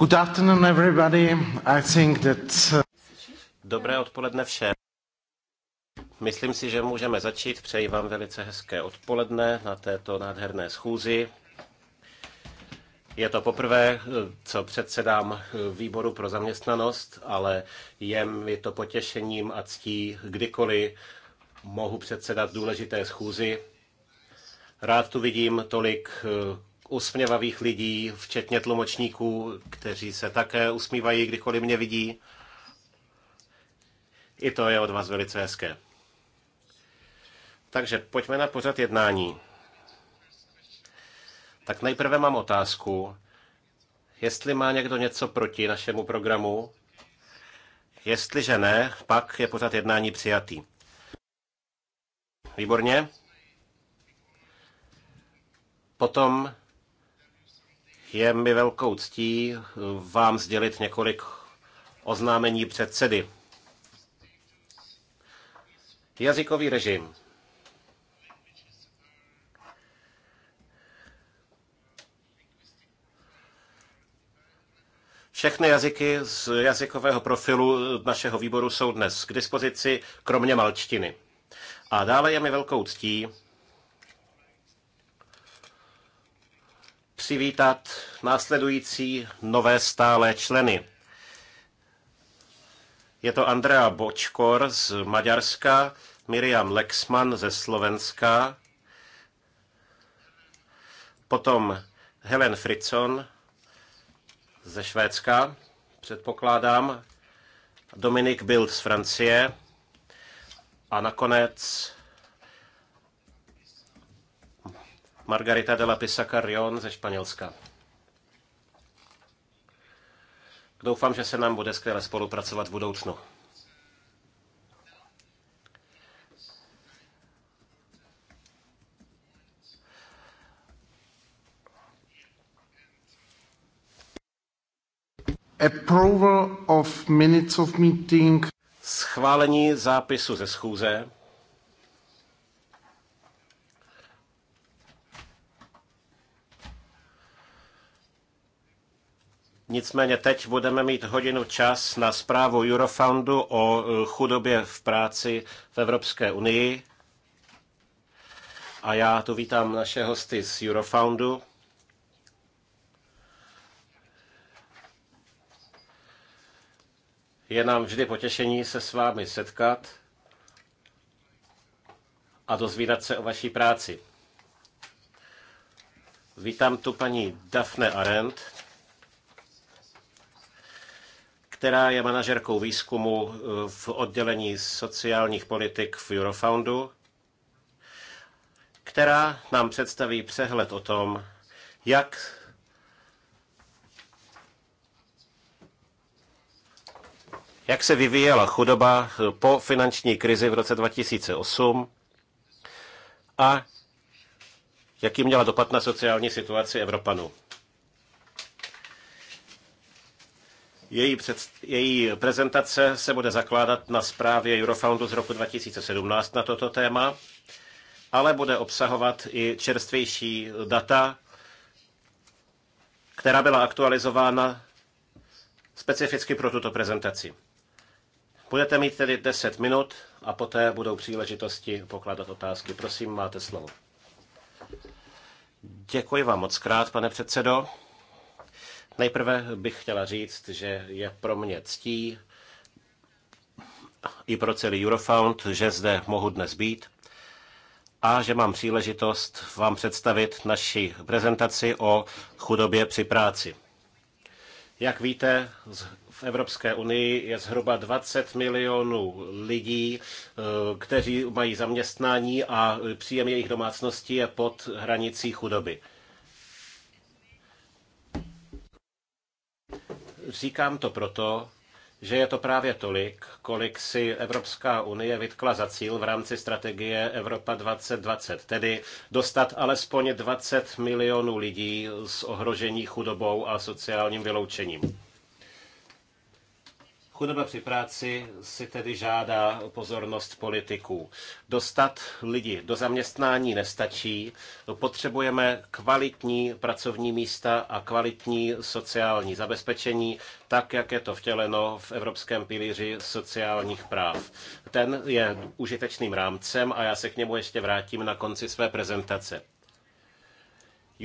Good afternoon, everybody. I think that... Uh, Dobré odpoledne všem. Myslím si, že můžeme začít. Přeji vám velice hezké odpoledne na této nádherné schůzi. Je to poprvé, co předsedám výboru pro zaměstnanost, ale je mi to potěšením a ctí, kdykoliv mohu předsedat důležité schůzi. Rád tu vidím tolik usměvavých lidí, včetně tlumočníků, kteří se také usmívají, kdykoliv mě vidí. I to je od vás velice hezké. Takže pojďme na pořad jednání. Tak nejprve mám otázku, jestli má někdo něco proti našemu programu. Jestliže ne, pak je pořad jednání přijatý. Výborně. Potom je mi velkou ctí vám sdělit několik oznámení předsedy. Jazykový režim. Všechny jazyky z jazykového profilu našeho výboru jsou dnes k dispozici, kromě malčtiny. A dále je mi velkou ctí přivítat následující nové stále členy. Je to Andrea Bočkor z Maďarska, Miriam Lexman ze Slovenska, potom Helen Fritzon ze Švédska, předpokládám, Dominik Bild z Francie a nakonec Margarita de la Pisa Carrion ze Španělska. Doufám, že se nám bude skvěle spolupracovat v budoucnu. Approval of minutes of meeting. Schválení zápisu ze schůze. Nicméně teď budeme mít hodinu čas na zprávu Eurofoundu o e, chudobě v práci v Evropské unii. A já tu vítám naše hosty z Eurofoundu. Je nám vždy potěšení se s vámi setkat a dozvídat se o vaší práci. Vítám tu paní Daphne Arendt, která je manažerkou výzkumu eh, v oddělení sociálních politik v Eurofoundu, která nám představí přehled o tom, jak jak se vyvíjela chudoba eh, po finanční krizi v roce 2008 a jaký měla dopad na sociální situaci Evropanů. Její, před, její prezentace se bude zakládat na zprávě Eurofoundu z roku 2017 na toto téma, ale bude obsahovat i čerstvější data, která byla aktualizována specificky pro tuto prezentaci. Budete mít tedy 10 minut a poté budou příležitosti pokládat otázky. Prosím, máte slovo. Děkuji vám moc krát, pane předsedo. Nejprve bych chtěla říct, že je pro mě ctí i pro celý Eurofound, že zde mohu dnes být a že mám příležitost vám představit naši prezentaci o chudobě při práci. Jak víte, v Evropské unii je zhruba 20 milionů lidí, eh, kteří mají zaměstnání a příjem jejich domácností je pod hranicí chudoby. Říkám to proto, že je to právě tolik, kolik si Evropská unie vytkla za cíl v rámci strategie Evropa 2020, tedy dostat alespoň 20 milionů lidí z ohrožení chudobou a sociálním vyloučením. Chudoba při práci si tedy žádá pozornost politiků. Dostat lidi do zaměstnání nestačí. Potřebujeme kvalitní pracovní místa a kvalitní sociální zabezpečení, tak jak je to vtěleno v Evropském pilíři sociálních práv. Ten je užitečným rámcem a já se k němu ještě vrátím na konci své prezentace.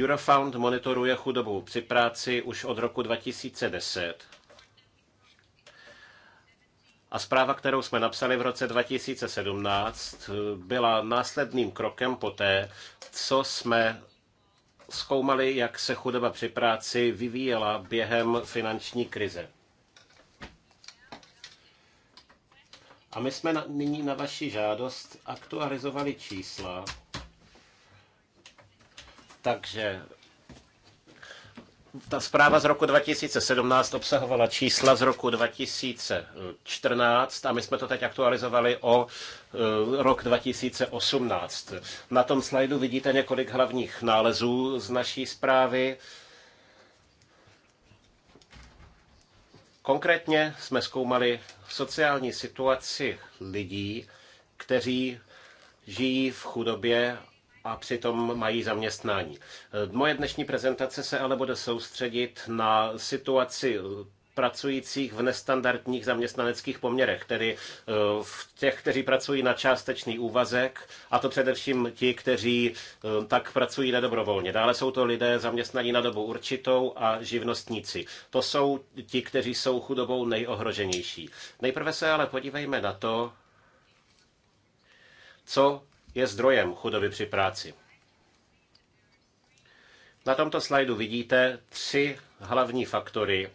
Eurofound monitoruje chudobu při práci už od roku 2010 a zpráva, kterou jsme napsali v roce 2017, byla následným krokem poté, co jsme zkoumali, jak se chudoba při práci vyvíjela během finanční krize. A my jsme na, nyní na vaši žádost aktualizovali čísla. Takže ta zpráva z roku 2017 obsahovala čísla z roku 2014 a my jsme to teď aktualizovali o e, rok 2018. Na tom slajdu vidíte několik hlavních nálezů z naší zprávy. Konkrétně jsme zkoumali sociální situaci lidí, kteří žijí v chudobě a přitom mají zaměstnání. Eh, moje dnešní prezentace se ale bude soustředit na situaci pracujících v nestandardních zaměstnaneckých poměrech, tedy eh, v těch, kteří pracují na částečný úvazek, a to především ti, kteří eh, tak pracují nedobrovolně. Dále jsou to lidé zaměstnaní na dobu určitou a živnostníci. To jsou ti, kteří jsou chudobou nejohroženější. Nejprve se ale podívejme na to, co je zdrojem chudoby při práci. Na tomto slajdu vidíte tři hlavní faktory.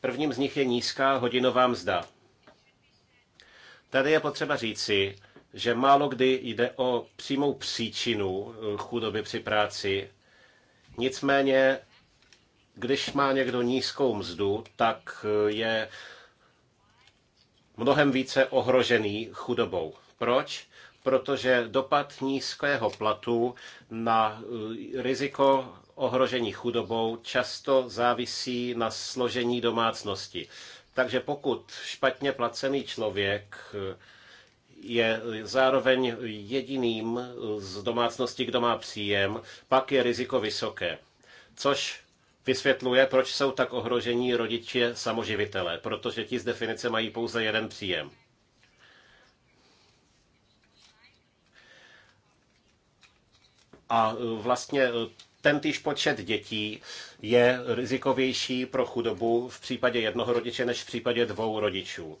Prvním z nich je nízká hodinová mzda. Tady je potřeba říci, že málo kdy jde o přímou příčinu eh, chudoby při práci. Nicméně, když má někdo nízkou mzdu, tak eh, je mnohem více ohrožený chudobou. Proč? protože dopad nízkého platu na eh, riziko ohrožení chudobou často závisí na složení domácnosti. Takže pokud špatně placený člověk eh, je zároveň jediným eh, z domácnosti, kdo má příjem, pak je riziko vysoké. Což vysvětluje, proč jsou tak ohrožení rodiče samoživitelé, protože ti z definice mají pouze jeden příjem. a e, vlastně e, ten týž počet dětí je rizikovější pro chudobu v případě jednoho rodiče než v případě dvou rodičů.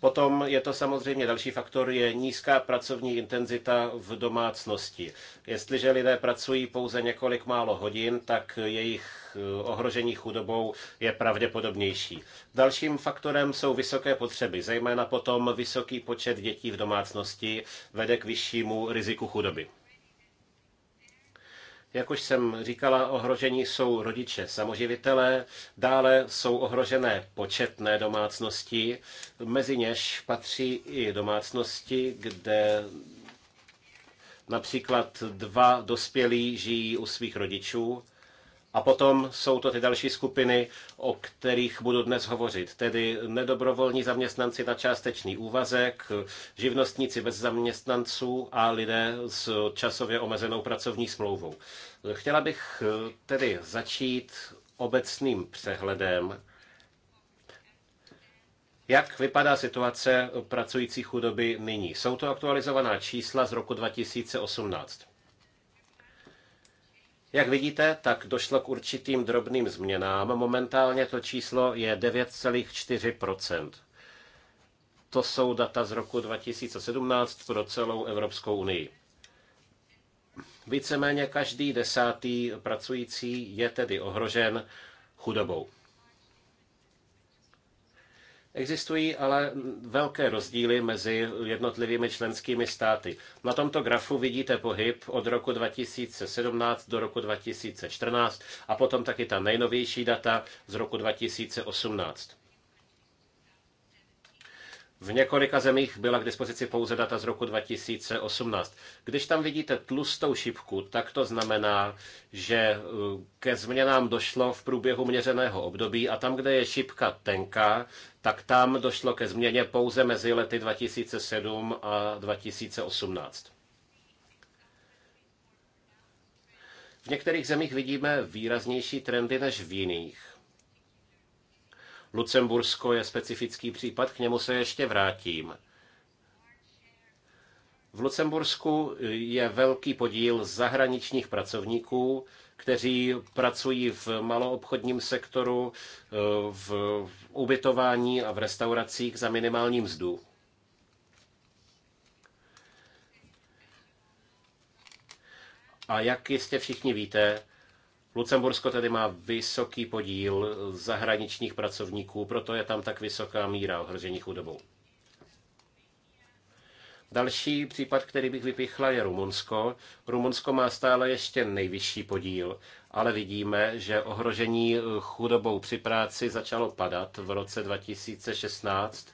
Potom je to samozřejmě další faktor, je nízká pracovní intenzita v domácnosti. Jestliže lidé pracují pouze několik málo hodin, tak jejich e, ohrožení chudobou je pravděpodobnější. Dalším faktorem jsou vysoké potřeby, zejména potom vysoký počet dětí v domácnosti vede k vyššímu riziku chudoby. Jak už jsem říkala, ohrožení jsou rodiče samoživitelé, dále jsou ohrožené početné domácnosti, mezi něž patří i domácnosti, kde například dva dospělí žijí u svých rodičů a potom jsou to ty další skupiny, o kterých budu dnes hovořit, tedy nedobrovolní zaměstnanci na částečný úvazek, živnostníci bez zaměstnanců a lidé s časově omezenou pracovní smlouvou. Chtěla bych eh, tedy začít obecným přehledem, jak vypadá situace pracující chudoby nyní. Jsou to aktualizovaná čísla z roku 2018. Jak vidíte, tak došlo k určitým drobným změnám. Momentálně to číslo je 9,4 To jsou data z roku 2017 pro celou Evropskou unii. Víceméně každý desátý pracující je tedy ohrožen chudobou. Existují ale velké rozdíly mezi jednotlivými členskými státy. Na tomto grafu vidíte pohyb od roku 2017 do roku 2014 a potom taky ta nejnovější data z roku 2018. V několika zemích byla k dispozici pouze data z roku 2018. Když tam vidíte tlustou šipku, tak to znamená, že e, ke změnám došlo v průběhu měřeného období a tam, kde je šipka tenká, tak tam došlo ke změně pouze mezi lety 2007 a 2018. V některých zemích vidíme výraznější trendy než v jiných. Lucembursko je specifický případ, k němu se ještě vrátím. V Lucembursku je velký podíl zahraničních pracovníků, kteří pracují v maloobchodním sektoru, eh, v ubytování a v restauracích za minimální mzdu. A jak jistě všichni víte, Lucembursko tedy má vysoký podíl zahraničních pracovníků, proto je tam tak vysoká míra ohrožení chudobou. Další případ, který bych vypichla, je Rumunsko. Rumunsko má stále ještě nejvyšší podíl, ale vidíme, že ohrožení chudobou při práci začalo padat v roce 2016.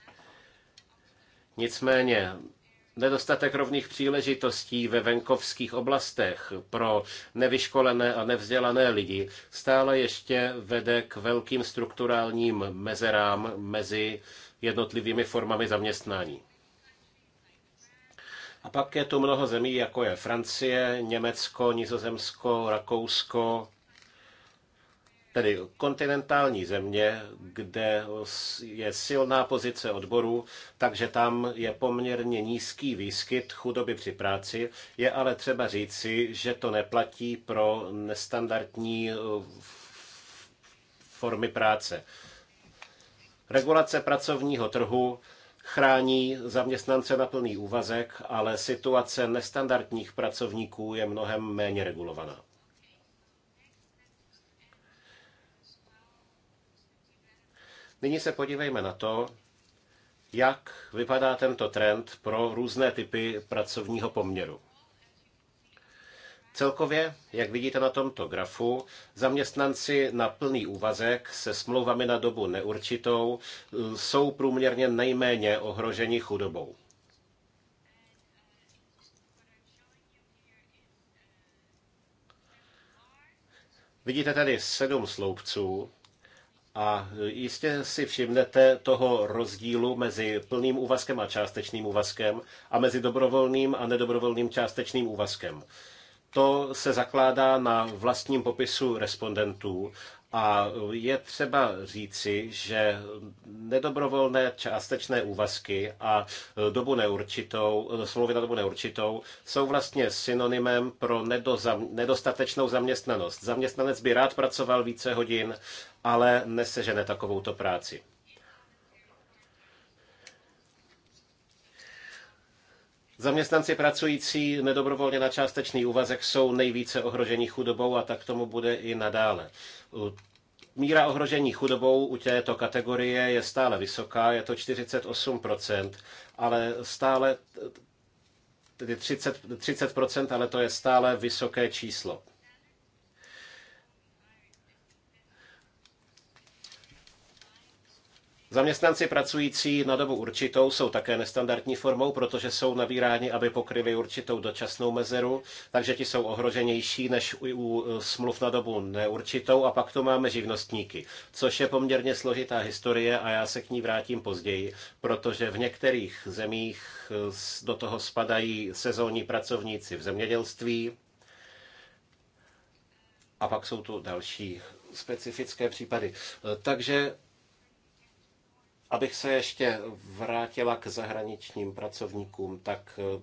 Nicméně nedostatek rovných příležitostí ve venkovských oblastech pro nevyškolené a nevzdělané lidi stále ještě vede k velkým strukturálním mezerám mezi jednotlivými formami zaměstnání. A pak je tu mnoho zemí, jako je Francie, Německo, Nizozemsko, Rakousko, tedy kontinentální země, kde je silná pozice odborů, takže tam je poměrně nízký výskyt chudoby při práci. Je ale třeba říci, že to neplatí pro nestandardní eh, formy práce. Regulace pracovního trhu chrání zaměstnance na plný úvazek, ale situace nestandardních pracovníků je mnohem méně regulovaná. Nyní se podívejme na to, jak vypadá tento trend pro různé typy pracovního poměru. Celkově, jak vidíte na tomto grafu, zaměstnanci na plný úvazek se smlouvami na dobu neurčitou eh, jsou průměrně nejméně ohroženi chudobou. Vidíte tady sedm sloupců, a jistě si všimnete toho rozdílu mezi plným úvazkem a částečným úvazkem a mezi dobrovolným a nedobrovolným částečným úvazkem. To se zakládá na vlastním popisu respondentů a je třeba říci, že nedobrovolné částečné úvazky a dobu neurčitou, smlouvy na dobu neurčitou jsou vlastně synonymem pro nedostatečnou zaměstnanost. Zaměstnanec by rád pracoval více hodin, ale nesežene takovouto práci. Zaměstnanci pracující nedobrovolně na částečný úvazek jsou nejvíce ohroženi chudobou a tak tomu bude i nadále. Míra ohrožení chudobou u této kategorie je stále vysoká, je to 48%, ale stále tedy 30, 30%, ale to je stále vysoké číslo. Zaměstnanci pracující na dobu určitou jsou také nestandardní formou, protože jsou nabíráni, aby pokryli určitou dočasnou mezeru, takže ti jsou ohroženější než u e, smluv na dobu neurčitou. A pak tu máme živnostníky, což je poměrně složitá historie a já se k ní vrátím později, protože v některých zemích e, do toho spadají sezónní pracovníci v zemědělství. A pak jsou tu další specifické případy. E, takže Abych se ještě vrátila k zahraničním pracovníkům, tak eh,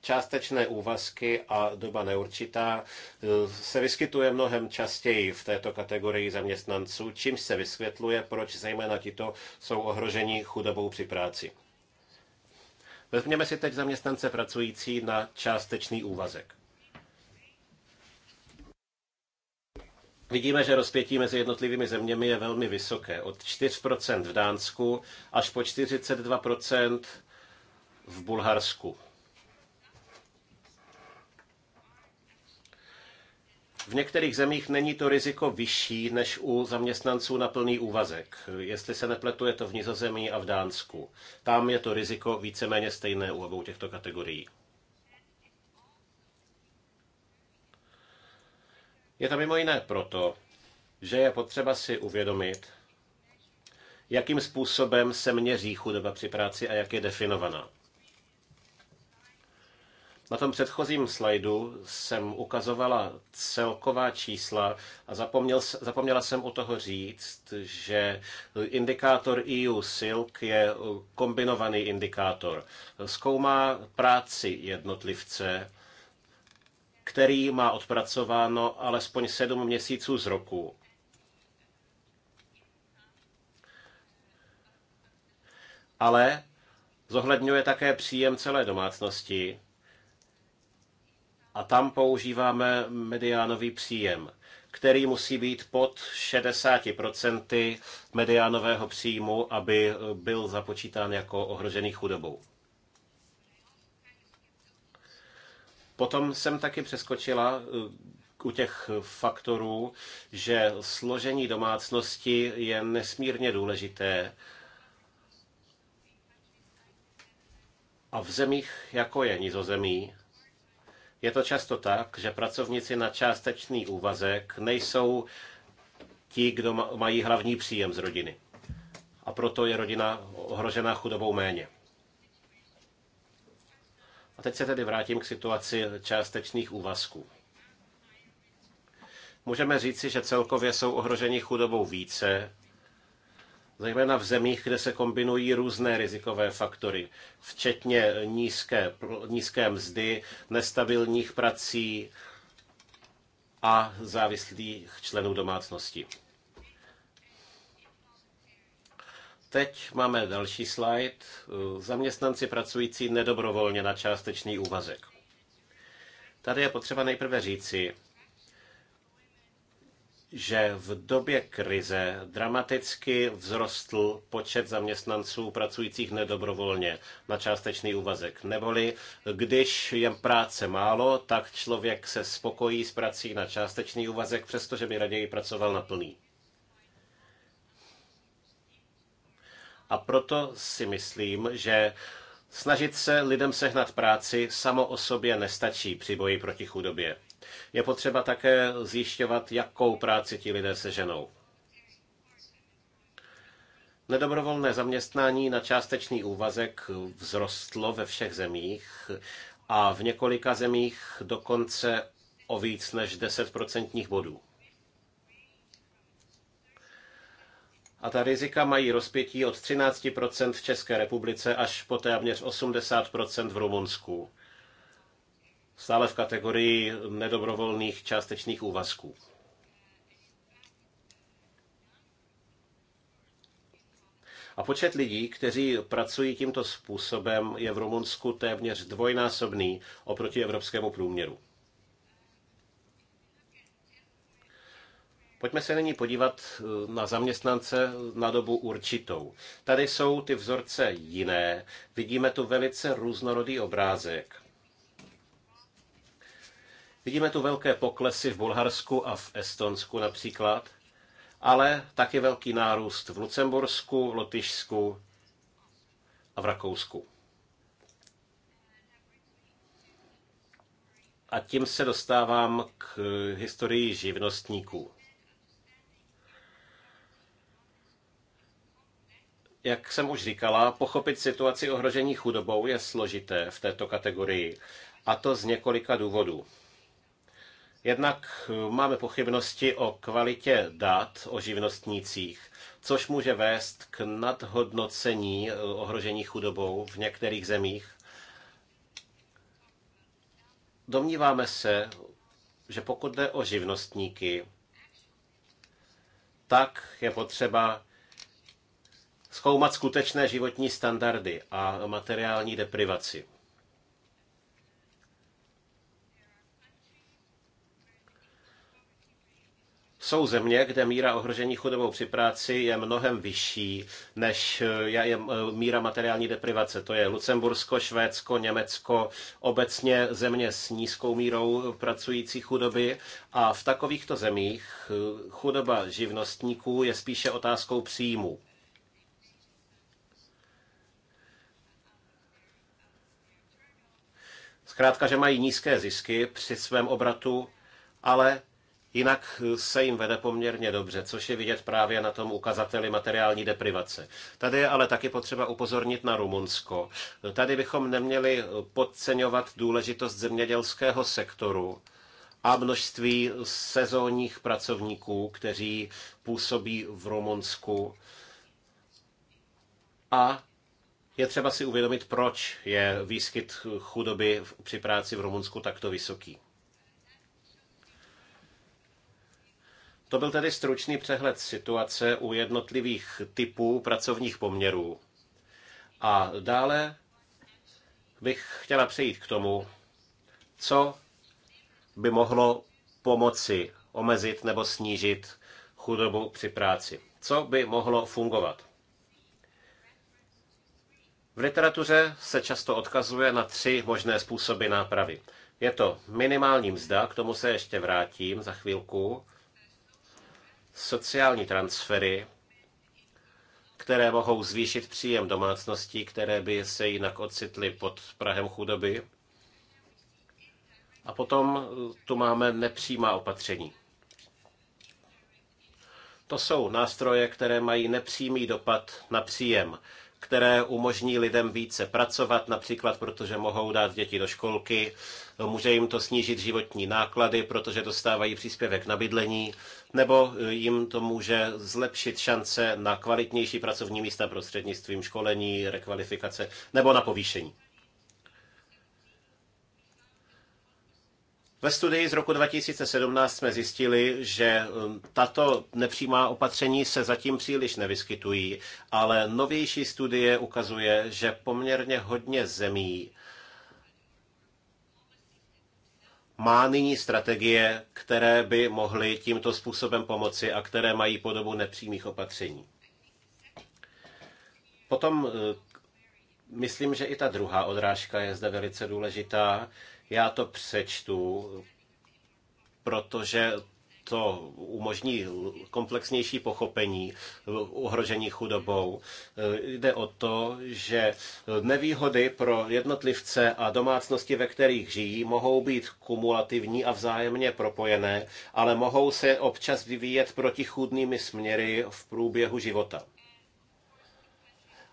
částečné úvazky a doba neurčitá eh, se vyskytuje mnohem častěji v této kategorii zaměstnanců, čím se vysvětluje, proč zejména tito jsou ohroženi chudobou při práci. Vezměme si teď zaměstnance pracující na částečný úvazek. Vidíme, že rozpětí mezi jednotlivými zeměmi je velmi vysoké, od 4% v Dánsku až po 42% v Bulharsku. V některých zemích není to riziko vyšší než u zaměstnanců na plný úvazek. Jestli se nepletu, je to v Nizozemí a v Dánsku. Tam je to riziko víceméně stejné u obou těchto kategorií. Je to mimo jiné proto, že je potřeba si uvědomit, jakým způsobem se měří chudoba při práci a jak je definovaná. Na tom předchozím slajdu jsem ukazovala celková čísla a zapomněl, zapomněla jsem u toho říct, že indikátor EU SILK je uh, kombinovaný indikátor. Zkoumá práci jednotlivce který má odpracováno alespoň sedm měsíců z roku. Ale zohledňuje také příjem celé domácnosti a tam používáme mediánový příjem, který musí být pod 60% mediánového příjmu, aby byl započítán jako ohrožený chudobou. Potom jsem taky přeskočila eh, u těch faktorů, že složení domácnosti je nesmírně důležité. A v zemích, jako je Nizozemí, je to často tak, že pracovníci na částečný úvazek nejsou ti, kdo mají hlavní příjem z rodiny. A proto je rodina ohrožena chudobou méně. A teď se tedy vrátím k situaci částečných úvazků. Můžeme říci, že celkově jsou ohroženi chudobou více, zejména v zemích, kde se kombinují různé rizikové faktory, včetně nízké, nízké mzdy, nestabilních prací a závislých členů domácnosti. Teď máme další slide. Zaměstnanci pracující nedobrovolně na částečný úvazek. Tady je potřeba nejprve říci, že v době krize dramaticky vzrostl počet zaměstnanců pracujících nedobrovolně na částečný úvazek. Neboli, když je práce málo, tak člověk se spokojí s prací na částečný úvazek, přestože by raději pracoval na plný. A proto si myslím, že snažit se lidem sehnat práci samo o sobě nestačí při boji proti chudobě. Je potřeba také zjišťovat, jakou práci ti lidé seženou. Nedobrovolné zaměstnání na částečný úvazek vzrostlo ve všech zemích a v několika zemích dokonce o víc než 10% bodů. A ta rizika mají rozpětí od 13% v České republice až po téměř 80% v Rumunsku. Stále v kategorii nedobrovolných částečných úvazků. A počet lidí, kteří pracují tímto způsobem, je v Rumunsku téměř dvojnásobný oproti evropskému průměru. Pojďme se nyní podívat eh, na zaměstnance na dobu určitou. Tady jsou ty vzorce jiné. Vidíme tu velice různorodý obrázek. Vidíme tu velké poklesy v Bulharsku a v Estonsku například, ale taky velký nárůst v Lucembursku, Lotyšsku a v Rakousku. A tím se dostávám k eh, historii živnostníků. Jak jsem už říkala, pochopit situaci ohrožení chudobou je složité v této kategorii, a to z několika důvodů. Jednak eh, máme pochybnosti o kvalitě dat o živnostnících, což může vést k nadhodnocení eh, ohrožení chudobou v některých zemích. Domníváme se, že pokud jde o živnostníky, tak je potřeba zkoumat skutečné životní standardy a materiální deprivaci. Jsou země, kde míra ohrožení chudobou při práci je mnohem vyšší, než je eh, míra materiální deprivace. To je Lucembursko, Švédsko, Německo, obecně země s nízkou mírou pracující chudoby. A v takovýchto zemích eh, chudoba živnostníků je spíše otázkou příjmu. Zkrátka, že mají nízké zisky při svém obratu, ale Jinak se jim vede poměrně dobře, což je vidět právě na tom ukazateli materiální deprivace. Tady je ale taky potřeba upozornit na Rumunsko. Tady bychom neměli podceňovat důležitost zemědělského sektoru a množství sezónních pracovníků, kteří působí v Rumunsku. A je třeba si uvědomit, proč je výskyt chudoby při práci v Rumunsku takto vysoký. To byl tedy stručný přehled situace u jednotlivých typů pracovních poměrů. A dále bych chtěla přejít k tomu, co by mohlo pomoci omezit nebo snížit chudobu při práci. Co by mohlo fungovat? V literatuře se často odkazuje na tři možné způsoby nápravy. Je to minimální mzda, k tomu se ještě vrátím za chvilku, sociální transfery, které mohou zvýšit příjem domácností, které by se jinak ocitly pod Prahem chudoby. A potom eh, tu máme nepřímá opatření. To jsou nástroje, které mají nepřímý dopad na příjem které umožní lidem více pracovat, například protože mohou dát děti do školky, může jim to snížit životní náklady, protože dostávají příspěvek na bydlení, nebo jim to může zlepšit šance na kvalitnější pracovní místa prostřednictvím školení, rekvalifikace nebo na povýšení. Ve studii z roku 2017 jsme zjistili, že um, tato nepřímá opatření se zatím příliš nevyskytují, ale novější studie ukazuje, že poměrně hodně zemí má nyní strategie, které by mohly tímto způsobem pomoci a které mají podobu nepřímých opatření. Potom uh, myslím, že i ta druhá odrážka je zde velice důležitá. Já to přečtu, protože to umožní komplexnější pochopení ohrožení chudobou. Jde o to, že nevýhody pro jednotlivce a domácnosti, ve kterých žijí, mohou být kumulativní a vzájemně propojené, ale mohou se občas vyvíjet protichůdnými směry v průběhu života.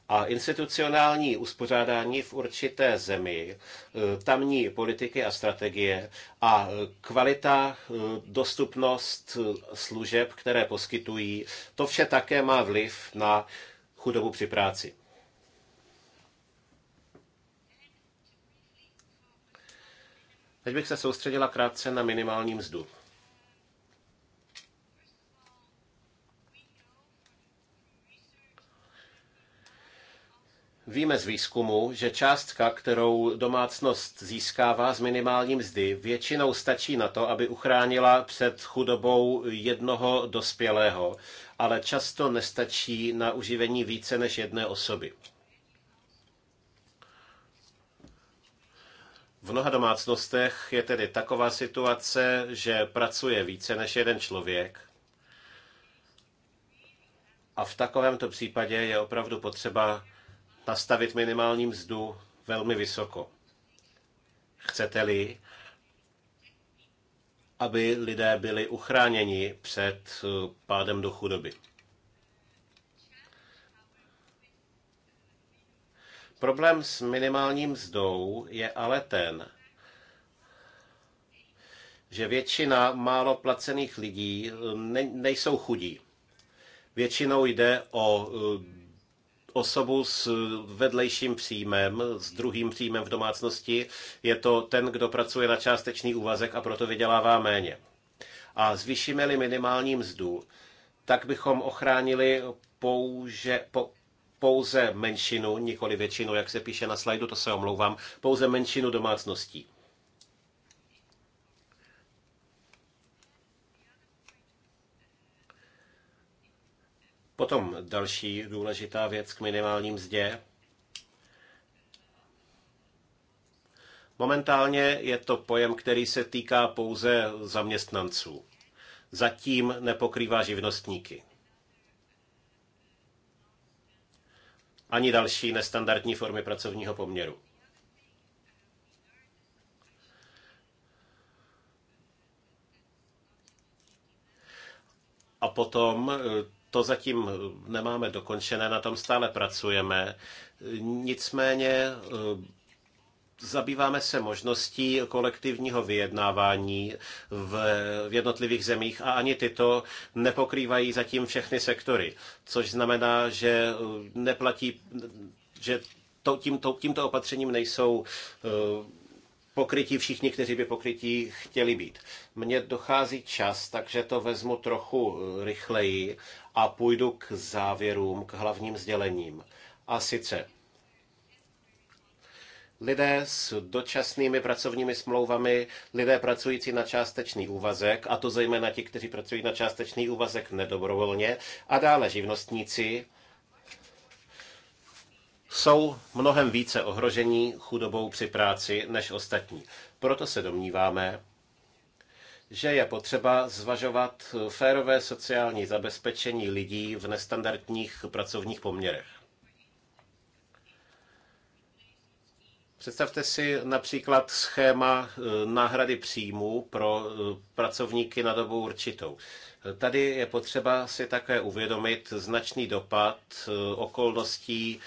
A institucionální uspořádání v určité zemi, eh, tamní politiky a strategie a eh, kvalita, eh, dostupnost služeb, které poskytují, to vše také má vliv na chudobu při práci. Teď bych se soustředila krátce na minimální mzdu. Víme z výzkumu, že částka, kterou domácnost získává z minimální mzdy, většinou stačí na to, aby uchránila před chudobou jednoho dospělého, ale často nestačí na uživení více než jedné osoby. V mnoha domácnostech je tedy taková situace, že pracuje více než jeden člověk. A v takovémto případě je opravdu potřeba nastavit minimální mzdu velmi vysoko. Chcete-li, aby lidé byli uchráněni před eh, pádem do chudoby. Problém s minimálním mzdou je ale ten, že většina málo placených lidí eh, nejsou chudí. Většinou jde o eh, osobu s vedlejším příjmem, s druhým příjmem v domácnosti, je to ten, kdo pracuje na částečný úvazek a proto vydělává méně. A zvýšíme-li minimální mzdu, tak bychom ochránili pouze, pouze menšinu, nikoli většinu, jak se píše na slajdu, to se omlouvám, pouze menšinu domácností. Potom další důležitá věc k minimální mzdě. Momentálně je to pojem, který se týká pouze zaměstnanců. Zatím nepokrývá živnostníky. Ani další nestandardní formy pracovního poměru. A potom eh, to zatím eh, nemáme dokončené, na tom stále pracujeme. Nicméně eh, zabýváme se možností kolektivního vyjednávání v, jednotlivých zemích a ani tyto nepokrývají zatím všechny sektory, což znamená, že eh, neplatí, že to, to, tímto opatřením nejsou pokrytí všichni, kteří by pokrytí chtěli být. Mně dochází čas, takže to vezmu trochu eh, rychleji a půjdu k závěrům, k hlavním sdělením. A sice lidé s dočasnými pracovními smlouvami, lidé pracující na částečný úvazek, a to zejména ti, kteří pracují na částečný úvazek nedobrovolně, a dále živnostníci, jsou mnohem více ohrožení chudobou při práci než ostatní. Proto se domníváme, že je potřeba zvažovat férové sociální zabezpečení lidí v nestandardních pracovních poměrech. Představte si například schéma eh, náhrady příjmů pro eh, pracovníky na dobu určitou. Tady je potřeba si také uvědomit značný dopad eh, okolností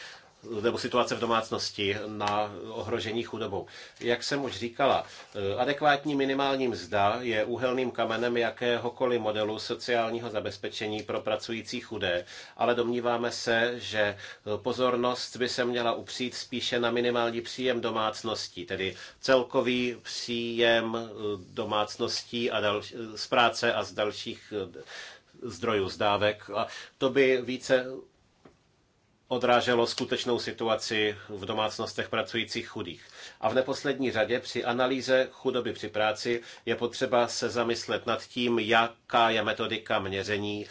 nebo situace v domácnosti na ohrožení chudobou. Jak jsem už říkala, eh, adekvátní minimální mzda je úhelným kamenem jakéhokoliv modelu sociálního zabezpečení pro pracující chudé, ale domníváme se, že eh, pozornost by se měla upřít spíše na minimální příjem domácností, tedy celkový příjem eh, domácností a dal, z práce a z dalších zdrojů, zdávek. A to by více odráželo skutečnou situaci v domácnostech pracujících chudých. A v neposlední řadě při analýze chudoby při práci je potřeba se zamyslet nad tím, jaká je metodika měření,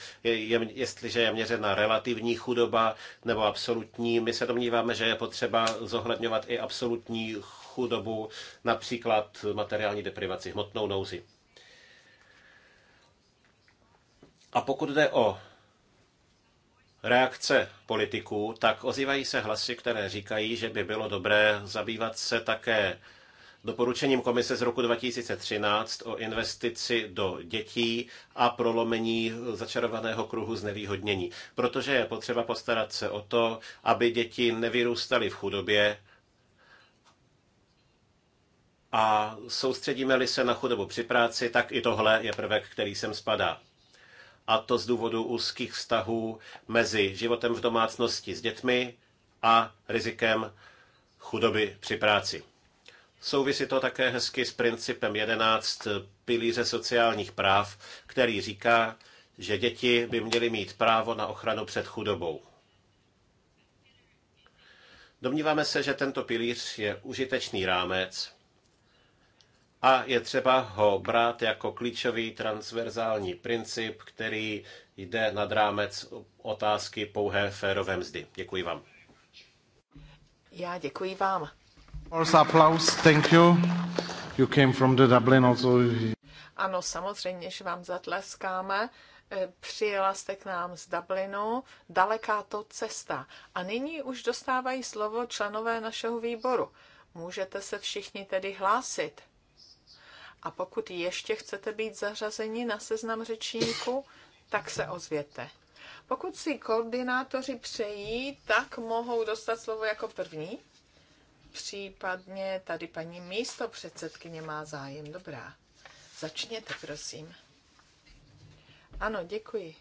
jestliže je měřena relativní chudoba nebo absolutní. My se domníváme, že je potřeba zohledňovat i absolutní chudobu, například materiální deprivaci, hmotnou nouzi. A pokud jde o reakce politiků, tak ozývají se hlasy, které říkají, že by bylo dobré zabývat se také doporučením komise z roku 2013 o investici do dětí a prolomení začarovaného kruhu znevýhodnění. Protože je potřeba postarat se o to, aby děti nevyrůstaly v chudobě a soustředíme-li se na chudobu při práci, tak i tohle je prvek, který sem spadá a to z důvodu úzkých vztahů mezi životem v domácnosti s dětmi a rizikem chudoby při práci. Souvisí to také hezky s principem 11 pilíře sociálních práv, který říká, že děti by měly mít právo na ochranu před chudobou. Domníváme se, že tento pilíř je užitečný rámec, a je třeba ho brát jako klíčový transverzální princip, který jde nad rámec otázky pouhé férové mzdy. Děkuji vám. Já děkuji vám. Also applause, thank you. You came from the Dublin also. Ano, samozřejmě, že vám zatleskáme. Eh, přijela jste k nám z Dublinu, daleká to cesta. A nyní už dostávají slovo členové našeho výboru. Můžete se všichni tedy hlásit. A pokud ještě chcete být zařazeni na seznam řečníků, tak se ozvěte. Pokud si koordinátoři přejí, tak mohou dostat slovo jako první. Případně tady paní místo předsedkyně má zájem. Dobrá. Začněte, prosím. Ano, děkuji.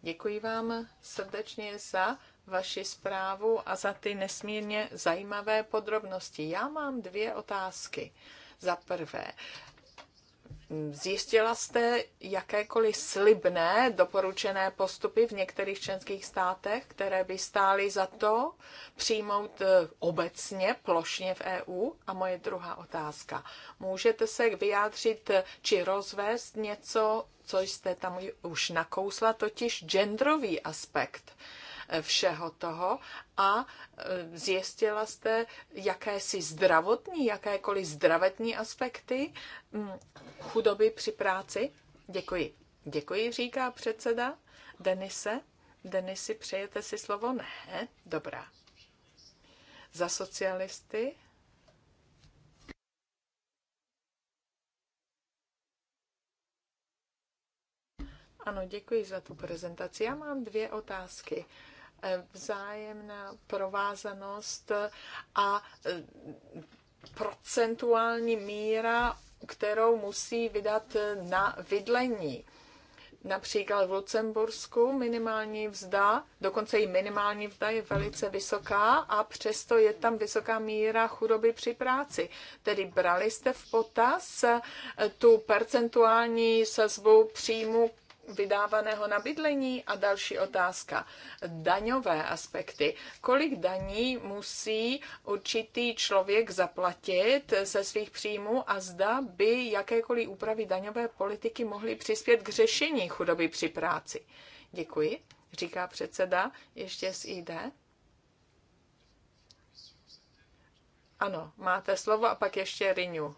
Děkuji vám srdečně za vaši zprávu a za ty nesmírně zajímavé podrobnosti. Já mám dvě otázky. Za prvé, Zjistila jste jakékoliv slibné doporučené postupy v některých členských státech, které by stály za to přijmout eh, obecně, plošně v EU? A moje druhá otázka. Můžete se vyjádřit eh, či rozvést něco, co jste tam už nakousla, totiž genderový aspekt všeho toho a e, zjistila jste jakési zdravotní, jakékoliv zdravotní aspekty mm, chudoby při práci? Děkuji. Děkuji, říká předseda. Denise, Denisi, přejete si slovo? Ne, dobrá. Za socialisty Ano, děkuji za tu prezentaci. Já mám dvě otázky. E, vzájemná provázanost a e, procentuální míra, kterou musí vydat na vydlení. Například v Lucembursku minimální vzda, dokonce i minimální vzda je velice vysoká a přesto je tam vysoká míra chudoby při práci. Tedy brali jste v potaz e, tu percentuální sazbu příjmu vydávaného na bydlení? A další otázka. Daňové aspekty. Kolik daní musí určitý člověk zaplatit ze svých příjmů a zda by jakékoliv úpravy daňové politiky mohly přispět k řešení chudoby při práci? Děkuji, říká předseda ještě z ID. Ano, máte slovo a pak ještě Rinu.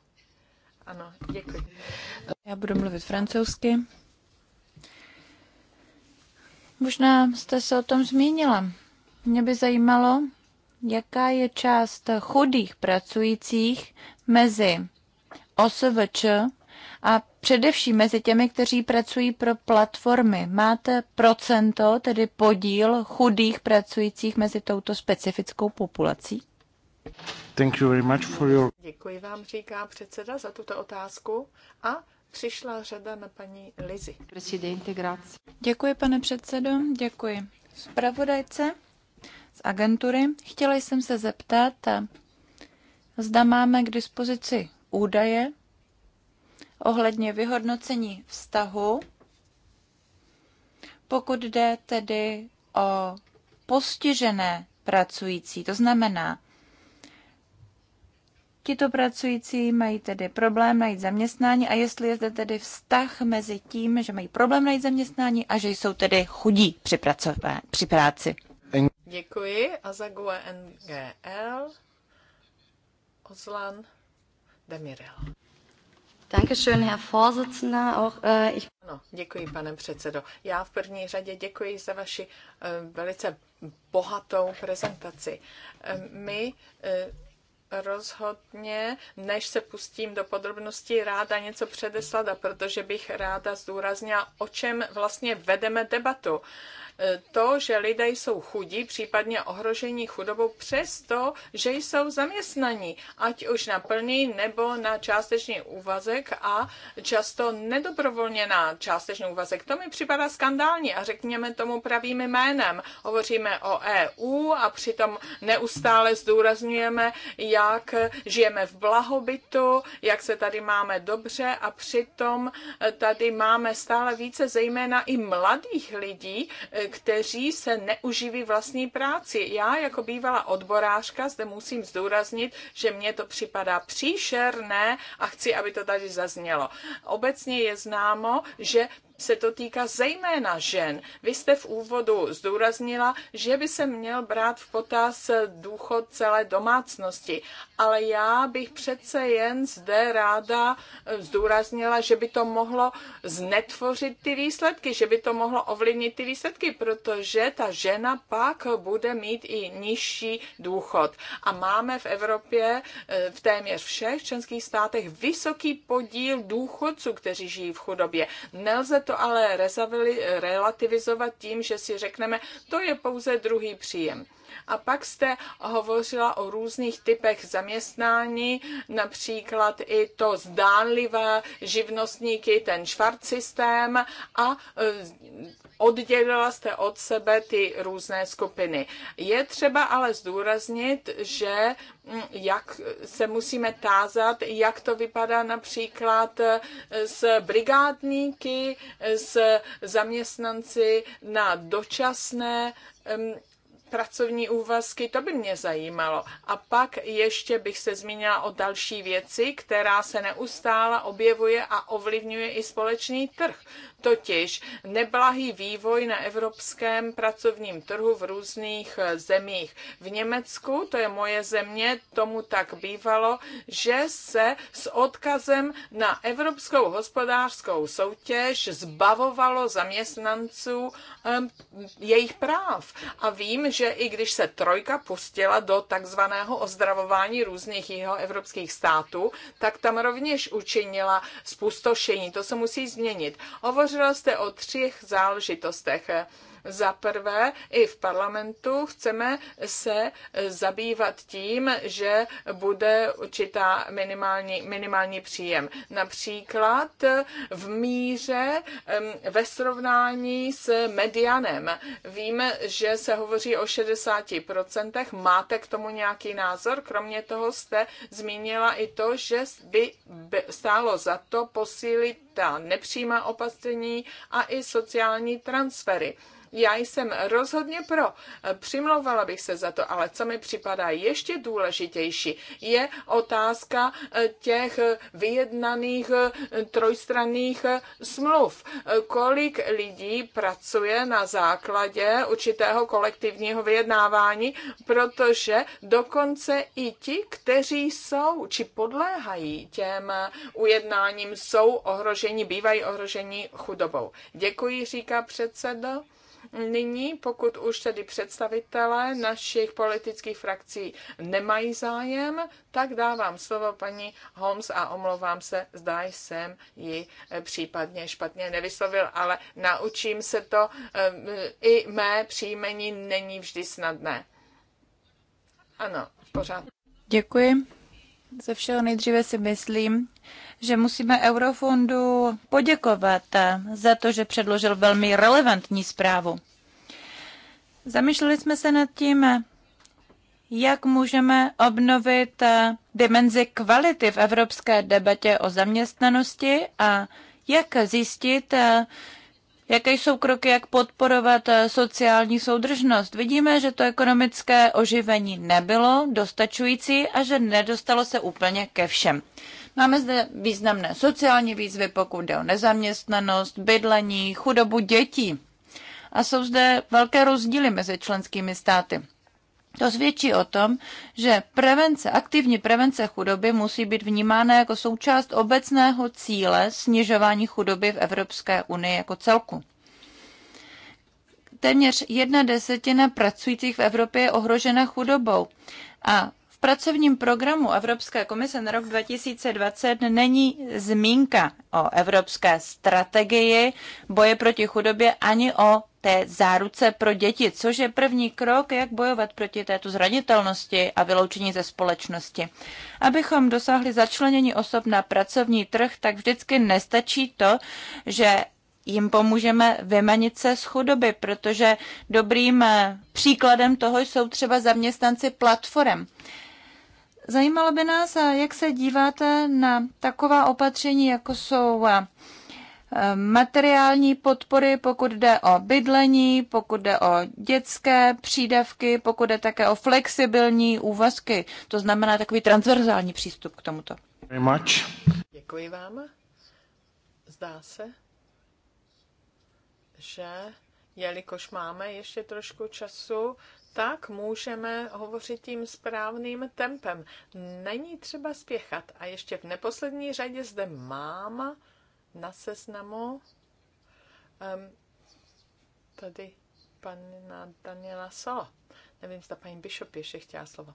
Ano, děkuji. Já budu mluvit francouzsky. Možná jste se o tom zmínila. Mě by zajímalo, jaká je část chudých pracujících mezi OSVČ a především mezi těmi, kteří pracují pro platformy. Máte procento, tedy podíl chudých pracujících mezi touto specifickou populací? Thank you very much for your... Děkuji vám, říká předseda, za tuto otázku a přišla řada na paní Lizi. Děkuji, pane předsedo, děkuji zpravodajce z agentury. Chtěla jsem se zeptat, zda máme k dispozici údaje ohledně vyhodnocení vztahu, pokud jde tedy o postižené pracující, to znamená Tito pracující mají tedy problém najít zaměstnání a jestli je zde tedy vztah mezi tím, že mají problém najít zaměstnání a že jsou tedy chudí při, pracové, eh, při práci. Děkuji a za e NGL Ozlan Demirel. Dankeschön, Herr Vorsitzender. Auch, äh, ich... no, děkuji, pane předsedo. Já v první řadě děkuji za vaši eh, velice bohatou prezentaci. Eh, my rozhodně, než se pustím do podrobností, ráda něco předeslat, protože bych ráda zdůraznila, o čem vlastně vedeme debatu. E, to, že lidé jsou chudí, případně ohrožení chudobou, přesto, že jsou zaměstnaní, ať už na plný nebo na částečný úvazek a často nedobrovolně na částečný úvazek. To mi připadá skandální a řekněme tomu pravým jménem. Hovoříme o EU a přitom neustále zdůrazňujeme, jak žijeme v blahobytu, jak se tady máme dobře a přitom tady máme stále více zejména i mladých lidí, kteří se neuživí vlastní práci. Já jako bývalá odborářka zde musím zdůraznit, že mně to připadá příšerné a chci, aby to tady zaznělo. Obecně je známo, že se to týká zejména žen. Vy jste v úvodu zdůraznila, že by se měl brát v potaz důchod celé domácnosti, ale já bych přece jen zde ráda zdůraznila, že by to mohlo znetvořit ty výsledky, že by to mohlo ovlivnit ty výsledky, protože ta žena pak bude mít i nižší důchod. A máme v Evropě eh, v téměř všech členských státech vysoký podíl důchodců, kteří žijí v chudobě. Nelze to ale relativizovat tím, že si řekneme, to je pouze druhý příjem. A pak jste hovořila o různých typech zaměstnání, například i to zdánlivé živnostníky, ten švart systém a e, oddělila jste od sebe ty různé skupiny. Je třeba ale zdůraznit, že mm, jak se musíme tázat, jak to vypadá například e, s brigádníky, e, s zaměstnanci na dočasné mm, pracovní úvazky, to by mě zajímalo. A pak ještě bych se zmínila o další věci, která se neustále objevuje a ovlivňuje i společný trh. Totiž neblahý vývoj na evropském pracovním trhu v různých eh, zemích. V Německu, to je moje země, tomu tak bývalo, že se s odkazem na evropskou hospodářskou soutěž zbavovalo zaměstnanců eh, jejich práv. A vím, že že i když se trojka pustila do takzvaného ozdravování různých jeho evropských států, tak tam rovněž učinila spustošení. To se musí změnit. Hovořila jste o třech záležitostech. Za prvé, i v parlamentu chceme se zabývat tím, že bude určitá minimální, minimální příjem. Například v míře ve srovnání s medianem. Víme, že se hovoří o 60%. Máte k tomu nějaký názor? Kromě toho jste zmínila i to, že by stálo za to posílit ta nepřímá opatření a i sociální transfery já jsem rozhodně pro. Přimlouvala bych se za to, ale co mi připadá ještě důležitější, je otázka eh, těch eh, vyjednaných eh, trojstranných smluv. Kolik lidí pracuje na základě určitého kolektivního vyjednávání, protože dokonce i ti, kteří jsou či podléhají těm ujednáním, jsou ohroženi, bývají ohroženi chudobou. Děkuji, říká předseda. Nyní, pokud už tedy představitelé našich politických frakcí nemají zájem, tak dávám slovo paní Holmes a omlouvám se, zdá jsem ji eh, případně špatně nevyslovil, ale naučím se to. Eh, I mé příjmení není vždy snadné. Ano, pořád. Děkuji. Ze všeho nejdříve si myslím, že musíme Eurofondu poděkovat za to, že předložil velmi relevantní zprávu. Zamýšleli jsme se nad tím, jak můžeme obnovit dimenzi kvality v evropské debatě o zaměstnanosti a jak zjistit, jaké jsou kroky, jak podporovat sociální soudržnost. Vidíme, že to ekonomické oživení nebylo dostačující a že nedostalo se úplně ke všem. Máme zde významné sociální výzvy, pokud jde o nezaměstnanost, bydlení, chudobu dětí. A jsou zde velké rozdíly mezi členskými státy. To svědčí o tom, že prevence, aktivní prevence chudoby musí být vnímána jako součást obecného cíle snižování chudoby v Evropské unii jako celku. Téměř jedna desetina pracujících v Evropě je ohrožena chudobou a pracovním programu Evropské komise na rok 2020 není zmínka o evropské strategii boje proti chudobě ani o té záruce pro děti, což je první krok, jak bojovat proti této zranitelnosti a vyloučení ze společnosti. Abychom dosáhli začlenění osob na pracovní trh, tak vždycky nestačí to, že jim pomůžeme vymanit se z chudoby, protože dobrým eh, příkladem toho jsou třeba zaměstnanci platform. Zajímalo by nás, jak se díváte na taková opatření, jako jsou materiální podpory, pokud jde o bydlení, pokud jde o dětské přídavky, pokud jde také o flexibilní úvazky. To znamená takový transverzální přístup k tomuto. Děkuji vám. Zdá se, že jelikož máme ještě trošku času, tak můžeme hovořit tím správným tempem. Není třeba spěchat. A ještě v neposlední řadě zde mám na seznamu um, tady panina Daniela So. Nevím, zda paní Bishop ještě chtěla slovo.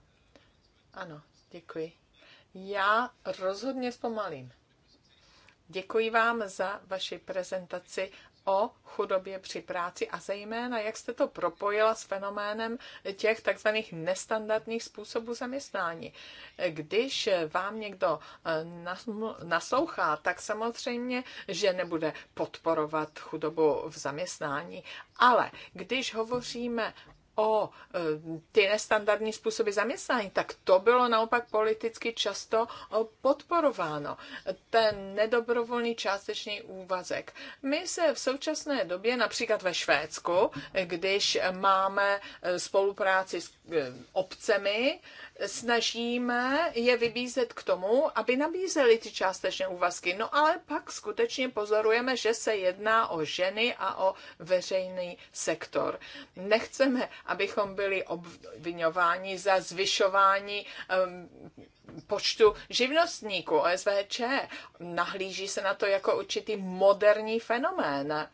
Ano, děkuji. Já rozhodně zpomalím. Děkuji vám za vaši prezentaci o chudobě při práci a zejména, jak jste to propojila s fenoménem těch takzvaných nestandardních způsobů zaměstnání. Když vám někdo eh, naslouchá, tak samozřejmě, že nebude podporovat chudobu v zaměstnání, ale když hovoříme o e, ty nestandardní způsoby zaměstnání, tak to bylo naopak politicky často e, podporováno. Ten nedobrovolný částečný úvazek. My se v současné době, například ve Švédsku, když máme e, spolupráci s obcemi, snažíme je vybízet k tomu, aby nabízeli ty částečné úvazky. No ale pak skutečně pozorujeme, že se jedná o ženy a o veřejný sektor. Nechceme, abychom byli obvinováni za zvyšování um, počtu živnostníků OSVČ. Nahlíží se na to jako určitý moderní fenomén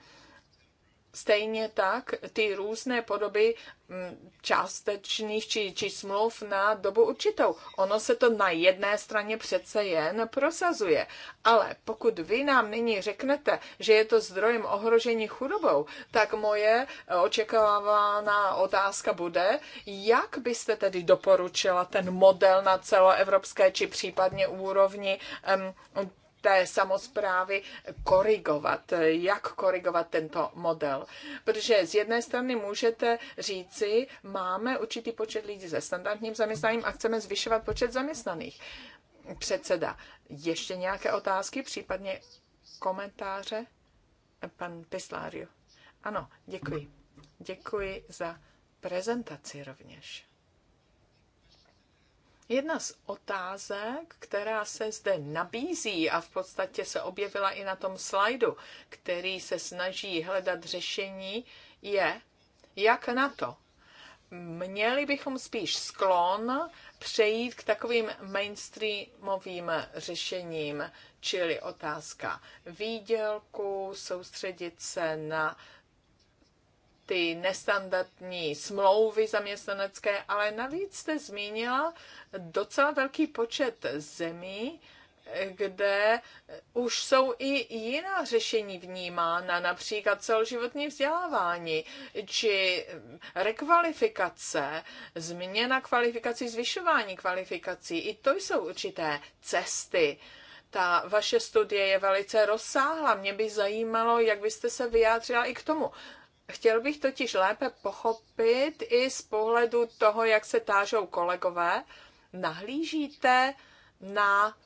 Stejně tak ty různé podoby mm, částečných či, či smluv na dobu určitou. Ono se to na jedné straně přece jen prosazuje. Ale pokud vy nám nyní řeknete, že je to zdrojem ohrožení chudobou, tak moje očekávaná otázka bude, jak byste tedy doporučila ten model na celoevropské či případně úrovni um, té samozprávy korigovat, jak korigovat tento model. Protože z jedné strany můžete říci, máme určitý počet lidí se standardním zaměstnáním a chceme zvyšovat počet zaměstnaných. Předseda, ještě nějaké otázky, případně komentáře? Pan Pisláriu. Ano, děkuji. Děkuji za prezentaci rovněž. Jedna z otázek, která se zde nabízí a v podstatě se objevila i na tom slajdu, který se snaží hledat řešení, je, jak na to. Měli bychom spíš sklon přejít k takovým mainstreamovým řešením, čili otázka výdělku, soustředit se na ty nestandardní smlouvy zaměstnanecké, ale navíc jste zmínila docela velký počet zemí, kde už jsou i jiná řešení vnímána, například celoživotní vzdělávání či rekvalifikace, změna kvalifikací, zvyšování kvalifikací. I to jsou určité cesty. Ta vaše studie je velice rozsáhlá. Mě by zajímalo, jak byste se vyjádřila i k tomu. Chtěl bych totiž lépe pochopit i z pohledu toho, jak se tážou kolegové, nahlížíte na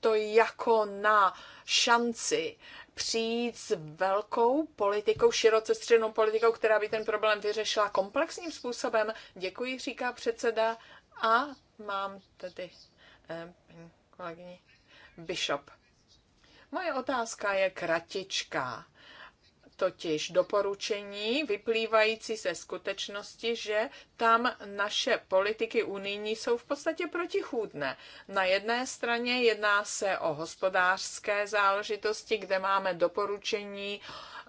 to jako na šanci přijít s velkou politikou, široce střenou politikou, která by ten problém vyřešila komplexním způsobem. Děkuji, říká předseda. A mám tady eh, kolegyni Bishop. Moje otázka je kratičká totiž doporučení vyplývající ze skutečnosti, že tam naše politiky unijní jsou v podstatě protichůdné. Na jedné straně jedná se o hospodářské záležitosti, kde máme doporučení,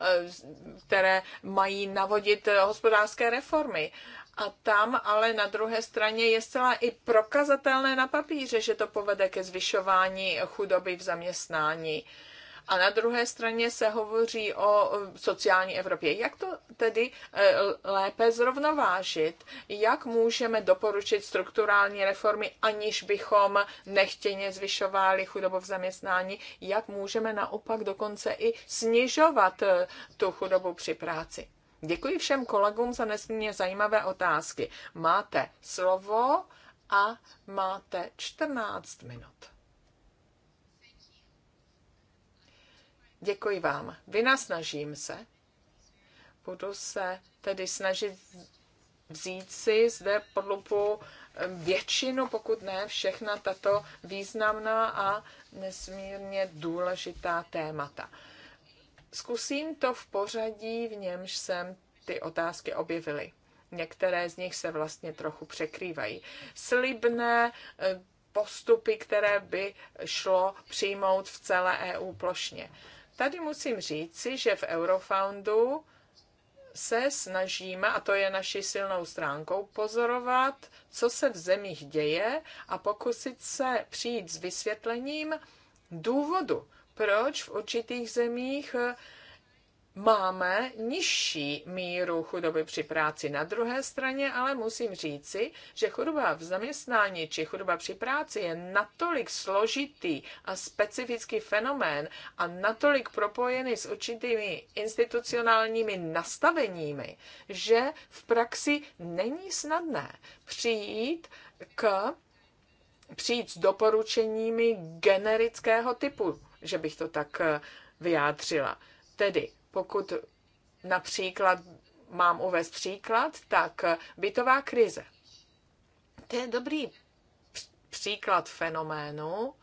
eh, které mají navodit eh, hospodářské reformy. A tam ale na druhé straně je zcela i prokazatelné na papíře, že to povede ke zvyšování chudoby v zaměstnání a na druhé straně se hovoří o sociální Evropě. Jak to tedy e, lépe zrovnovážit? Jak můžeme doporučit strukturální reformy, aniž bychom nechtěně zvyšovali chudobu v zaměstnání? Jak můžeme naopak dokonce i snižovat e, tu chudobu při práci? Děkuji všem kolegům za nesmírně zajímavé otázky. Máte slovo a máte 14 minut. Děkuji vám. Vynasnažím se. Budu se tedy snažit vzít si zde pod lupu eh, většinu, pokud ne všechna tato významná a nesmírně důležitá témata. Zkusím to v pořadí, v němž jsem ty otázky objevily. Některé z nich se vlastně trochu překrývají. Slibné eh, postupy, které by šlo přijmout v celé EU plošně. Tady musím říci, že v Eurofoundu se snažíme, a to je naší silnou stránkou, pozorovat, co se v zemích děje a pokusit se přijít s vysvětlením důvodu, proč v určitých zemích máme nižší míru chudoby při práci. Na druhé straně ale musím říci, že chudoba v zaměstnání či chudoba při práci je natolik složitý a specifický fenomén a natolik propojený s určitými institucionálními nastaveními, že v praxi není snadné přijít k přijít s doporučeními generického typu, že bych to tak eh, vyjádřila. Tedy pokud například mám uvést příklad, tak bytová krize. To je dobrý příklad fenoménu,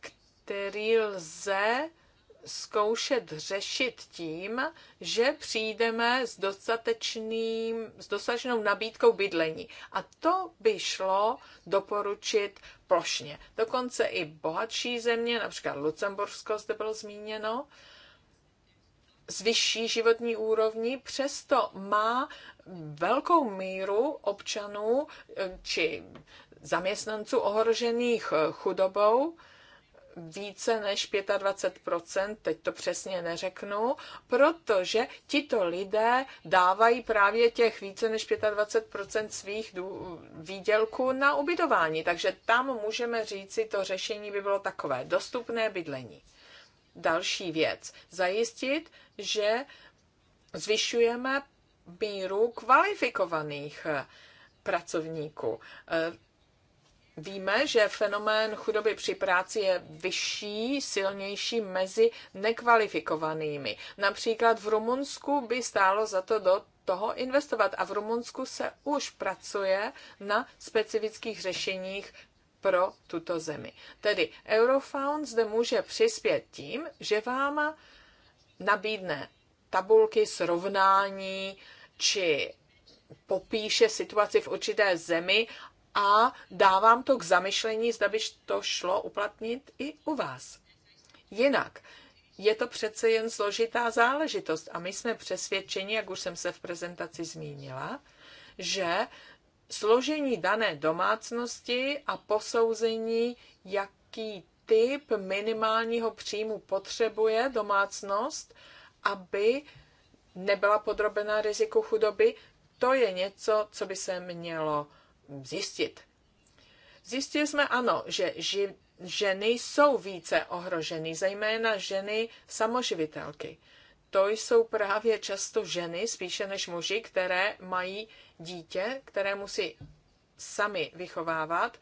který lze zkoušet řešit tím, že přijdeme s, dostatečným, s dostatečnou nabídkou bydlení. A to by šlo doporučit plošně. Dokonce i bohatší země, například Lucembursko zde bylo zmíněno, s vyšší životní úrovní, přesto má velkou míru občanů eh, či zaměstnanců ohrožených eh, chudobou, více než 25%, teď to přesně neřeknu, protože tito lidé dávají právě těch více než 25% svých výdělků na ubytování. Takže tam můžeme říci, to řešení by bylo takové dostupné bydlení další věc. Zajistit, že zvyšujeme míru kvalifikovaných eh, pracovníků. Eh, víme, že fenomén chudoby při práci je vyšší, silnější mezi nekvalifikovanými. Například v Rumunsku by stálo za to do toho investovat a v Rumunsku se už pracuje na specifických řešeních pro tuto zemi. Tedy Eurofound zde může přispět tím, že vám nabídne tabulky srovnání či popíše situaci v určité zemi a dávám to k zamyšlení, zda by to šlo uplatnit i u vás. Jinak, je to přece jen složitá záležitost a my jsme přesvědčeni, jak už jsem se v prezentaci zmínila, že složení dané domácnosti a posouzení, jaký typ minimálního příjmu potřebuje domácnost, aby nebyla podrobena riziku chudoby, to je něco, co by se mělo zjistit. Zjistili jsme ano, že ženy jsou více ohroženy, zejména ženy samoživitelky to jsou právě často ženy, spíše než muži, které mají dítě, které musí sami vychovávat.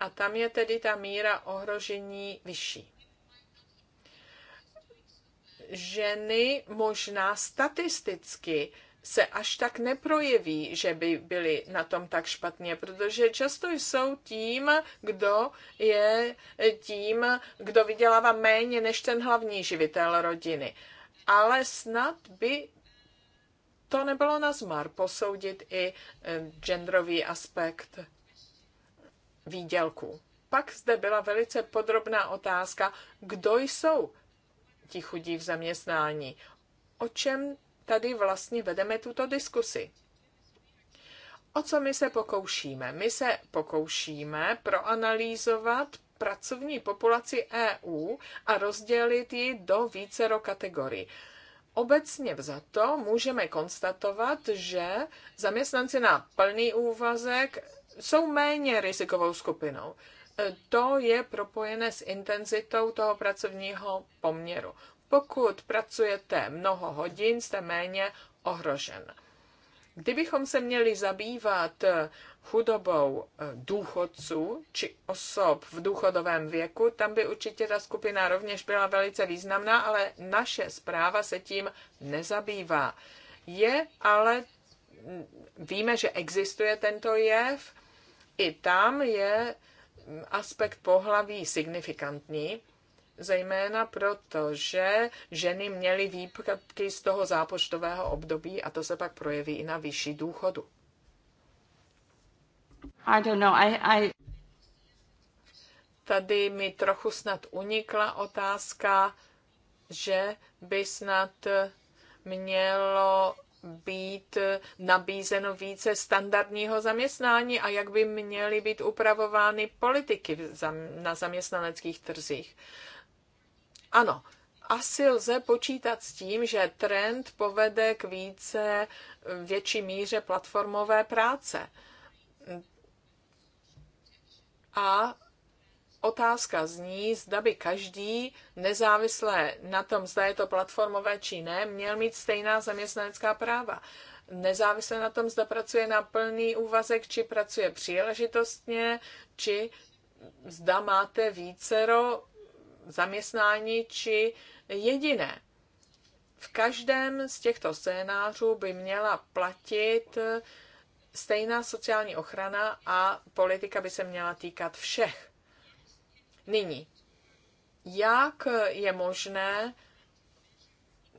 A tam je tedy ta míra ohrožení vyšší. Ženy možná statisticky se až tak neprojeví, že by byli na tom tak špatně, protože často jsou tím, kdo je tím, kdo vydělává méně než ten hlavní živitel rodiny. Ale snad by to nebylo na zmar posoudit i eh, genderový aspekt výdělku. Pak zde byla velice podrobná otázka, kdo jsou ti chudí v zaměstnání, o čem tady vlastně vedeme tuto diskusi. O co my se pokoušíme? My se pokoušíme proanalýzovat pracovní populaci EU a rozdělit ji do vícero kategorií. Obecně to můžeme konstatovat, že zaměstnanci na plný úvazek jsou méně rizikovou skupinou. E, to je propojené s intenzitou toho pracovního poměru. Pokud pracujete mnoho hodin, jste méně ohrožen. Kdybychom se měli zabývat eh, chudobou eh, důchodců či osob v důchodovém věku, tam by určitě ta skupina rovněž byla velice významná, ale naše zpráva se tím nezabývá. Je ale, mm, víme, že existuje tento jev, i tam je mm, aspekt pohlaví signifikantní zejména proto, že ženy měly výpadky z toho zápočtového období a to se pak projeví i na vyšší důchodu. I don't know. I, I... Tady mi trochu snad unikla otázka, že by snad mělo být nabízeno více standardního zaměstnání a jak by měly být upravovány politiky na zaměstnaneckých trzích. Ano, asi lze počítat s tím, že trend povede k více větší míře platformové práce. A otázka zní, zda by každý, nezávisle na tom, zda je to platformové či ne, měl mít stejná zaměstnanecká práva. Nezávisle na tom, zda pracuje na plný úvazek, či pracuje příležitostně, či zda máte vícero zaměstnání či jediné. V každém z těchto scénářů by měla platit stejná sociální ochrana a politika by se měla týkat všech. Nyní, jak je možné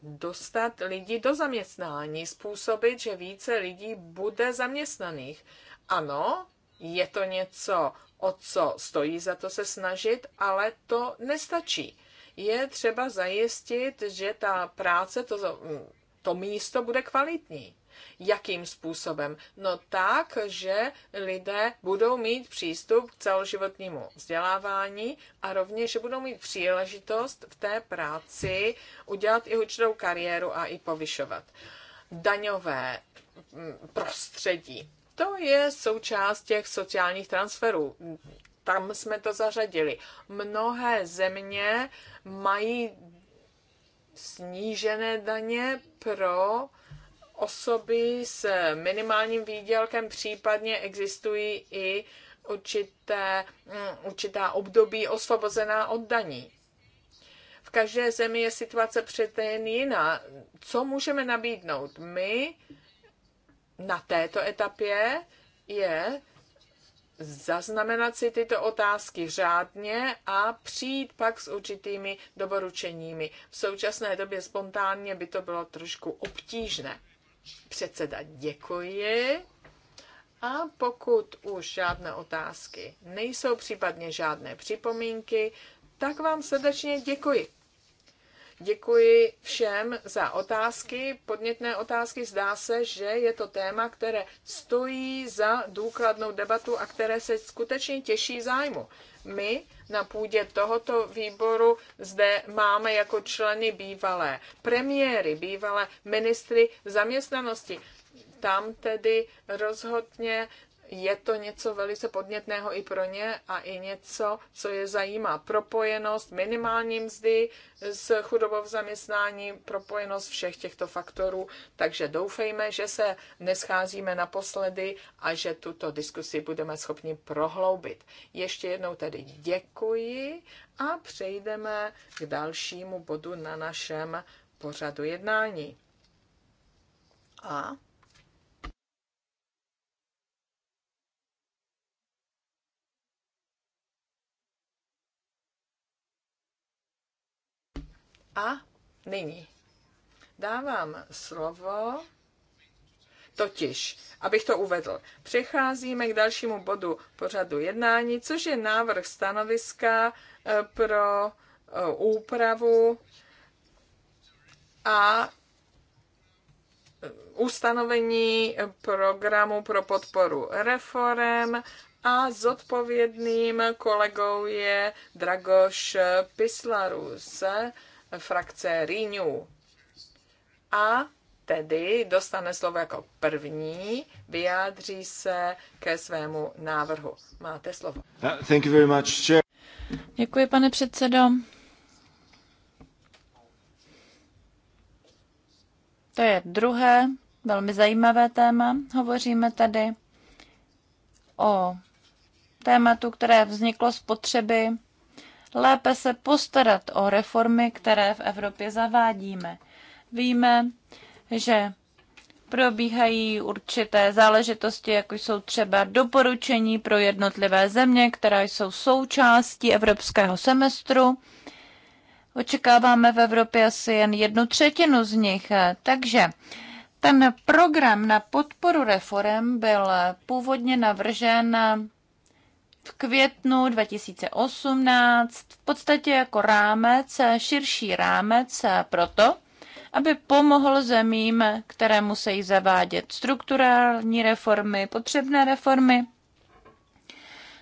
dostat lidi do zaměstnání, způsobit, že více lidí bude zaměstnaných? Ano, je to něco o co stojí za to se snažit, ale to nestačí. Je třeba zajistit, že ta práce, to, to místo bude kvalitní. Jakým způsobem? No tak, že lidé budou mít přístup k celoživotnímu vzdělávání a rovněž, že budou mít příležitost v té práci udělat i určitou kariéru a i povyšovat. Daňové mm, prostředí to je součást těch sociálních transferů. Tam jsme to zařadili. Mnohé země mají snížené daně pro osoby s minimálním výdělkem, případně existují i určité, mm, určitá období osvobozená od daní. V každé zemi je situace přece jen jiná. Co můžeme nabídnout? My na této etapě je zaznamenat si tyto otázky řádně a přijít pak s určitými doporučeními. V současné době spontánně by to bylo trošku obtížné. Předseda, děkuji. A pokud už žádné otázky nejsou, případně žádné připomínky, tak vám srdečně děkuji. Děkuji všem za otázky, podnětné otázky. Zdá se, že je to téma, které stojí za důkladnou debatu a které se skutečně těší zájmu. My na půdě tohoto výboru zde máme jako členy bývalé premiéry, bývalé ministry zaměstnanosti. Tam tedy rozhodně je to něco velice podnětného i pro ně a i něco, co je zajímá. Propojenost minimální mzdy s chudobou v zaměstnání, propojenost všech těchto faktorů. Takže doufejme, že se nescházíme naposledy a že tuto diskusi budeme schopni prohloubit. Ještě jednou tedy děkuji a přejdeme k dalšímu bodu na našem pořadu jednání. A A nyní dávám slovo, totiž, abych to uvedl, přecházíme k dalšímu bodu pořadu jednání, což je návrh stanoviska eh, pro eh, úpravu a eh, ustanovení programu pro podporu reform a zodpovědným kolegou je Dragoš Pislarus frakce Renew. A tedy dostane slovo jako první, vyjádří se ke svému návrhu. Máte slovo. Uh, thank you very much, chair. Děkuji, pane předsedo. To je druhé velmi zajímavé téma. Hovoříme tady o tématu, které vzniklo z potřeby lépe se postarat o reformy, které v Evropě zavádíme. Víme, že probíhají určité záležitosti, jako jsou třeba doporučení pro jednotlivé země, které jsou součástí evropského semestru. Očekáváme v Evropě asi jen jednu třetinu z nich, takže ten program na podporu reform byl původně navržen v květnu 2018 v podstatě jako rámec, širší rámec proto, aby pomohl zemím, které musí zavádět strukturální reformy, potřebné reformy.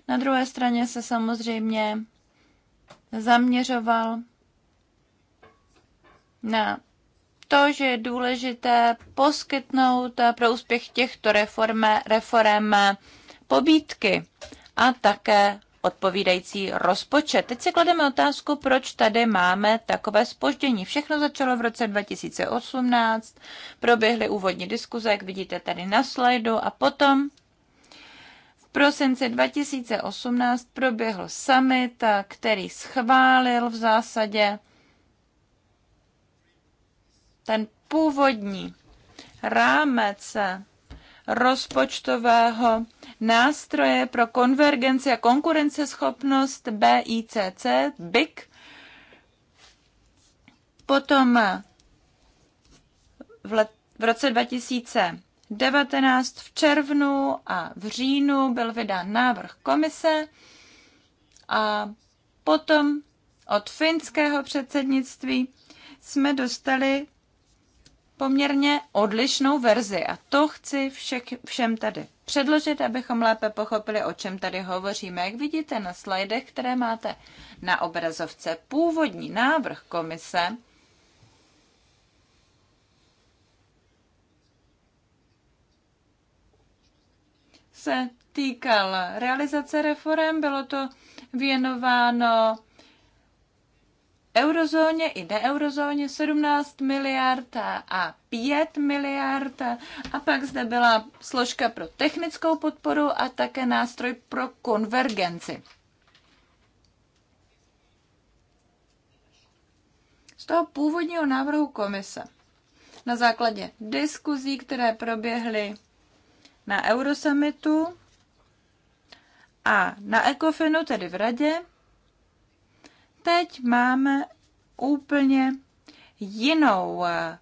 Na druhé straně se samozřejmě zaměřoval na to, že je důležité poskytnout pro úspěch těchto reform, reform pobídky a také odpovídající rozpočet. Teď si klademe otázku, proč tady máme takové spoždění. Všechno začalo v roce 2018, proběhly úvodní diskuze, jak vidíte tady na slajdu, a potom v prosinci 2018 proběhl summit, který schválil v zásadě ten původní rámec rozpočtového nástroje pro konvergenci a konkurenceschopnost BICC, BIC, potom v, let, v roce 2019 v červnu a v říjnu byl vydán návrh komise a potom od finského předsednictví jsme dostali poměrně odlišnou verzi a to chci všek, všem tady předložit, abychom lépe pochopili, o čem tady hovoříme. Jak vidíte na slajdech, které máte na obrazovce, původní návrh komise se týkal realizace reform, bylo to věnováno eurozóně i neeurozóně 17 miliard a 5 miliard. A pak zde byla složka pro technickou podporu a také nástroj pro konvergenci. Z toho původního návrhu komise na základě diskuzí, které proběhly na Eurosummitu a na Ecofinu, tedy v radě, Teď máme úplně jinou eh,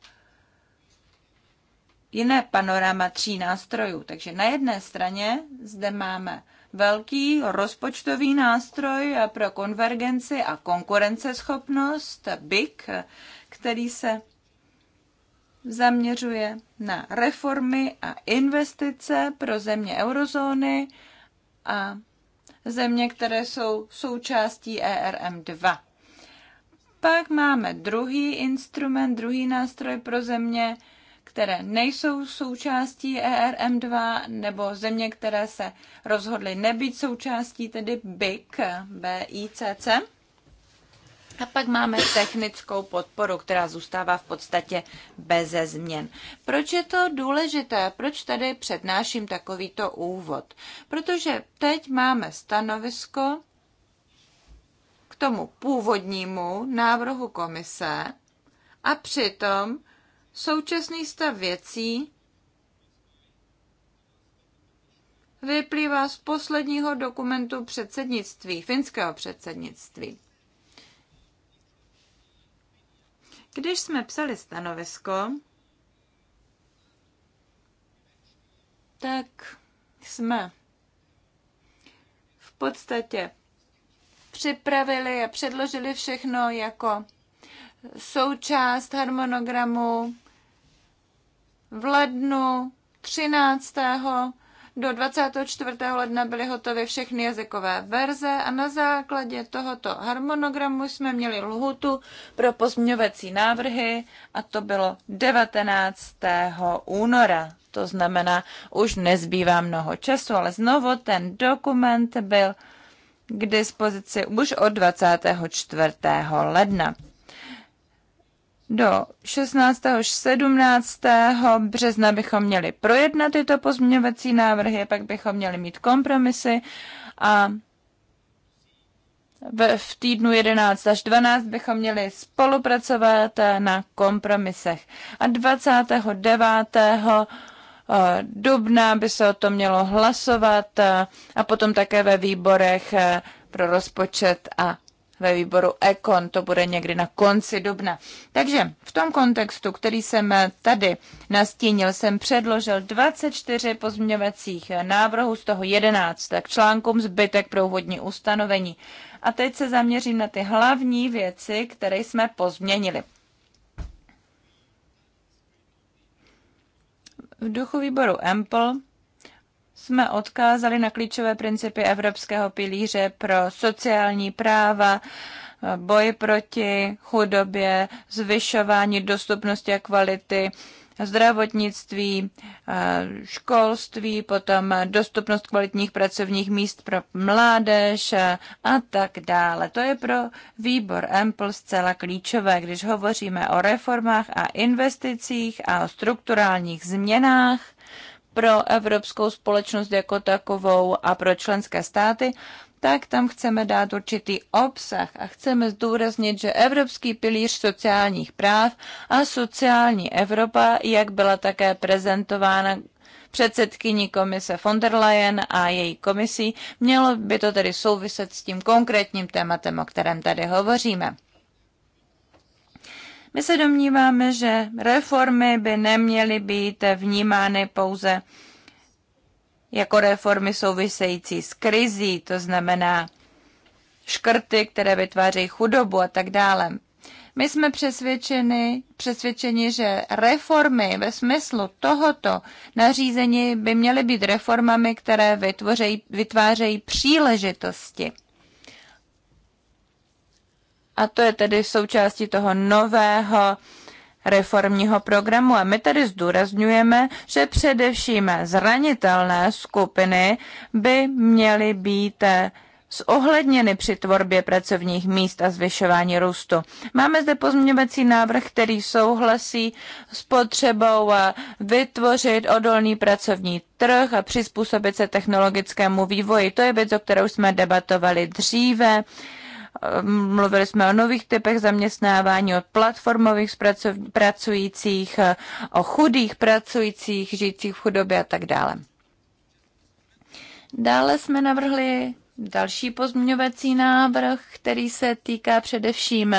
jiné panorama tří nástrojů. Takže na jedné straně zde máme velký rozpočtový nástroj pro konvergenci a konkurenceschopnost, BIC, který se zaměřuje na reformy a investice pro země eurozóny a země, které jsou součástí ERM 2. Pak máme druhý instrument, druhý nástroj pro země, které nejsou součástí ERM 2 nebo země, které se rozhodly nebýt součástí, tedy BIC, BICC. A pak máme technickou podporu, která zůstává v podstatě beze změn. Proč je to důležité? Proč tady přednáším takovýto úvod? Protože teď máme stanovisko k tomu původnímu návrhu komise a přitom současný stav věcí vyplývá z posledního dokumentu předsednictví, finského předsednictví. Když jsme psali stanovisko, tak jsme v podstatě připravili a předložili všechno jako součást harmonogramu v lednu 13. Do 24. ledna byly hotové všechny jazykové verze a na základě tohoto harmonogramu jsme měli lhutu pro pozměňovací návrhy a to bylo 19. února. To znamená, už nezbývá mnoho času, ale znovu ten dokument byl k dispozici už od 24. ledna. Do 16. až 17. března bychom měli projednat tyto pozměňovací návrhy, pak bychom měli mít kompromisy a v týdnu 11 až 12 bychom měli spolupracovat na kompromisech. A 29. Eh, dubna by se o to mělo hlasovat eh, a potom také ve výborech eh, pro rozpočet a ve výboru Ekon, to bude někdy na konci dubna. Takže v tom kontextu, který jsem tady nastínil, jsem předložil 24 pozměňovacích návrhů, z toho 11 tak článkům zbytek pro úvodní ustanovení. A teď se zaměřím na ty hlavní věci, které jsme pozměnili. V duchu výboru Ample jsme odkázali na klíčové principy Evropského pilíře pro sociální práva, boj proti chudobě, zvyšování dostupnosti a kvality zdravotnictví, školství, potom dostupnost kvalitních pracovních míst pro mládež a tak dále. To je pro výbor EMPL zcela klíčové, když hovoříme o reformách a investicích a o strukturálních změnách pro evropskou společnost jako takovou a pro členské státy, tak tam chceme dát určitý obsah a chceme zdůraznit, že Evropský pilíř sociálních práv a sociální Evropa, jak byla také prezentována předsedkyní komise von der Leyen a její komisí, mělo by to tedy souviset s tím konkrétním tématem, o kterém tady hovoříme. My se domníváme, že reformy by neměly být vnímány pouze jako reformy související s krizí, to znamená škrty, které vytvářejí chudobu a tak dále. My jsme přesvědčeni, přesvědčeni, že reformy ve smyslu tohoto nařízení by měly být reformami, které vytvořej, vytvářejí příležitosti. A to je tedy součástí toho nového reformního programu. A my tady zdůrazňujeme, že především zranitelné skupiny by měly být eh, zohledněny při tvorbě pracovních míst a zvyšování růstu. Máme zde pozměňovací návrh, který souhlasí s potřebou eh, vytvořit odolný pracovní trh a přizpůsobit se technologickému vývoji. To je věc, o kterou jsme debatovali dříve. Ehm, mluvili jsme o nových typech zaměstnávání, o platformových pracujících, eh, o chudých pracujících, žijících v chudobě a tak dále. Dále jsme navrhli další pozměňovací návrh, který se týká především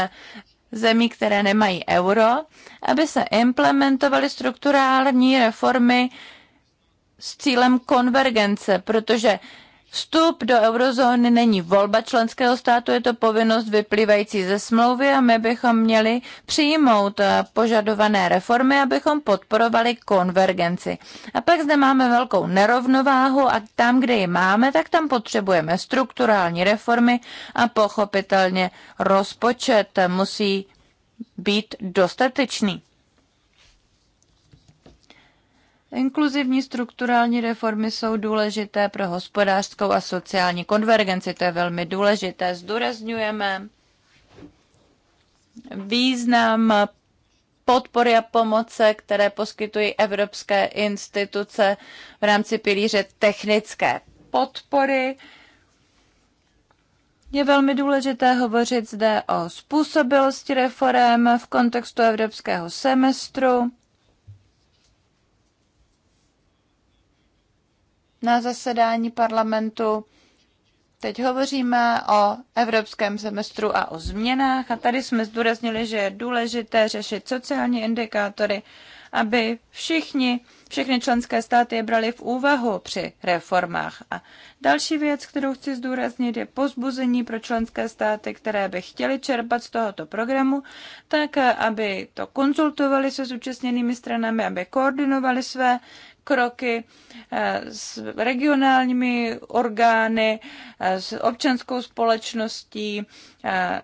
zemí, které nemají euro, aby se implementovaly strukturální reformy s cílem konvergence, protože Vstup do eurozóny není volba členského státu, je to povinnost vyplývající ze smlouvy a my bychom měli přijmout eh, požadované reformy, abychom podporovali konvergenci. A pak zde máme velkou nerovnováhu a tam, kde ji máme, tak tam potřebujeme strukturální reformy a pochopitelně rozpočet musí být dostatečný. Inkluzivní strukturální reformy jsou důležité pro hospodářskou a sociální konvergenci, to je velmi důležité. Zdůrazňujeme význam podpory a pomoce, které poskytují evropské instituce v rámci pilíře technické podpory. Je velmi důležité hovořit zde o způsobilosti reform v kontextu evropského semestru na zasedání parlamentu. Teď hovoříme o evropském semestru a o změnách a tady jsme zdůraznili, že je důležité řešit sociální indikátory, aby všichni, všechny členské státy je brali v úvahu při reformách. A další věc, kterou chci zdůraznit, je pozbuzení pro členské státy, které by chtěly čerpat z tohoto programu, tak aby to konzultovali se zúčastněnými stranami, aby koordinovali své kroky eh, s regionálními orgány, eh, s občanskou společností, eh,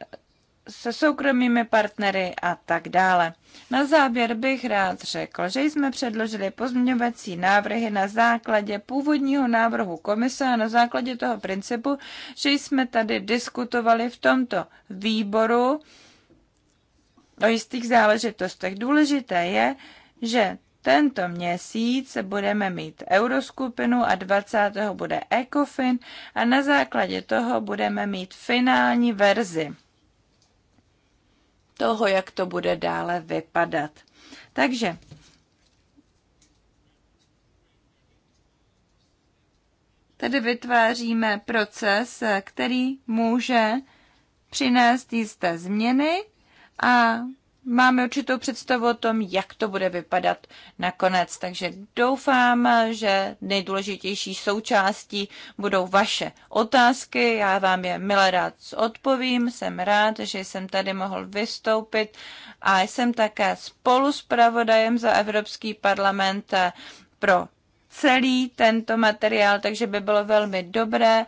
se soukromými partnery a tak dále. Na závěr bych rád řekl, že jsme předložili pozměňovací návrhy na základě původního návrhu komise a na základě toho principu, že jsme tady diskutovali v tomto výboru o jistých záležitostech. Důležité je, že tento měsíc budeme mít euroskupinu a 20. bude ECOFIN a na základě toho budeme mít finální verzi toho, jak to bude dále vypadat. Takže Tady vytváříme proces, který může přinést jisté změny a máme určitou představu o tom, jak to bude vypadat nakonec. Takže doufám, že nejdůležitější součástí budou vaše otázky. Já vám je milé rád odpovím. Jsem rád, že jsem tady mohl vystoupit a jsem také spolu s pravodajem za Evropský parlament pro celý tento materiál, takže by bylo velmi dobré,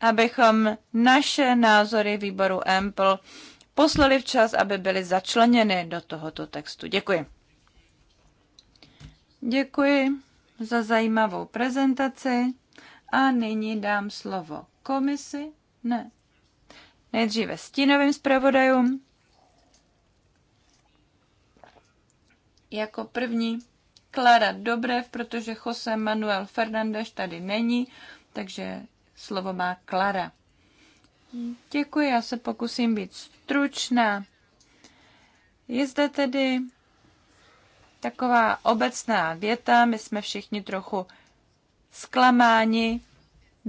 abychom naše názory výboru EMPL poslali včas, aby byly začleněny do tohoto textu. Děkuji. Děkuji za zajímavou prezentaci a nyní dám slovo komisi. Ne. Nejdříve stínovým zpravodajům. Jako první Klara Dobrev, protože Jose Manuel Fernandez tady není, takže slovo má Klara. Děkuji, já se pokusím být stručná. Je zde tedy taková obecná věta, my jsme všichni trochu zklamáni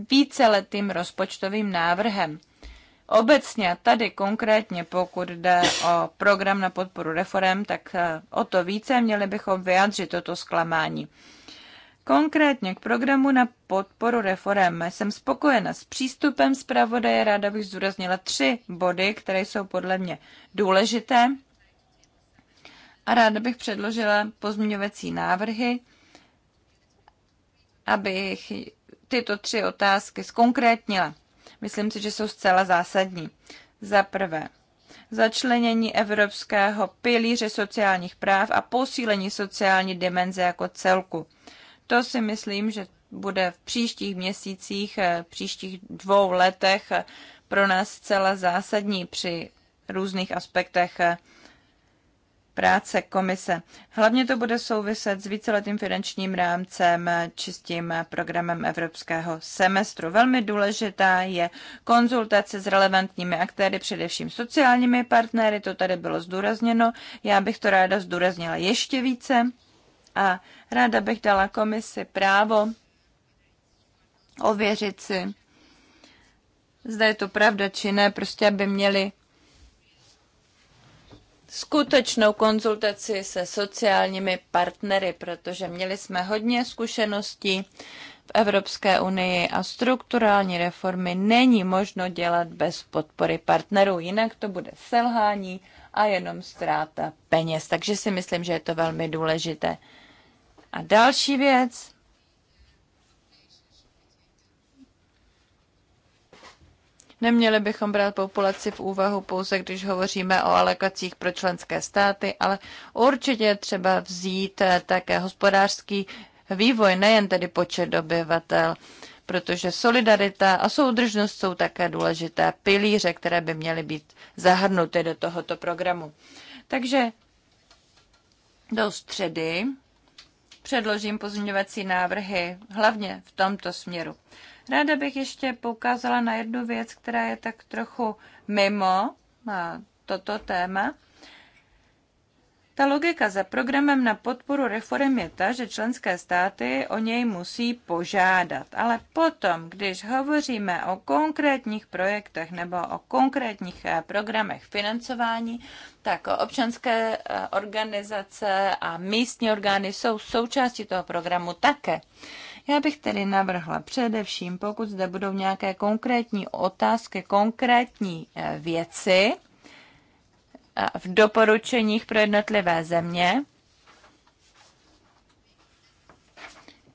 víceletým rozpočtovým návrhem. Obecně tady konkrétně, pokud jde o program na podporu reform, tak eh, o to více měli bychom vyjádřit toto zklamání. Konkrétně k programu na podporu reform jsem spokojena s přístupem zpravodaje. Ráda bych zúraznila tři body, které jsou podle mě důležité. A ráda bych předložila pozměňovací návrhy, abych tyto tři otázky zkonkrétnila. Myslím si, že jsou zcela zásadní. Za prvé, začlenění evropského pilíře sociálních práv a posílení sociální dimenze jako celku. To si myslím, že bude v příštích měsících, v eh, příštích dvou letech eh, pro nás zcela zásadní při různých aspektech eh, práce komise. Hlavně to bude souviset s víceletým finančním rámcem čistým programem evropského semestru. Velmi důležitá je konzultace s relevantními aktéry, především sociálními partnery, to tady bylo zdůrazněno. Já bych to ráda zdůraznila ještě více. A Ráda bych dala komisi právo ověřit si, zda je to pravda či ne, prostě aby měli skutečnou konzultaci se sociálními partnery, protože měli jsme hodně zkušeností v Evropské unii a strukturální reformy není možno dělat bez podpory partnerů, jinak to bude selhání a jenom ztráta peněz. Takže si myslím, že je to velmi důležité. A další věc, Neměli bychom brát populaci v úvahu pouze, když hovoříme o alokacích pro členské státy, ale určitě třeba vzít eh, také hospodářský vývoj, nejen tedy počet obyvatel, protože solidarita a soudržnost jsou také důležité pilíře, které by měly být zahrnuty do tohoto programu. Takže do středy předložím pozměňovací návrhy, hlavně v tomto směru. Ráda bych ještě poukázala na jednu věc, která je tak trochu mimo toto téma. Ta logika za programem na podporu reform je ta, že členské státy o něj musí požádat. Ale potom, když hovoříme o konkrétních projektech nebo o konkrétních eh, programech financování, tak občanské eh, organizace a místní orgány jsou součástí toho programu také. Já bych tedy navrhla především, pokud zde budou nějaké konkrétní otázky, konkrétní eh, věci, v doporučeních pro jednotlivé země,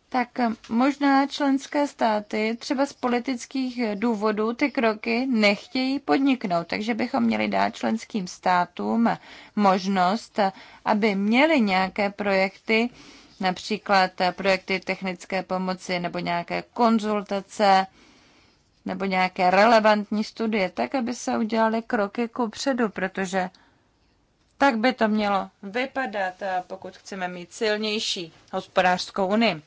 tak možná členské státy třeba z politických důvodů ty kroky nechtějí podniknout, takže bychom měli dát členským státům možnost, aby měli nějaké projekty, například projekty technické pomoci nebo nějaké konzultace nebo nějaké relevantní studie, tak aby se udělaly kroky ku předu, protože tak by to mělo vypadat, eh, pokud chceme mít silnější hospodářskou unii.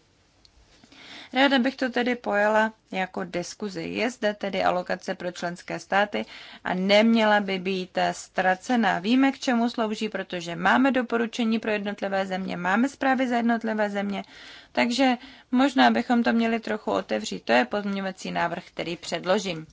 Ráda bych to tedy pojela jako diskuzi. Je zde tedy alokace pro členské státy a neměla by být eh, ztracená. Víme, k čemu slouží, protože máme doporučení pro jednotlivé země, máme zprávy za jednotlivé země, takže možná bychom to měli trochu otevřít. To je pozměňovací návrh, který předložím.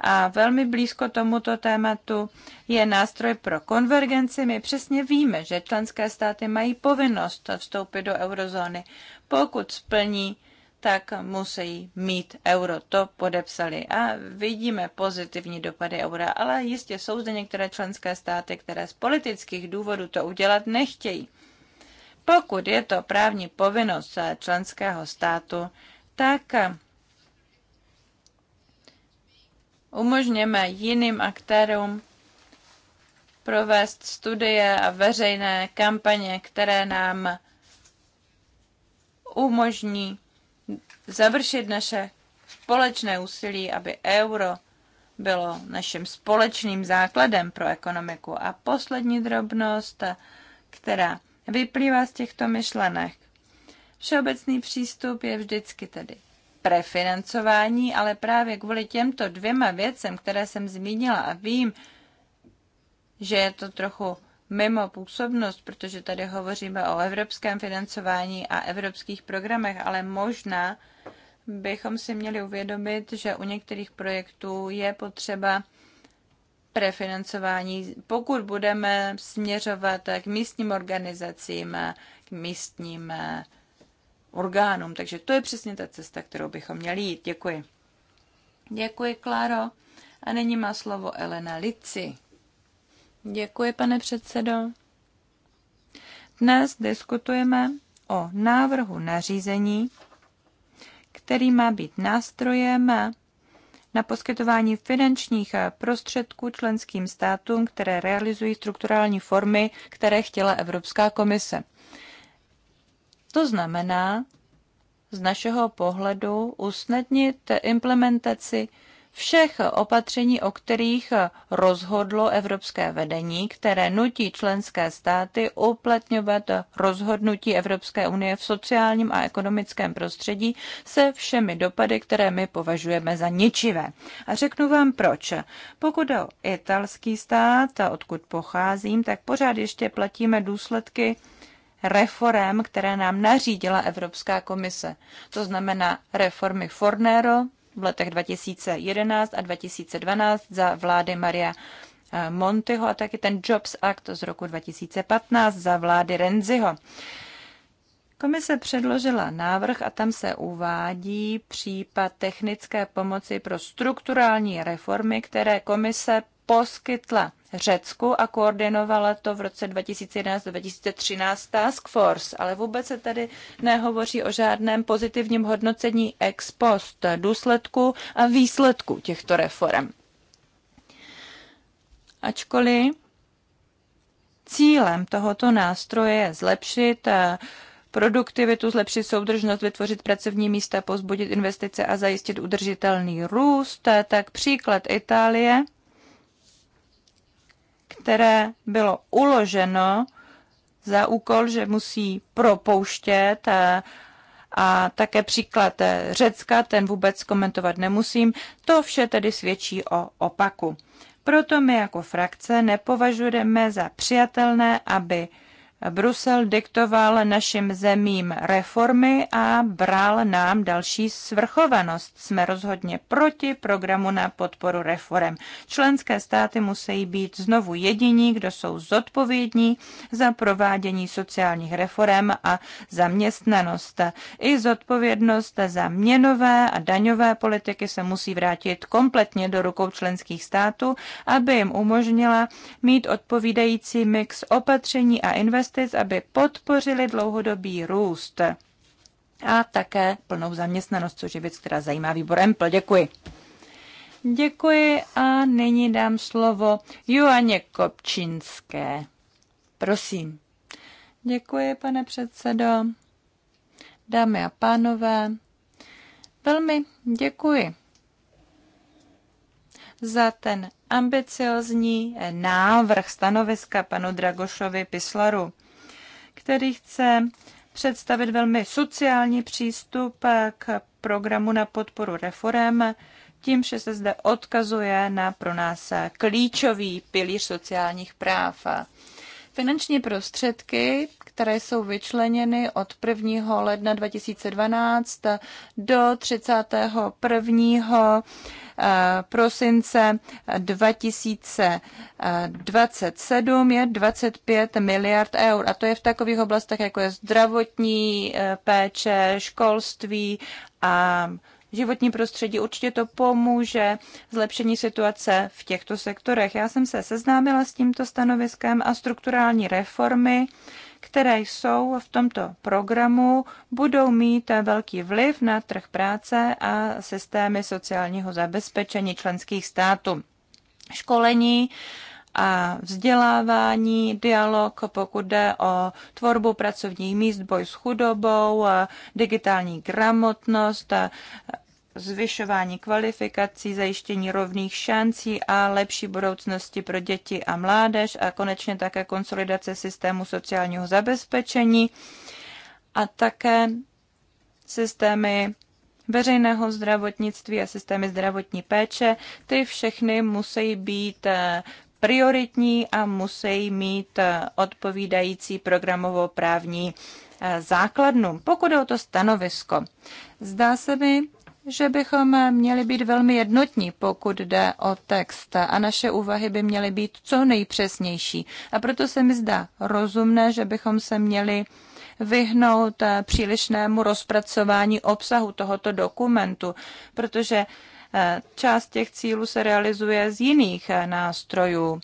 A velmi blízko tomuto tématu je nástroj pro konvergenci. My přesně víme, že členské státy mají povinnost vstoupit do eurozóny. Pokud splní, tak musí mít euro. To podepsali a vidíme pozitivní dopady eura, ale jistě jsou zde některé členské státy, které z politických důvodů to udělat nechtějí. Pokud je to právní povinnost členského státu, tak Umožněme jiným aktérům provést studie a veřejné kampaně, které nám umožní završit naše společné úsilí, aby euro bylo naším společným základem pro ekonomiku. A poslední drobnost, která vyplývá z těchto myšlenek. Všeobecný přístup je vždycky tedy prefinancování, ale právě kvůli těmto dvěma věcem, které jsem zmínila a vím, že je to trochu mimo působnost, protože tady hovoříme o evropském financování a evropských programech, ale možná bychom si měli uvědomit, že u některých projektů je potřeba prefinancování, pokud budeme směřovat k místním organizacím, k místním orgánům. Takže to je přesně ta cesta, kterou bychom měli jít. Děkuji. Děkuji, Kláro. A nyní má slovo Elena Lici. Děkuji, pane předsedo. Dnes diskutujeme o návrhu nařízení, který má být nástrojem na poskytování finančních prostředků členským státům, které realizují strukturální formy, které chtěla Evropská komise. To znamená, z našeho pohledu usnadnit implementaci všech opatření, o kterých rozhodlo evropské vedení, které nutí členské státy uplatňovat rozhodnutí Evropské unie v sociálním a ekonomickém prostředí se všemi dopady, které my považujeme za ničivé. A řeknu vám proč. Pokud o italský stát, a odkud pocházím, tak pořád ještě platíme důsledky reform, které nám nařídila Evropská komise. To znamená reformy Fornero v letech 2011 a 2012 za vlády Maria eh, Montyho a taky ten Jobs Act z roku 2015 za vlády Renziho. Komise předložila návrh a tam se uvádí případ technické pomoci pro strukturální reformy, které komise poskytla Řecku a koordinovala to v roce 2011-2013 Task Force, ale vůbec se tady nehovoří o žádném pozitivním hodnocení ex post důsledku a výsledku těchto reform. Ačkoliv cílem tohoto nástroje je zlepšit eh, produktivitu, zlepšit soudržnost, vytvořit pracovní místa, pozbudit investice a zajistit udržitelný růst, eh, tak příklad Itálie – které bylo uloženo za úkol, že musí propouštět a, eh, a také příklad eh, Řecka, ten vůbec komentovat nemusím. To vše tedy svědčí o opaku. Proto my jako frakce nepovažujeme za přijatelné, aby Brusel diktoval našim zemím reformy a bral nám další svrchovanost. Jsme rozhodně proti programu na podporu reform. Členské státy musí být znovu jediní, kdo jsou zodpovědní za provádění sociálních reform a zaměstnanost. I zodpovědnost za měnové a daňové politiky se musí vrátit kompletně do rukou členských států, aby jim umožnila mít odpovídající mix opatření a investic investic, aby podpořili dlouhodobý růst a také plnou zaměstnanost, což je věc, která zajímá výbor EMPL. Děkuji. Děkuji a nyní dám slovo Juaně Kopčinské. Prosím. Děkuji, pane předsedo. Dámy a pánové, velmi děkuji za ten ambiciozní návrh stanoviska panu Dragošovi Pislaru, který chce představit velmi sociální přístup k programu na podporu reform, tím, že se zde odkazuje na pro nás klíčový pilíř sociálních práv. Finanční prostředky, které jsou vyčleněny od 1. ledna 2012 do 31. Eh, prosince 2027 je 25 miliard eur. A to je v takových oblastech, jako je zdravotní eh, péče, školství a životní prostředí. Určitě to pomůže zlepšení situace v těchto sektorech. Já jsem se seznámila s tímto stanoviskem a strukturální reformy, které jsou v tomto programu, budou mít velký vliv na trh práce a systémy sociálního zabezpečení členských států. Školení a vzdělávání, dialog, pokud jde o tvorbu pracovních míst, boj s chudobou, digitální gramotnost, zvyšování kvalifikací, zajištění rovných šancí a lepší budoucnosti pro děti a mládež a konečně také konsolidace systému sociálního zabezpečení a také systémy veřejného zdravotnictví a systémy zdravotní péče. Ty všechny musí být eh, prioritní a musí mít eh, odpovídající programovou právní eh, základnu. Pokud je o to stanovisko, zdá se mi, že bychom měli být velmi jednotní, pokud jde o text a naše úvahy by měly být co nejpřesnější. A proto se mi zdá rozumné, že bychom se měli vyhnout eh, přílišnému rozpracování obsahu tohoto dokumentu, protože eh, část těch cílů se realizuje z jiných eh, nástrojů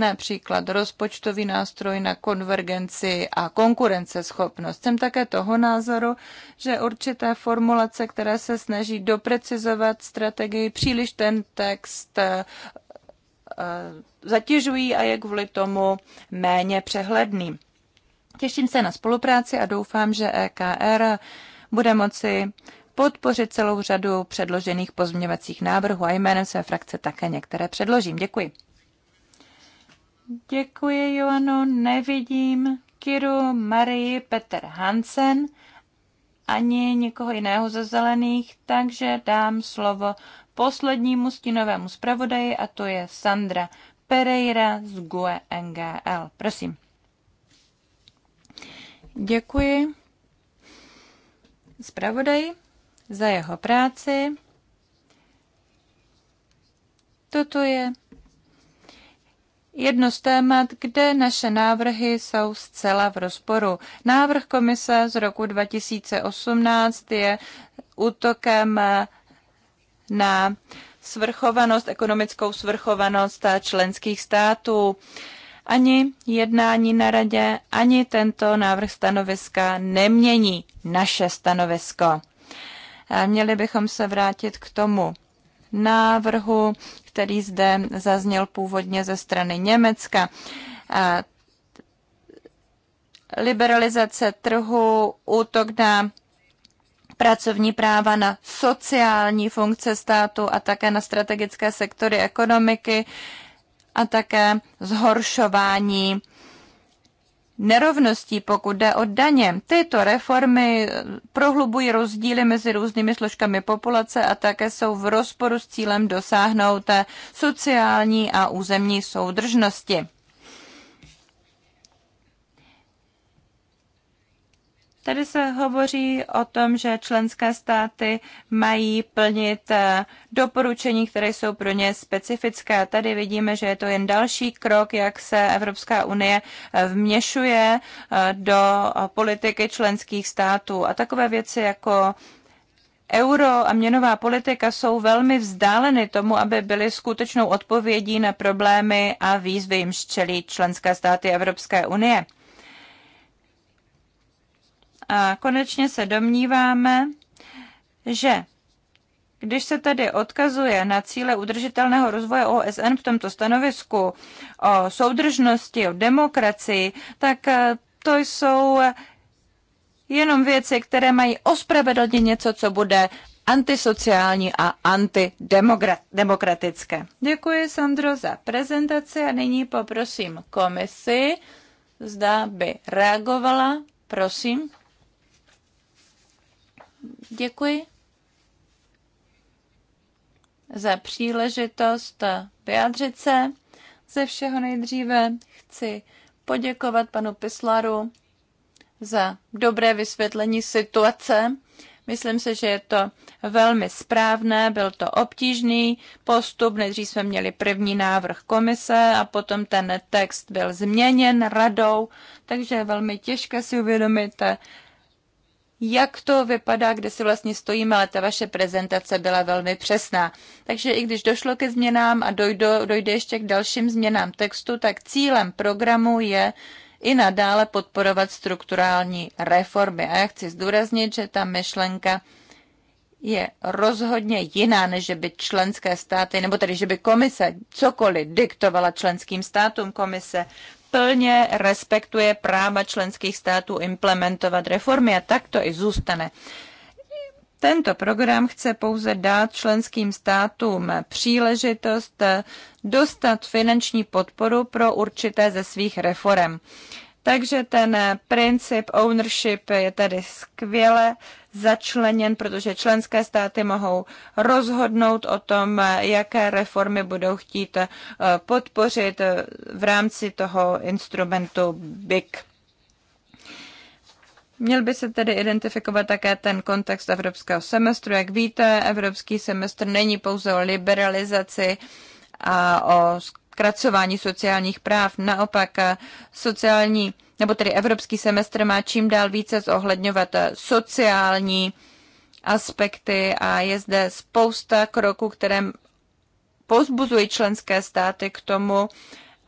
například rozpočtový nástroj na konvergenci a konkurenceschopnost. Jsem také toho názoru, že určité formulace, které se snaží doprecizovat strategii, příliš ten text eh, eh, zatěžují a je kvůli tomu méně přehledný. Těším se na spolupráci a doufám, že EKR bude moci podpořit celou řadu předložených pozměňovacích návrhů a jménem své frakce také některé předložím. Děkuji. Děkuji, Joanu. Nevidím Kiru, Marii, Petr Hansen ani nikoho jiného ze zelených, takže dám slovo poslednímu stínovému zpravodaji a to je Sandra Pereira z GUE NGL. Prosím. Děkuji zpravodaji za jeho práci. Toto je jedno z témat, kde naše návrhy jsou zcela v rozporu. Návrh komise z roku 2018 je útokem na svrchovanost, ekonomickou svrchovanost členských států. Ani jednání na radě, ani tento návrh stanoviska nemění naše stanovisko. Měli bychom se vrátit k tomu, návrhu, který zde zazněl původně ze strany Německa. Liberalizace trhu, útok na pracovní práva, na sociální funkce státu a také na strategické sektory ekonomiky a také zhoršování nerovností, pokud jde o daně. Tyto reformy eh, prohlubují rozdíly mezi různými složkami populace a také jsou v rozporu s cílem dosáhnout sociální a územní soudržnosti. Tady se hovoří o tom, že členské státy mají plnit eh, doporučení, které jsou pro ně specifická. Tady vidíme, že je to jen další krok, jak se Evropská unie eh, vměšuje eh, do politiky členských států. A takové věci jako euro a měnová politika jsou velmi vzdáleny tomu, aby byly skutečnou odpovědí na problémy a výzvy, jimž čelí členské státy Evropské unie. A konečně se domníváme, že když se tedy odkazuje na cíle udržitelného rozvoje OSN v tomto stanovisku o soudržnosti, o demokracii, tak eh, to jsou jenom věci, které mají ospravedlnit něco, co bude antisociální a antidemokratické. Děkuji, Sandro, za prezentaci a nyní poprosím komisi, zda by reagovala. Prosím. Děkuji za příležitost vyjádřit se. Ze všeho nejdříve chci poděkovat panu Pislaru za dobré vysvětlení situace. Myslím si, že je to velmi správné, byl to obtížný postup. Nejdřív jsme měli první návrh komise a potom ten text byl změněn radou, takže je velmi těžké si uvědomit jak to vypadá, kde si vlastně stojíme, ale ta vaše prezentace byla velmi přesná. Takže i když došlo ke změnám a dojdo, dojde ještě k dalším změnám textu, tak cílem programu je i nadále podporovat strukturální reformy. A já chci zdůraznit, že ta myšlenka je rozhodně jiná, než že by členské státy, nebo tedy, že by komise cokoliv diktovala členským státům. Komise plně respektuje práva členských států implementovat reformy a tak to i zůstane. Tento program chce pouze dát členským státům příležitost dostat finanční podporu pro určité ze svých reform. Takže ten princip ownership je tady skvěle začleněn, protože členské státy mohou rozhodnout o tom, jaké reformy budou chtít eh, podpořit eh, v rámci toho instrumentu BIC. Měl by se tedy identifikovat také ten kontext evropského semestru. Jak víte, evropský semestr není pouze o liberalizaci a o zkracování sociálních práv. Naopak eh, sociální nebo tedy evropský semestr má čím dál více zohledňovat sociální aspekty a je zde spousta kroků, které pozbuzují členské státy k tomu,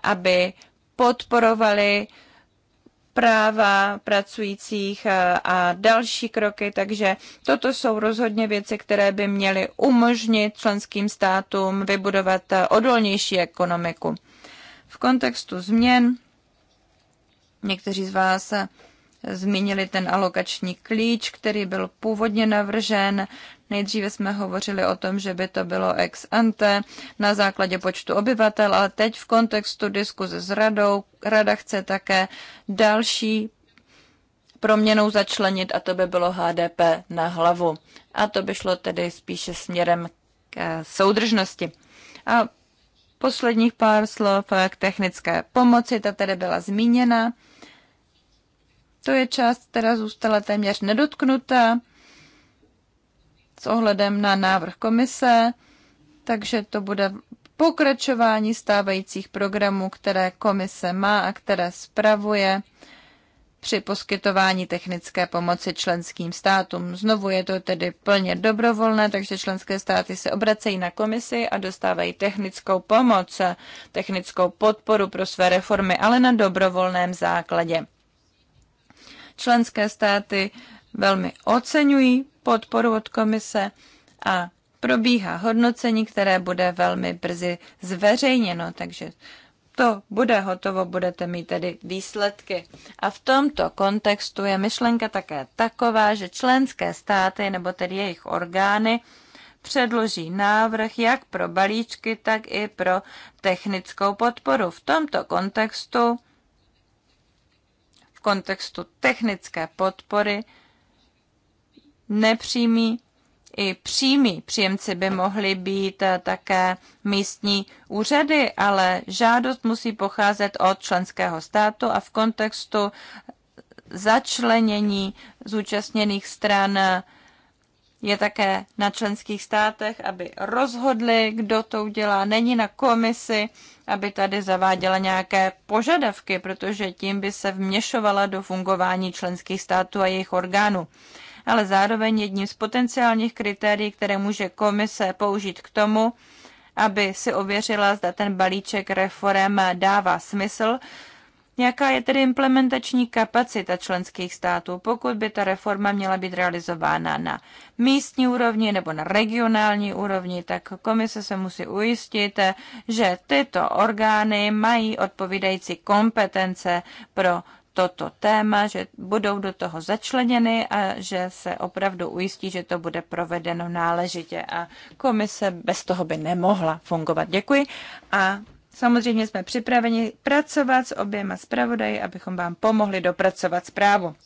aby podporovali práva pracujících a další kroky, takže toto jsou rozhodně věci, které by měly umožnit členským státům vybudovat odolnější ekonomiku. V kontextu změn Někteří z vás zmínili ten alokační klíč, který byl původně navržen. Nejdříve jsme hovořili o tom, že by to bylo ex ante na základě počtu obyvatel, ale teď v kontextu diskuze s radou, rada chce také další proměnou začlenit a to by bylo HDP na hlavu. A to by šlo tedy spíše směrem k soudržnosti. A posledních pár slov k technické pomoci, ta tedy byla zmíněna. To je část, která zůstala téměř nedotknutá s ohledem na návrh komise, takže to bude pokračování stávajících programů, které komise má a které spravuje při poskytování technické pomoci členským státům. Znovu je to tedy plně dobrovolné, takže členské státy se obracejí na komisi a dostávají technickou pomoc, technickou podporu pro své reformy, ale na dobrovolném základě. Členské státy velmi oceňují podporu od komise a probíhá hodnocení, které bude velmi brzy zveřejněno, takže to bude hotovo, budete mít tedy výsledky. A v tomto kontextu je myšlenka také taková, že členské státy nebo tedy jejich orgány předloží návrh jak pro balíčky, tak i pro technickou podporu. V tomto kontextu kontextu technické podpory nepřímí i přímí příjemci by mohli být eh, také místní úřady, ale žádost musí pocházet od členského státu a v kontextu začlenění zúčastněných stran eh, je také na členských státech, aby rozhodli, kdo to udělá. Není na komisi, aby tady zaváděla nějaké požadavky, protože tím by se vměšovala do fungování členských států a jejich orgánů. Ale zároveň jedním z potenciálních kritérií, které může komise použít k tomu, aby si ověřila, zda ten balíček reform dává smysl, Jaká je tedy implementační kapacita členských států, pokud by ta reforma měla být realizována na místní úrovni nebo na regionální úrovni, tak komise se musí ujistit, že tyto orgány mají odpovídající kompetence pro toto téma, že budou do toho začleněny a že se opravdu ujistí, že to bude provedeno náležitě a komise bez toho by nemohla fungovat. Děkuji a Samozřejmě jsme připraveni pracovat s oběma zpravodaji, abychom vám pomohli dopracovat zprávu.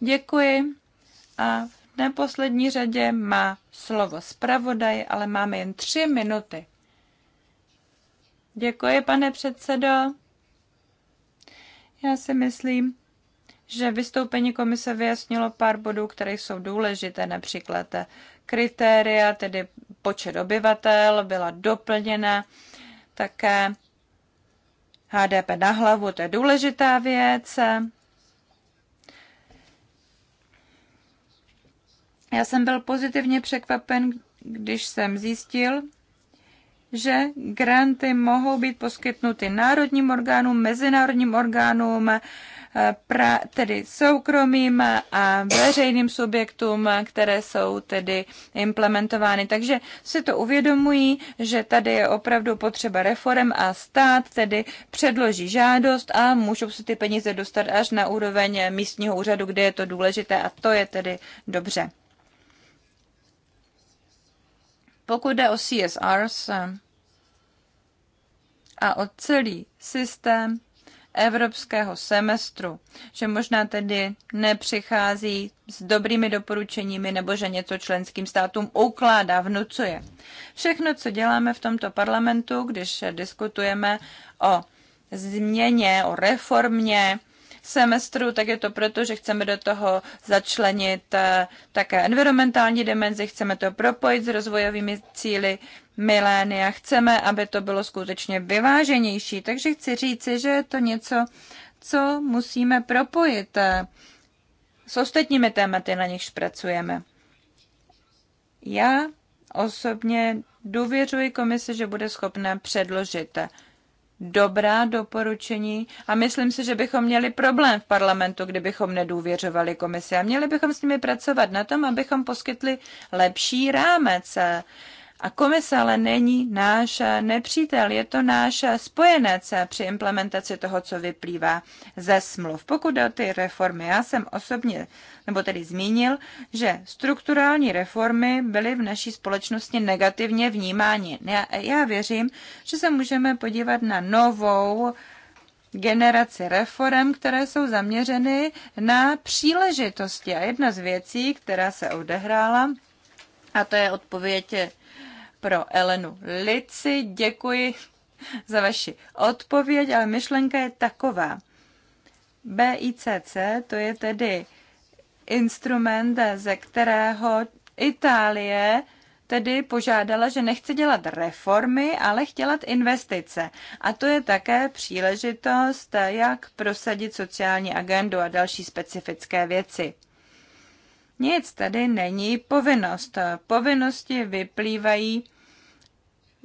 Děkuji a v neposlední řadě má slovo zpravodaj, ale máme jen tři minuty. Děkuji, pane předsedo. Já si myslím, že vystoupení komise vyjasnilo pár bodů, které jsou důležité, například kritéria, tedy počet obyvatel, byla doplněna také HDP na hlavu, to je důležitá věc. Já jsem byl pozitivně překvapen, když jsem zjistil, že granty mohou být poskytnuty národním orgánům, mezinárodním orgánům, pra, tedy soukromým a veřejným subjektům, které jsou tedy implementovány. Takže si to uvědomují, že tady je opravdu potřeba reform a stát tedy předloží žádost a můžou se ty peníze dostat až na úroveň místního úřadu, kde je to důležité a to je tedy dobře. Pokud jde o CSRs a o celý systém, evropského semestru, že možná tedy nepřichází s dobrými doporučeními nebo že něco členským státům ukládá, vnucuje. Všechno, co děláme v tomto parlamentu, když diskutujeme o změně, o reformě semestru, tak je to proto, že chceme do toho začlenit eh, také environmentální dimenzi, chceme to propojit s rozvojovými cíly milénia, chceme, aby to bylo skutečně vyváženější. Takže chci říci, že je to něco, co musíme propojit eh, s ostatními tématy, na nichž pracujeme. Já osobně důvěřuji komise, že bude schopna předložit dobrá doporučení a myslím si, že bychom měli problém v parlamentu, kdybychom nedůvěřovali komisi a měli bychom s nimi pracovat na tom, abychom poskytli lepší rámec a komise ale není náš eh, nepřítel, je to náš eh, spojenec eh, při implementaci toho, co vyplývá ze smluv. Pokud jde o ty reformy, já jsem osobně, nebo tedy zmínil, že strukturální reformy byly v naší společnosti negativně vnímány. Já, já věřím, že se můžeme podívat na novou generaci reform, které jsou zaměřeny na příležitosti. A jedna z věcí, která se odehrála, a to je odpověď pro Elenu Lici. Děkuji za vaši odpověď, ale myšlenka je taková. BICC to je tedy instrument, ze kterého Itálie tedy požádala, že nechce dělat reformy, ale chtěla investice. A to je také příležitost, jak prosadit sociální agendu a další specifické věci. Nic tady není povinnost. Povinnosti vyplývají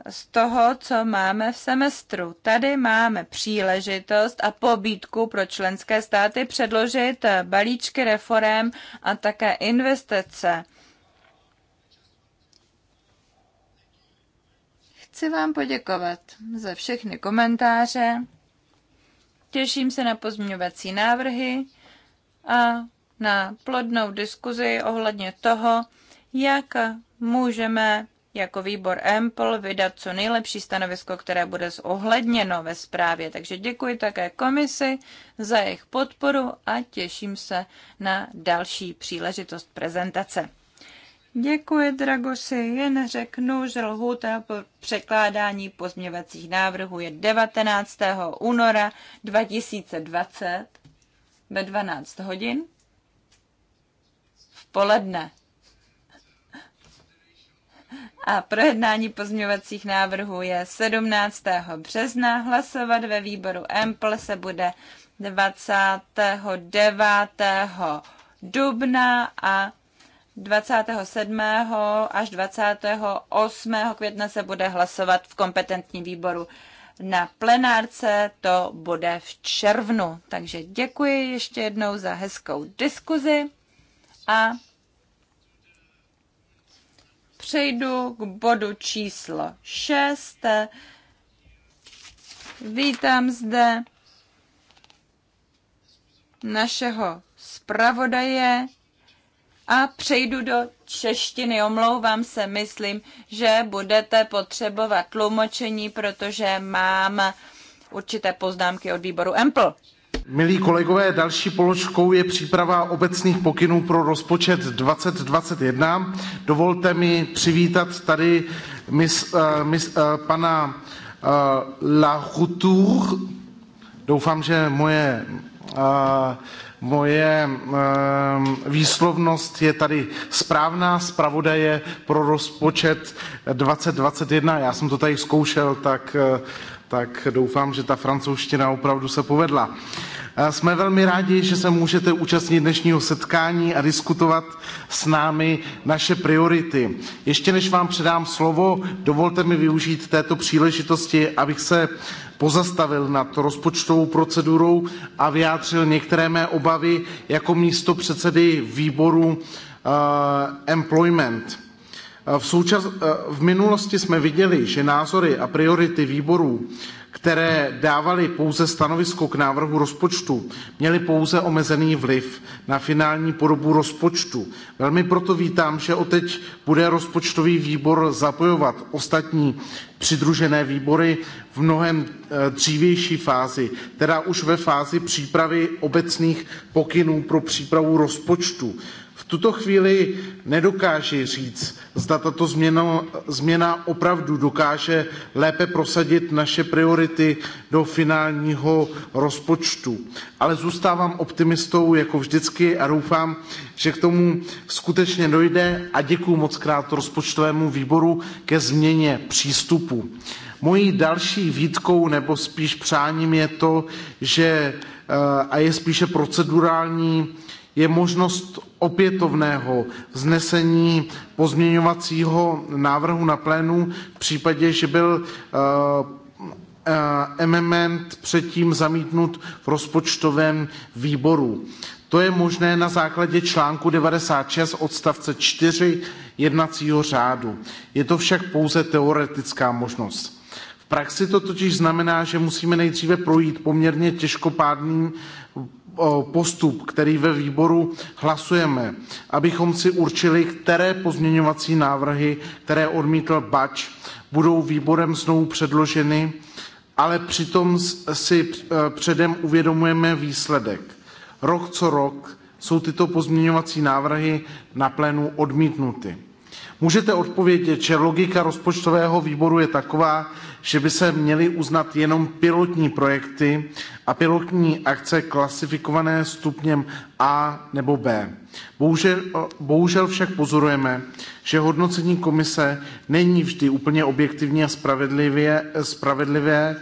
z toho, co máme v semestru. Tady máme příležitost a pobídku pro členské státy předložit balíčky reform a také investice. Chci vám poděkovat za všechny komentáře. Těším se na pozměňovací návrhy a na plodnou diskuzi ohledně toho, jak můžeme jako výbor EMPL vydat co nejlepší stanovisko, které bude zohledněno ve zprávě. Takže děkuji také komisi za jejich podporu a těším se na další příležitost prezentace. Děkuji, Dragosi. Jen řeknu, že lhůta po překládání pozměvacích návrhů je 19. února 2020 ve 12 hodin v poledne a projednání pozměňovacích návrhů je 17. března. Hlasovat ve výboru EMPL se bude 29. dubna a 27. až 28. května se bude hlasovat v kompetentním výboru na plenárce to bude v červnu. Takže děkuji ještě jednou za hezkou diskuzi a přejdu k bodu číslo 6. Vítám zde našeho zpravodaje a přejdu do češtiny. Omlouvám se, myslím, že budete potřebovat tlumočení, protože mám určité poznámky od výboru EMPL. Milí kolegové, další položkou je příprava obecných pokynů pro rozpočet 2021. Dovolte mi přivítat tady mis, uh, mis, uh, pana uh, Doufám, že moje uh, moje výslovnost je tady správná, zpravodaje pro rozpočet 2021. Já jsem to tady zkoušel, tak e, tak doufám, že ta francouzština opravdu se povedla. Eh, jsme velmi rádi, že se můžete účastnit dnešního setkání a diskutovat s námi naše priority. Ještě než vám předám slovo, dovolte mi využít této příležitosti, abych se pozastavil nad rozpočtovou procedurou a vyjádřil některé mé obavy jako místo předsedy výboru uh, Employment. Eh, v, součas, eh, v minulosti jsme viděli, že názory a priority výborů, které dávaly pouze stanovisko k návrhu rozpočtu, měly pouze omezený vliv na finální podobu rozpočtu. Velmi proto vítám, že oteď bude rozpočtový výbor zapojovat ostatní přidružené výbory v mnohem eh, dřívější fázi, teda už ve fázi přípravy obecných pokynů pro přípravu rozpočtu tuto chvíli nedokáži říct, zda tato změna, změna opravdu dokáže lépe prosadit naše priority do finálního rozpočtu. Ale zůstávám optimistou jako vždycky a doufám, že k tomu skutečně dojde a děkuji moc krát rozpočtovému výboru ke změně přístupu. Mojí další výtkou nebo spíš přáním je to, že eh, a je spíše procedurální je možnost opětovného vznesení pozměňovacího návrhu na plénu v případě, že byl eh, eh, amendment předtím zamítnut v rozpočtovém výboru. To je možné na základě článku 96 odstavce 4 jednacího řádu. Je to však pouze teoretická možnost praxi to totiž znamená, že musíme nejdříve projít poměrně těžkopádným postup, který ve výboru hlasujeme, abychom si určili, které pozměňovací návrhy, které odmítl Bač, budou výborem znovu předloženy, ale přitom si e, předem uvědomujeme výsledek. Rok co rok jsou tyto pozměňovací návrhy na plénu odmítnuty. Můžete odpovědět, že logika rozpočtového výboru je taková, že by se měly uznat jenom pilotní projekty a pilotní akce klasifikované stupněm A nebo B. Bohužel, bohužel však pozorujeme, že hodnocení komise není vždy úplně objektivní a spravedlivé,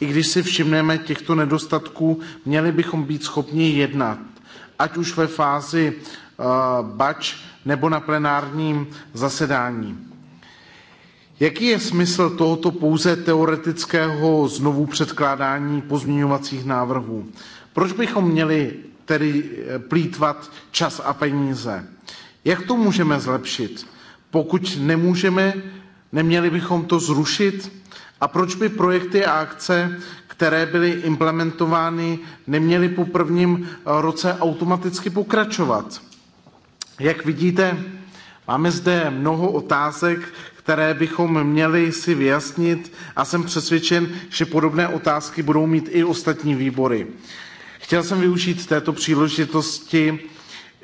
i když si všimneme těchto nedostatků, měli bychom být schopni jednat, ať už ve fázi uh, bač nebo na plenárním zasedání. Jaký je smysl tohoto pouze teoretického znovu předkládání pozměňovacích návrhů? Proč bychom měli tedy eh, plítvat čas a peníze? Jak to můžeme zlepšit? Pokud nemůžeme, neměli bychom to zrušit? A proč by projekty a akce, které byly implementovány, neměly po prvním eh, roce automaticky pokračovat? Jak vidíte, máme zde mnoho otázek, které bychom měli si vyjasnit a jsem přesvědčen, že podobné otázky budou mít i ostatní výbory. Chtěl jsem využít této příležitosti,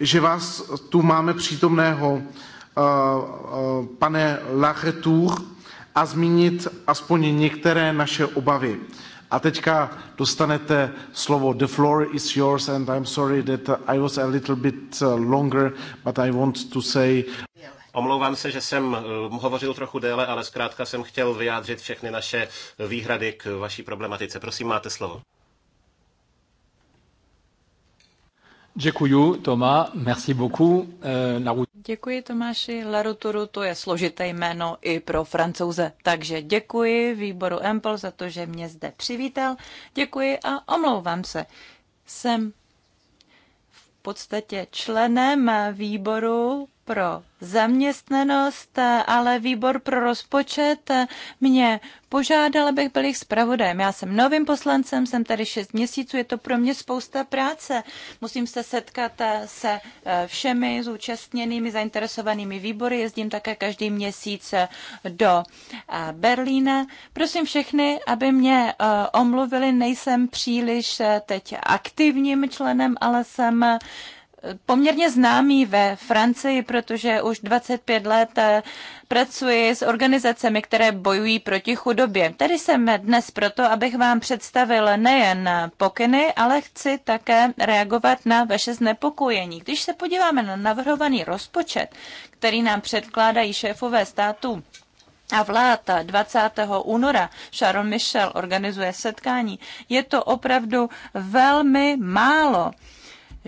že vás tu máme přítomného, eh, eh, pane Lachetour, a zmínit aspoň některé naše obavy. A teďka dostanete slovo. The floor is yours and I'm sorry that I was a little bit uh, longer, but I want to say... Omlouvám se, že jsem uh, hovořil trochu déle, ale zkrátka jsem chtěl vyjádřit všechny naše výhrady k vaší problematice. Prosím, máte slovo. Děkuji, Tomá, merci beaucoup. Eh, děkuji, Tomáši. Laruturu, to je složité jméno i pro francouze. Takže děkuji výboru Empel za to, že mě zde přivítal. Děkuji a omlouvám se. Jsem v podstatě členem výboru pro zaměstnanost, ale výbor pro rozpočet mě požádal, abych byl jejich zpravodajem. Já jsem novým poslancem, jsem tady šest měsíců, je to pro mě spousta práce. Musím se setkat se eh, všemi zúčastněnými zainteresovanými výbory, jezdím také každý měsíc eh, do eh, Berlína. Prosím všechny, aby mě omluvili, nejsem příliš teď aktivním členem, ale jsem poměrně známý ve Francii, protože už 25 let eh, pracuji s organizacemi, které bojují proti chudobě. Tady jsem dnes proto, abych vám představil nejen pokyny, ale chci také reagovat na vaše znepokojení. Když se podíváme na navrhovaný rozpočet, který nám předkládají šéfové států, a vláda 20. února Sharon Michel organizuje setkání. Je to opravdu velmi málo.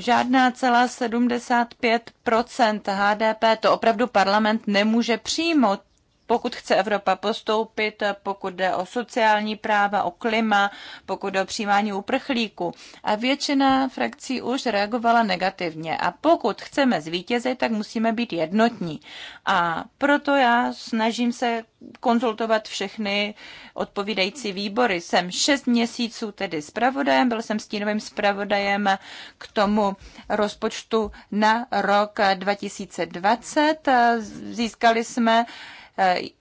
Žádná celá 75 HDP to opravdu parlament nemůže přijmout pokud chce Evropa postoupit, pokud jde o sociální práva, o klima, pokud jde o přijímání uprchlíků. A většina frakcí už reagovala negativně. A pokud chceme zvítězit, tak musíme být jednotní. A proto já snažím se konzultovat všechny odpovídající výbory. Jsem šest měsíců tedy zpravodajem, byl jsem stínovým zpravodajem k tomu rozpočtu na rok 2020. Získali jsme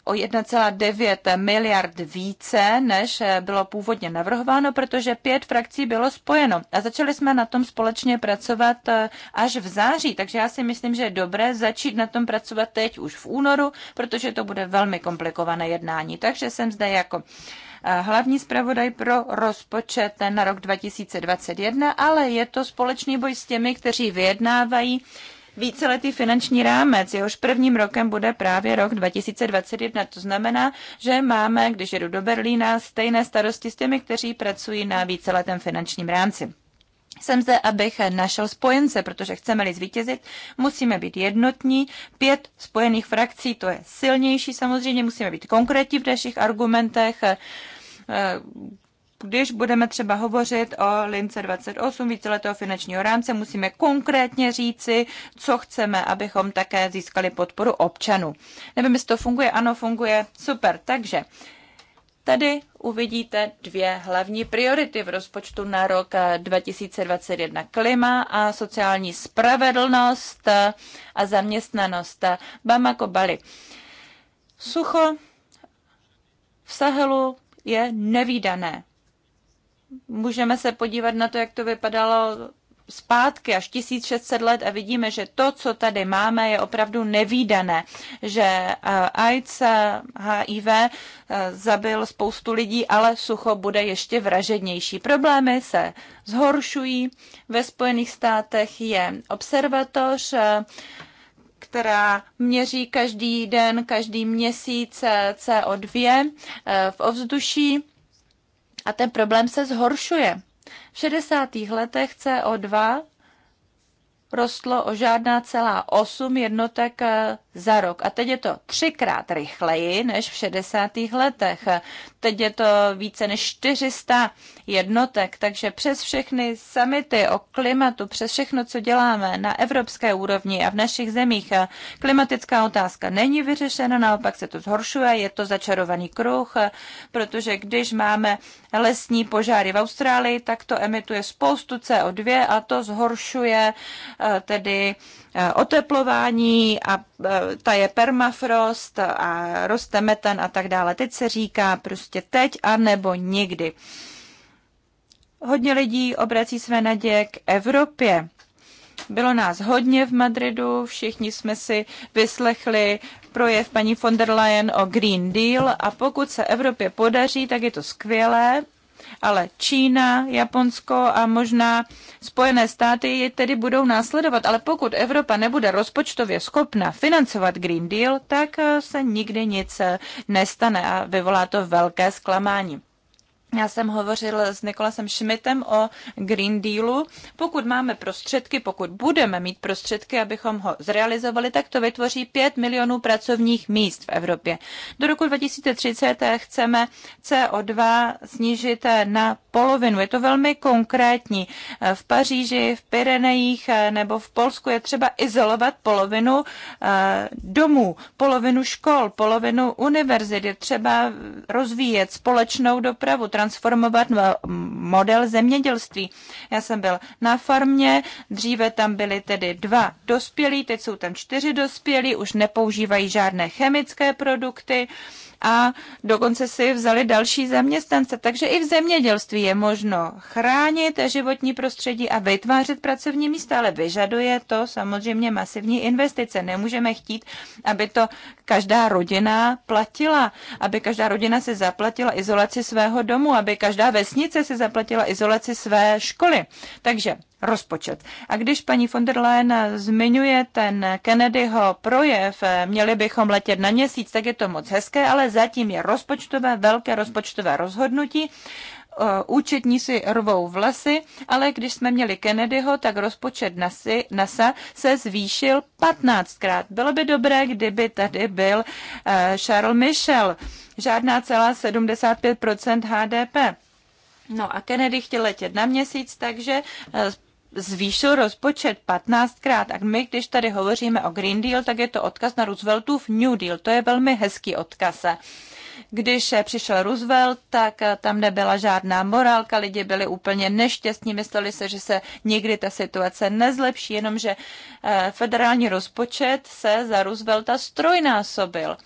o 1,9 miliard více, než eh, bylo původně navrhováno, protože pět frakcí bylo spojeno. A začali jsme na tom společně pracovat eh, až v září, takže já si myslím, že je dobré začít na tom pracovat teď už v únoru, protože to bude velmi komplikované jednání. Takže jsem zde jako eh, hlavní zpravodaj pro rozpočet na rok 2021, ale je to společný boj s těmi, kteří vyjednávají víceletý finanční rámec. Jehož prvním rokem bude právě rok 2021. To znamená, že máme, když jedu do Berlína, stejné starosti s těmi, kteří pracují na víceletém finančním rámci. Jsem zde, abych našel spojence, protože chceme-li zvítězit, musíme být jednotní. Pět spojených frakcí, to je silnější samozřejmě, musíme být konkrétní v našich argumentech když budeme třeba hovořit o lince 28 víceletého finančního rámce, musíme konkrétně říci, co chceme, abychom také získali podporu občanů. Nevím, jestli to funguje. Ano, funguje. Super. Takže Tady uvidíte dvě hlavní priority v rozpočtu na rok 2021. Eh, Klima a sociální spravedlnost eh, a zaměstnanost. Eh, Bamako Bali. Sucho v Sahelu je nevýdané můžeme se podívat na to, jak to vypadalo zpátky až 1600 let a vidíme, že to, co tady máme, je opravdu nevýdané, že eh, AIDS, HIV eh, zabil spoustu lidí, ale sucho bude ještě vražednější. Problémy se zhoršují. Ve Spojených státech je observatoř, eh, která měří každý den, každý měsíc CO2 v ovzduší a ten problém se zhoršuje. V 60. letech CO2 rostlo o žádná celá 8 jednotek eh, za rok. A teď je to třikrát rychleji než v 60. letech. Teď je to více než 400 jednotek. Takže přes všechny samity o klimatu, přes všechno, co děláme na evropské úrovni a v našich zemích, eh, klimatická otázka není vyřešena, naopak se to zhoršuje, je to začarovaný kruh, eh, protože když máme lesní požáry v Austrálii, tak to emituje spoustu CO2 a to zhoršuje eh, tedy oteplování a ta je permafrost a roste metan a tak dále. Teď se říká prostě teď a nebo nikdy. Hodně lidí obrací své naděje k Evropě. Bylo nás hodně v Madridu, všichni jsme si vyslechli projev paní von der Leyen o Green Deal a pokud se Evropě podaří, tak je to skvělé, ale Čína, Japonsko a možná Spojené státy je tedy budou následovat. Ale pokud Evropa nebude rozpočtově schopna financovat Green Deal, tak eh, se nikdy nic eh, nestane a vyvolá to velké zklamání. Já jsem hovořil s Nikolasem Schmidtem o Green Dealu. Pokud máme prostředky, pokud budeme mít prostředky, abychom ho zrealizovali, tak to vytvoří 5 milionů pracovních míst v Evropě. Do roku 2030 chceme CO2 snížit na polovinu. Je to velmi konkrétní. V Paříži, v Pyrenejích nebo v Polsku je třeba izolovat polovinu eh, domů, polovinu škol, polovinu univerzit. Je třeba rozvíjet společnou dopravu, transformovat model zemědělství. Já jsem byl na farmě, dříve tam byly tedy dva dospělí, teď jsou tam čtyři dospělí, už nepoužívají žádné chemické produkty a dokonce si vzali další zaměstnance. Takže i v zemědělství je možno chránit životní prostředí a vytvářet pracovní místa, ale vyžaduje to samozřejmě masivní investice. Nemůžeme chtít, aby to každá rodina platila, aby každá rodina si zaplatila izolaci svého domu, aby každá vesnice si zaplatila izolaci své školy. Takže rozpočet. A když paní von der Leyen zmiňuje ten Kennedyho projev, měli bychom letět na měsíc, tak je to moc hezké, ale zatím je rozpočtové, velké rozpočtové rozhodnutí. Eh, účetní si rvou vlasy, ale když jsme měli Kennedyho, tak rozpočet NASA se zvýšil 15krát. Bylo by dobré, kdyby tady byl eh, Charles Michel. Žádná celá 75% HDP. No a Kennedy chtěl letět na měsíc, takže eh, zvýšil rozpočet 15krát. A my, když tady hovoříme o Green Deal, tak je to odkaz na Rooseveltův New Deal. To je velmi hezký odkaz. Když přišel Roosevelt, tak tam nebyla žádná morálka, lidi byli úplně nešťastní, mysleli se, že se nikdy ta situace nezlepší, jenomže eh, federální rozpočet se za Roosevelta strojnásobil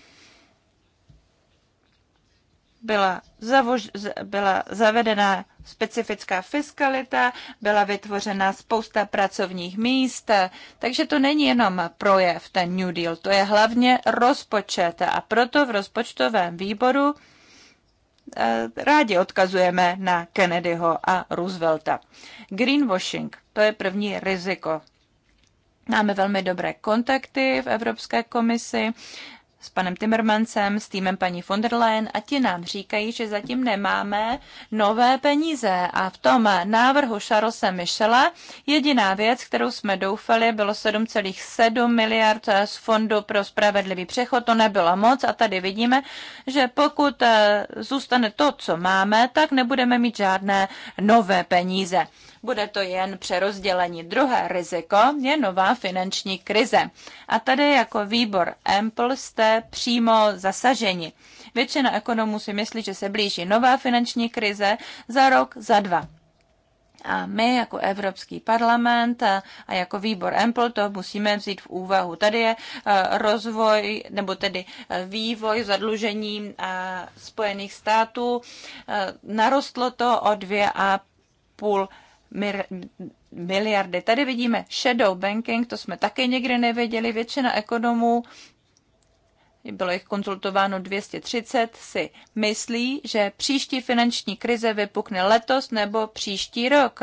byla, zavož, byla zavedena specifická fiskalita, byla vytvořena spousta pracovních míst, takže to není jenom projev, ten New Deal, to je hlavně rozpočet a proto v rozpočtovém výboru eh, rádi odkazujeme na Kennedyho a Roosevelta. Greenwashing, to je první riziko. Máme velmi dobré kontakty v Evropské komisi s panem Timmermansem, s týmem paní von der Leyen a ti nám říkají, že zatím nemáme nové peníze. A v tom návrhu Charlesa Michela jediná věc, kterou jsme doufali, bylo 7,7 miliard z Fondu pro spravedlivý přechod. To nebylo moc a tady vidíme, že pokud eh, zůstane to, co máme, tak nebudeme mít žádné nové peníze bude to jen přerozdělení. Druhé riziko je nová finanční krize. A tady jako výbor EMPL jste přímo zasaženi. Většina ekonomů si myslí, že se blíží nová finanční krize za rok, za dva. A my jako Evropský parlament a, a jako výbor EMPL to musíme vzít v úvahu. Tady je rozvoj, nebo tedy vývoj zadlužení Spojených států. Narostlo to o 2,5 miliardy. Tady vidíme shadow banking, to jsme také někdy nevěděli. Většina ekonomů, bylo jich konzultováno 230, si myslí, že příští finanční krize vypukne letos nebo příští rok.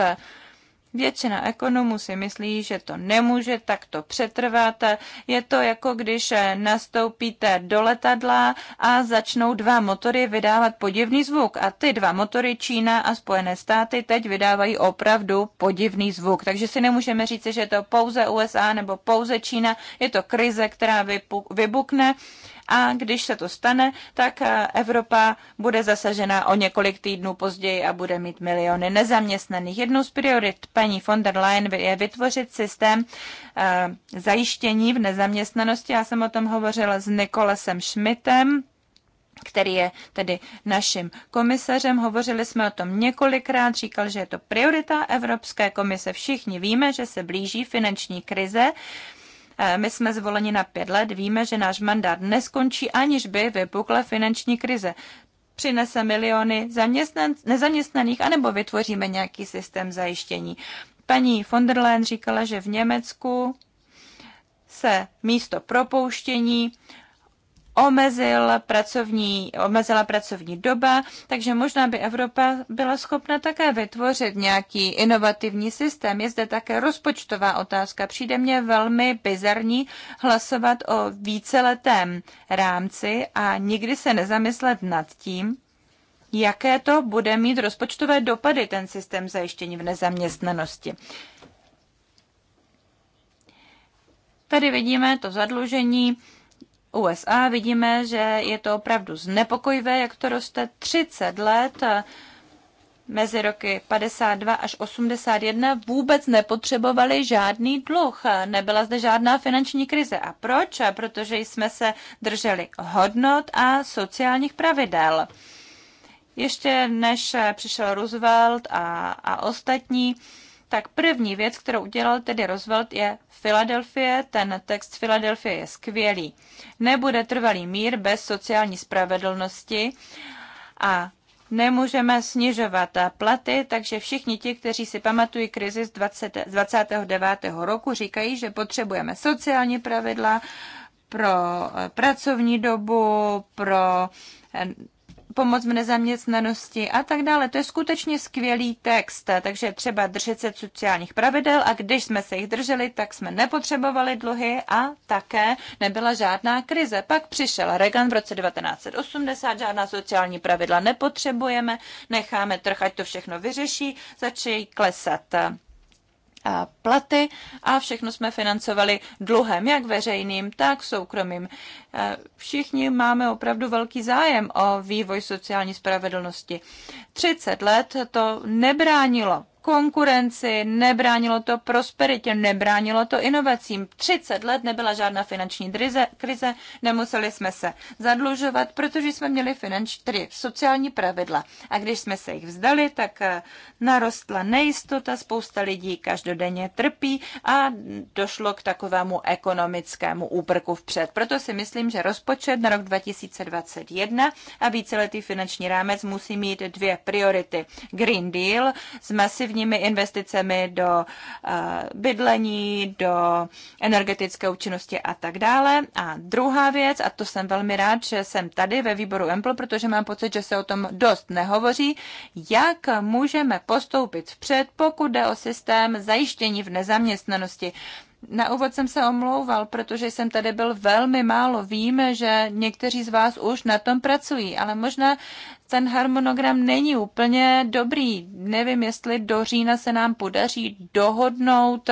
Většina ekonomů si myslí, že to nemůže takto přetrvat. Je to jako když eh, nastoupíte do letadla a začnou dva motory vydávat podivný zvuk. A ty dva motory Čína a Spojené státy teď vydávají opravdu podivný zvuk. Takže si nemůžeme říct, že je to pouze USA nebo pouze Čína. Je to krize, která vybukne a když se to stane, tak eh, Evropa bude zasažena o několik týdnů později a bude mít miliony nezaměstnaných. Jednou z priorit paní von der Leyen je vytvořit systém eh, zajištění v nezaměstnanosti. Já jsem o tom hovořila s Nikolasem Schmidtem, který je tedy naším komisařem. Hovořili jsme o tom několikrát, říkal, že je to priorita Evropské komise. Všichni víme, že se blíží finanční krize. Uh, Eh, my jsme zvoleni na pět let, víme, že náš mandát neskončí, aniž by vypukla finanční krize přinese miliony zaměstnan- nezaměstnaných, anebo vytvoříme nějaký systém zajištění. Paní von der Leyen říkala, že v Německu se místo propouštění omezil pracovní, omezila pracovní doba, takže možná by Evropa byla schopna také vytvořit nějaký inovativní systém. Je zde také rozpočtová otázka. Přijde mně velmi bizarní hlasovat o víceletém rámci a nikdy se nezamyslet nad tím, jaké to bude mít rozpočtové dopady ten systém zajištění v nezaměstnanosti. Tady vidíme to zadlužení USA vidíme, že je to opravdu znepokojivé, jak to roste 30 let eh, mezi roky 52 až 81 vůbec nepotřebovali žádný dluh. Nebyla zde žádná finanční krize. A proč? Protože jsme se drželi hodnot a sociálních pravidel. Ještě než eh, přišel Roosevelt a, a ostatní, tak první věc, kterou udělal tedy Roosevelt, je Filadelfie. Ten text Filadelfie je skvělý. Nebude trvalý mír bez sociální spravedlnosti a nemůžeme snižovat platy, takže všichni ti, kteří si pamatují krizi z 20, 29. roku, říkají, že potřebujeme sociální pravidla pro pracovní dobu, pro pomoc v nezaměstnanosti a tak dále. To je skutečně skvělý text, takže třeba držet se sociálních pravidel a když jsme se jich drželi, tak jsme nepotřebovali dluhy a také nebyla žádná krize. Pak přišel Reagan v roce 1980, žádná sociální pravidla nepotřebujeme, necháme trh, ať to všechno vyřeší, začí klesat platy a všechno jsme financovali dluhem, jak veřejným, tak soukromým. Všichni máme opravdu velký zájem o vývoj sociální spravedlnosti. 30 let to nebránilo konkurenci, nebránilo to prosperitě, nebránilo to inovacím. 30 let nebyla žádná finanční drize, krize, nemuseli jsme se zadlužovat, protože jsme měli finanční, tedy sociální pravidla. A když jsme se jich vzdali, tak eh, narostla nejistota, spousta lidí každodenně trpí a došlo k takovému ekonomickému úprku vpřed. Proto si myslím, že rozpočet na rok 2021 a víceletý finanční rámec musí mít dvě priority. Green Deal s masivní konkrétními investicemi do eh, bydlení, do energetické účinnosti a tak dále. A druhá věc, a to jsem velmi rád, že jsem tady ve výboru EMPL, protože mám pocit, že se o tom dost nehovoří, jak můžeme postoupit vpřed, pokud jde o systém zajištění v nezaměstnanosti. Na úvod jsem se omlouval, protože jsem tady byl velmi málo. Vím, že někteří z vás už na tom pracují, ale možná ten harmonogram není úplně dobrý. Nevím, jestli do října se nám podaří dohodnout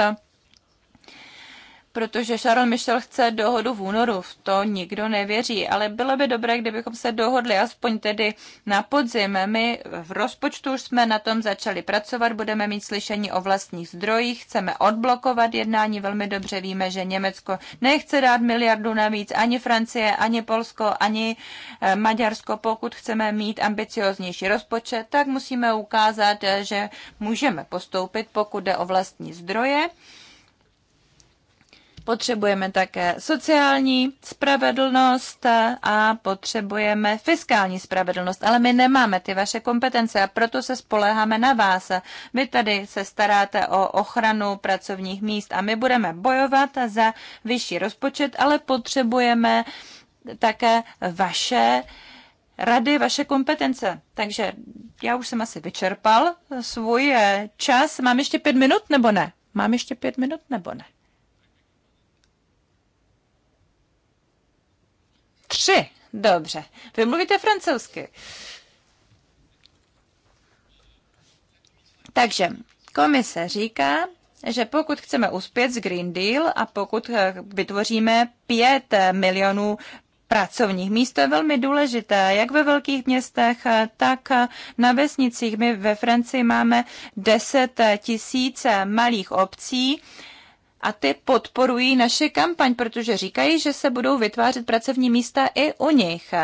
protože Charles Michel chce dohodu v únoru, v to nikdo nevěří, ale bylo by dobré, kdybychom se dohodli aspoň tedy na podzim. My v rozpočtu už jsme na tom začali pracovat, budeme mít slyšení o vlastních zdrojích, chceme odblokovat jednání, velmi dobře víme, že Německo nechce dát miliardu navíc, ani Francie, ani Polsko, ani eh, Maďarsko. Pokud chceme mít ambicioznější rozpočet, tak musíme ukázat, eh, že můžeme postoupit, pokud jde o vlastní zdroje. Potřebujeme také sociální spravedlnost a potřebujeme fiskální spravedlnost, ale my nemáme ty vaše kompetence a proto se spoléháme na vás. Vy tady se staráte o ochranu pracovních míst a my budeme bojovat za vyšší rozpočet, ale potřebujeme také vaše rady, vaše kompetence. Takže já už jsem asi vyčerpal svůj eh, čas. Mám ještě pět minut nebo ne? Mám ještě pět minut nebo ne? Tři. Dobře. Vy mluvíte francouzsky. Takže komise říká, že pokud chceme uspět z Green Deal a pokud eh, vytvoříme pět milionů pracovních míst, to je velmi důležité, jak ve velkých městech, eh, tak eh, na vesnicích. My ve Francii máme 10 tisíc malých obcí, a ty podporují naše kampaň, protože říkají, že se budou vytvářet pracovní místa i u nich.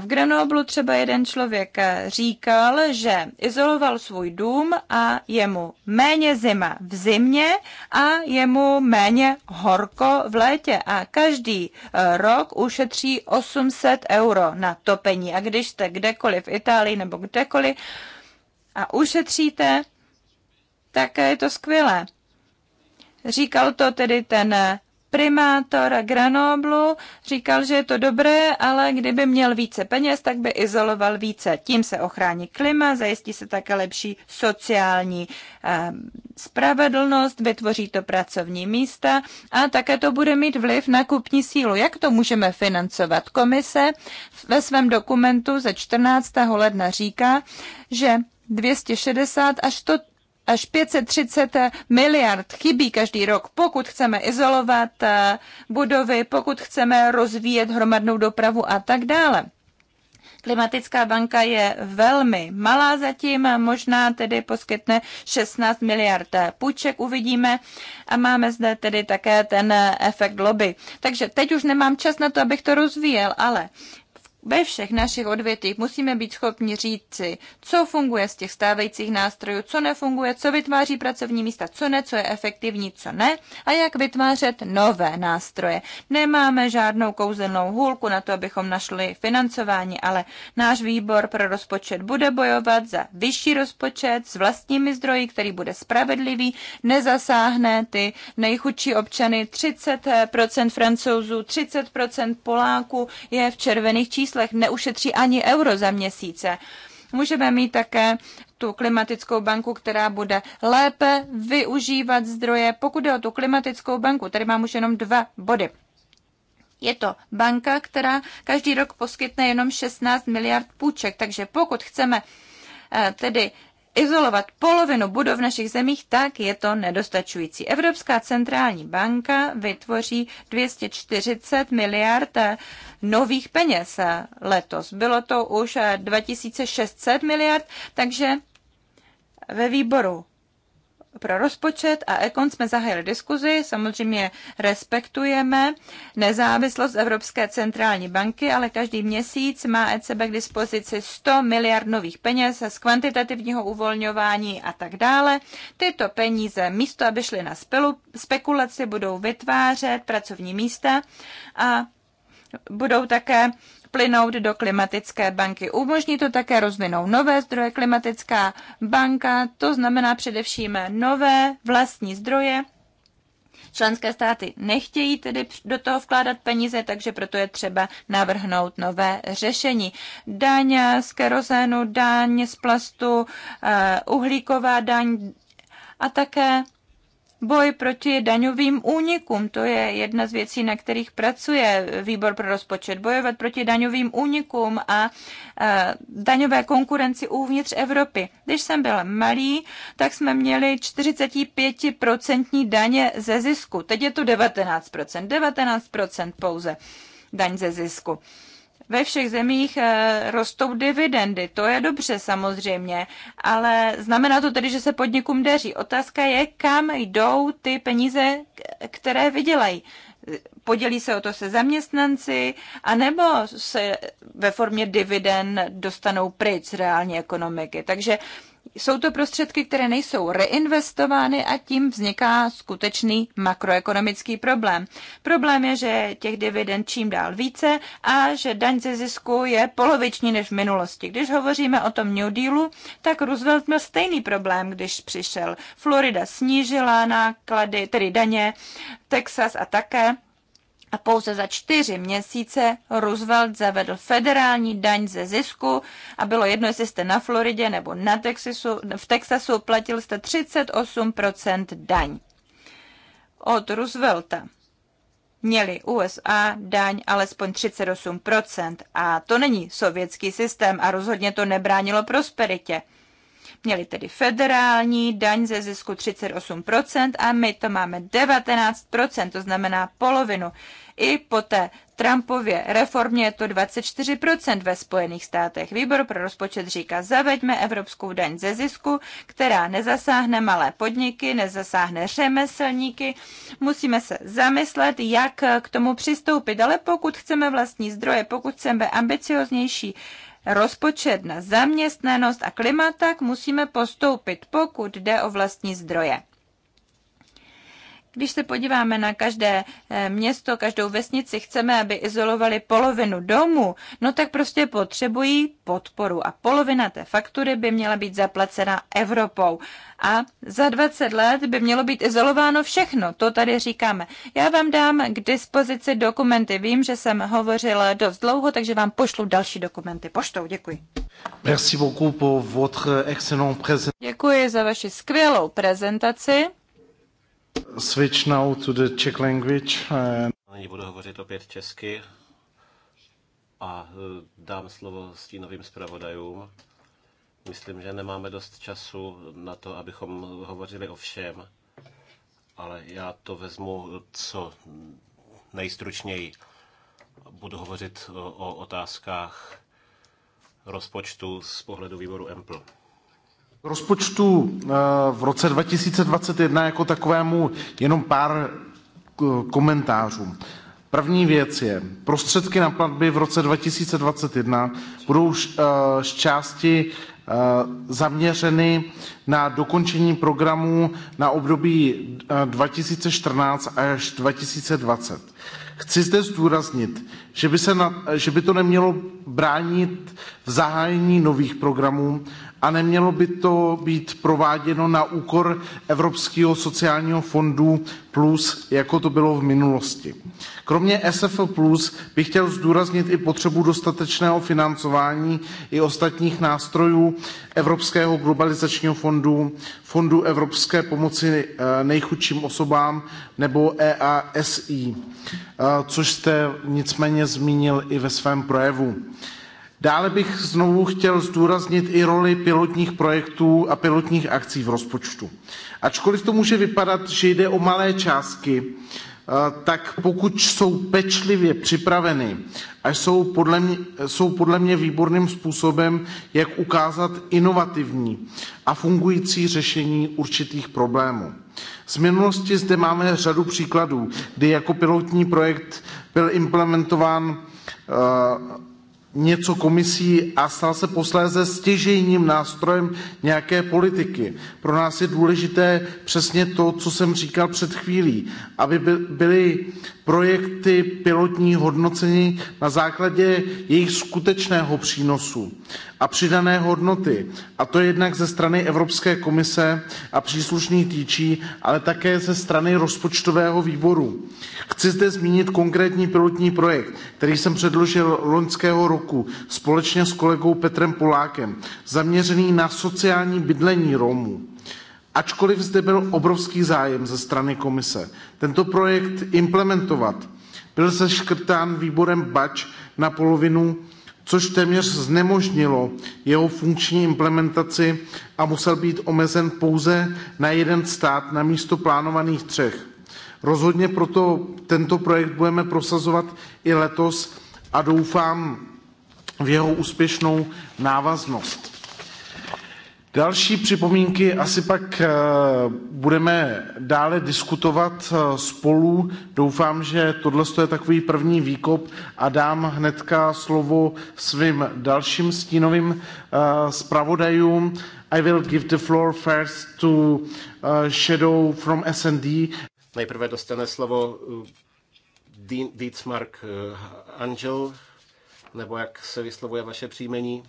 V Grenoblu třeba jeden člověk říkal, že izoloval svůj dům a je mu méně zima v zimě a je mu méně horko v létě a každý eh, rok ušetří 800 euro na topení. A když jste kdekoliv v Itálii nebo kdekoliv a ušetříte, tak je to skvělé. Říkal to tedy ten primátor Granoblu, říkal, že je to dobré, ale kdyby měl více peněz, tak by izoloval více. Tím se ochrání klima, zajistí se také lepší sociální ehm, spravedlnost, vytvoří to pracovní místa a také to bude mít vliv na kupní sílu. Jak to můžeme financovat? Komise ve svém dokumentu ze 14. ledna říká, že 260 až 100 až 530 miliard chybí každý rok, pokud chceme izolovat eh, budovy, pokud chceme rozvíjet hromadnou dopravu a tak dále. Klimatická banka je velmi malá zatím, možná tedy poskytne 16 miliard eh, půjček, uvidíme. A máme zde tedy také ten eh, efekt lobby. Takže teď už nemám čas na to, abych to rozvíjel, ale ve všech našich odvětvích musíme být schopni si, co funguje z těch stávajících nástrojů, co nefunguje, co vytváří pracovní místa, co ne, co je efektivní, co ne a jak vytvářet nové nástroje. Nemáme žádnou kouzelnou hůlku na to, abychom našli financování, ale náš výbor pro rozpočet bude bojovat za vyšší rozpočet s vlastními zdroji, který bude spravedlivý, nezasáhne ty nejchudší občany. 30% francouzů, 30% Poláků je v červených číslech číslech neušetří ani euro za měsíce. Můžeme mít také tu klimatickou banku, která bude lépe využívat zdroje. Pokud je o tu klimatickou banku, tady mám už jenom dva body. Je to banka, která každý rok poskytne jenom 16 miliard půjček, takže pokud chceme eh, tedy izolovat polovinu budov v našich zemích, tak je to nedostačující. Evropská centrální banka vytvoří 240 miliard nových peněz letos. Bylo to už 2600 miliard, takže ve výboru pro rozpočet a Ekon jsme zahájili diskuzi. Samozřejmě respektujeme nezávislost Evropské centrální banky, ale každý měsíc má ECB k dispozici 100 miliard nových peněz z kvantitativního uvolňování a tak dále. Tyto peníze místo, aby šly na spekulaci, budou vytvářet pracovní místa a budou také plynout do klimatické banky. Umožní to také rozvinout nové zdroje. Klimatická banka, to znamená především nové vlastní zdroje. Členské státy nechtějí tedy do toho vkládat peníze, takže proto je třeba navrhnout nové řešení. Daň z kerozénu, daň z plastu, eh, uhlíková daň a také Boj proti daňovým únikům, to je jedna z věcí, na kterých pracuje výbor pro rozpočet. Bojovat proti daňovým únikům a e, daňové konkurenci uvnitř Evropy. Když jsem byl malý, tak jsme měli 45% daně ze zisku. Teď je to 19%, 19% pouze daň ze zisku ve všech zemích eh, rostou dividendy. To je dobře samozřejmě, ale znamená to tedy, že se podnikům daří. Otázka je, kam jdou ty peníze, které vydělají. Podělí se o to se zaměstnanci, anebo se ve formě dividend dostanou pryč z reální ekonomiky. Takže jsou to prostředky, které nejsou reinvestovány a tím vzniká skutečný makroekonomický problém. Problém je, že těch dividend čím dál více a že daň ze zisku je poloviční než v minulosti. Když hovoříme o tom New Dealu, tak Roosevelt měl stejný problém, když přišel. Florida snížila náklady, tedy daně, Texas a také a pouze za čtyři měsíce Roosevelt zavedl federální daň ze zisku a bylo jedno, jestli jste na Floridě nebo na Texasu, v Texasu platil jste 38% daň. Od Roosevelta měli USA daň alespoň 38%. A to není sovětský systém a rozhodně to nebránilo prosperitě. Měli tedy federální daň ze zisku 38% a my to máme 19%, to znamená polovinu. I po té Trumpově reformě je to 24% ve Spojených státech. Výbor pro rozpočet říká, zaveďme evropskou daň ze zisku, která nezasáhne malé podniky, nezasáhne řemeslníky. Musíme se zamyslet, jak k tomu přistoupit, ale pokud chceme vlastní zdroje, pokud chceme ambicioznější rozpočet na zaměstnanost a klima, tak musíme postoupit, pokud jde o vlastní zdroje. Když se podíváme na každé eh, město, každou vesnici, chceme, aby izolovali polovinu domu, no tak prostě potřebují podporu a polovina té faktury by měla být zaplacena Evropou. A za 20 let by mělo být izolováno všechno, to tady říkáme. Já vám dám k dispozici dokumenty. Vím, že jsem hovořil dost dlouho, takže vám pošlu další dokumenty poštou. Děkuji. Merci beaucoup pour votre excellent Děkuji za vaši skvělou prezentaci. Switch now to the Czech language. Nyní budu hovořit opět česky a e, dám slovo stínovým zpravodajům. Myslím, že nemáme dost času na to, abychom hovořili o všem, ale já to vezmu e, co nejstručněji. Budu hovořit e, o otázkách rozpočtu z pohledu výboru EMPL rozpočtu eh, v roce 2021 jako takovému jenom pár eh, komentářů. První věc je, prostředky na platby v roce 2021 budou eh, z části zaměřeny na dokončení programů na období 2014 až 2020. Chci zde zdůraznit, že by, se na, že by to nemělo bránit v zahájení nových programů a nemělo by to být prováděno na úkor Evropského sociálního fondu plus, jako to bylo v minulosti. Kromě SF plus bych chtěl zdůraznit i potřebu dostatečného financování i ostatních nástrojů Evropského globalizačního fondu, Fondu Evropské pomoci eh, nejchudším osobám nebo EASI, eh, což jste nicméně zmínil i ve svém projevu. Dále bych znovu chtěl zdůraznit i roli pilotních projektů a pilotních akcí v rozpočtu. Ačkoliv to může vypadat, že jde o malé částky, eh, tak pokud jsou pečlivě připraveny a jsou podle, mě, jsou podle mě výborným způsobem, jak ukázat inovativní a fungující řešení určitých problémů. Z minulosti zde máme řadu příkladů, kdy jako pilotní projekt byl implementován uh, něco komisí a stal se posléze stěžejním nástrojem nějaké politiky. Pro nás je důležité přesně to, co jsem říkal před chvílí, aby byly projekty pilotní hodnoceny na základě jejich skutečného přínosu a přidané hodnoty. A to jednak ze strany Evropské komise a příslušných týčí, ale také ze strany rozpočtového výboru. Chci zde zmínit konkrétní pilotní projekt, který jsem předložil loňského roku roku společně s kolegou Petrem Polákem zaměřený na sociální bydlení Romů. Ačkoliv zde byl obrovský zájem ze strany komise tento projekt implementovat, byl seškrtán výborem BAČ na polovinu, což téměř znemožnilo jeho funkční implementaci a musel být omezen pouze na jeden stát na místo plánovaných třech. Rozhodně proto tento projekt budeme prosazovat i letos a doufám, v jeho úspěšnou návaznost. Další připomínky asi pak eh, budeme dále diskutovat eh, spolu. Doufám, že tohle je takový první výkop a dám hnedka slovo svým dalším stínovým eh, zpravodajům. I will give the floor first to Shadow from S&D. Nejprve dostane slovo Dietzmark Angel nebo jak se vyslovuje vaše příjmení?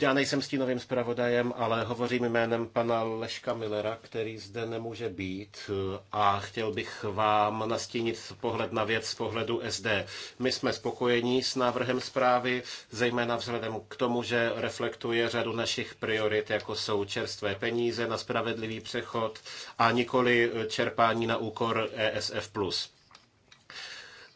Já nejsem stínovým zpravodajem, ale hovořím jménem pana Leška Millera, který zde nemůže být eh, a chtěl bych vám nastínit pohled na věc z pohledu SD. My jsme spokojení s návrhem zprávy, zejména vzhledem k tomu, že reflektuje řadu našich priorit, jako jsou čerstvé peníze na spravedlivý přechod a nikoli eh, čerpání na úkor ESF+.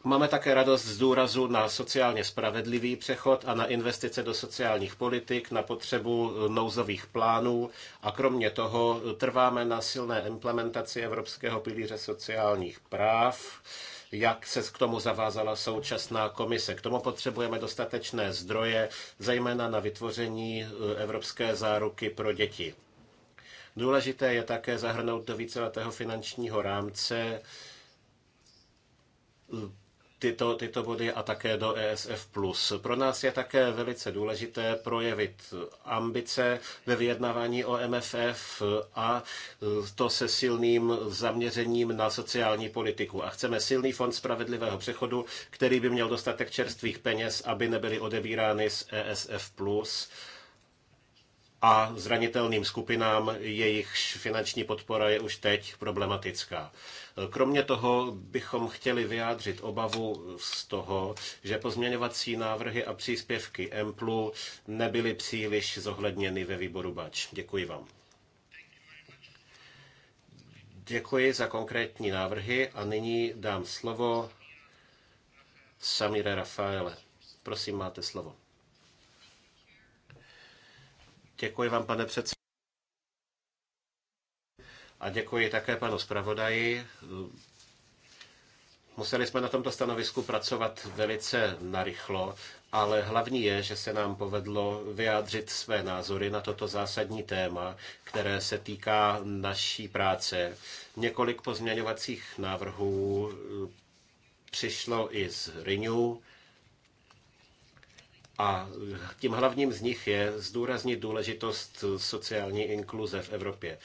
Máme také radost z důrazu na sociálně spravedlivý přechod a na investice do sociálních politik, na potřebu nouzových plánů a kromě toho trváme na silné implementaci Evropského pilíře sociálních práv jak se k tomu zavázala současná komise. K tomu potřebujeme dostatečné zdroje, zejména na vytvoření eh, evropské záruky pro děti. Důležité je také zahrnout do víceletého finančního rámce eh, tyto, tyto body a také do ESF+. Pro nás je také velice důležité projevit ambice ve vyjednávání o MFF a e, to se silným zaměřením na sociální politiku. A chceme silný fond spravedlivého přechodu, který by měl dostatek čerstvých peněz, aby nebyly odebírány z ESF+, a zranitelným skupinám, jejich finanční podpora je už teď problematická. Kromě toho bychom chtěli vyjádřit obavu z toho, že pozměňovací návrhy a příspěvky EMPLu nebyly příliš zohledněny ve výboru BAČ. Děkuji vám. Děkuji za konkrétní návrhy a nyní dám slovo Samire Rafaele. Prosím, máte slovo. Děkuji vám, pane předsedo. A děkuji také panu zpravodaji. Museli jsme na tomto stanovisku pracovat velice narychlo, ale hlavní je, že se nám povedlo vyjádřit své názory na toto zásadní téma, které se týká naší práce. Několik pozměňovacích návrhů přišlo i z Renew, a tím hlavním z nich je zdůraznit důležitost sociální inkluze v Evropě.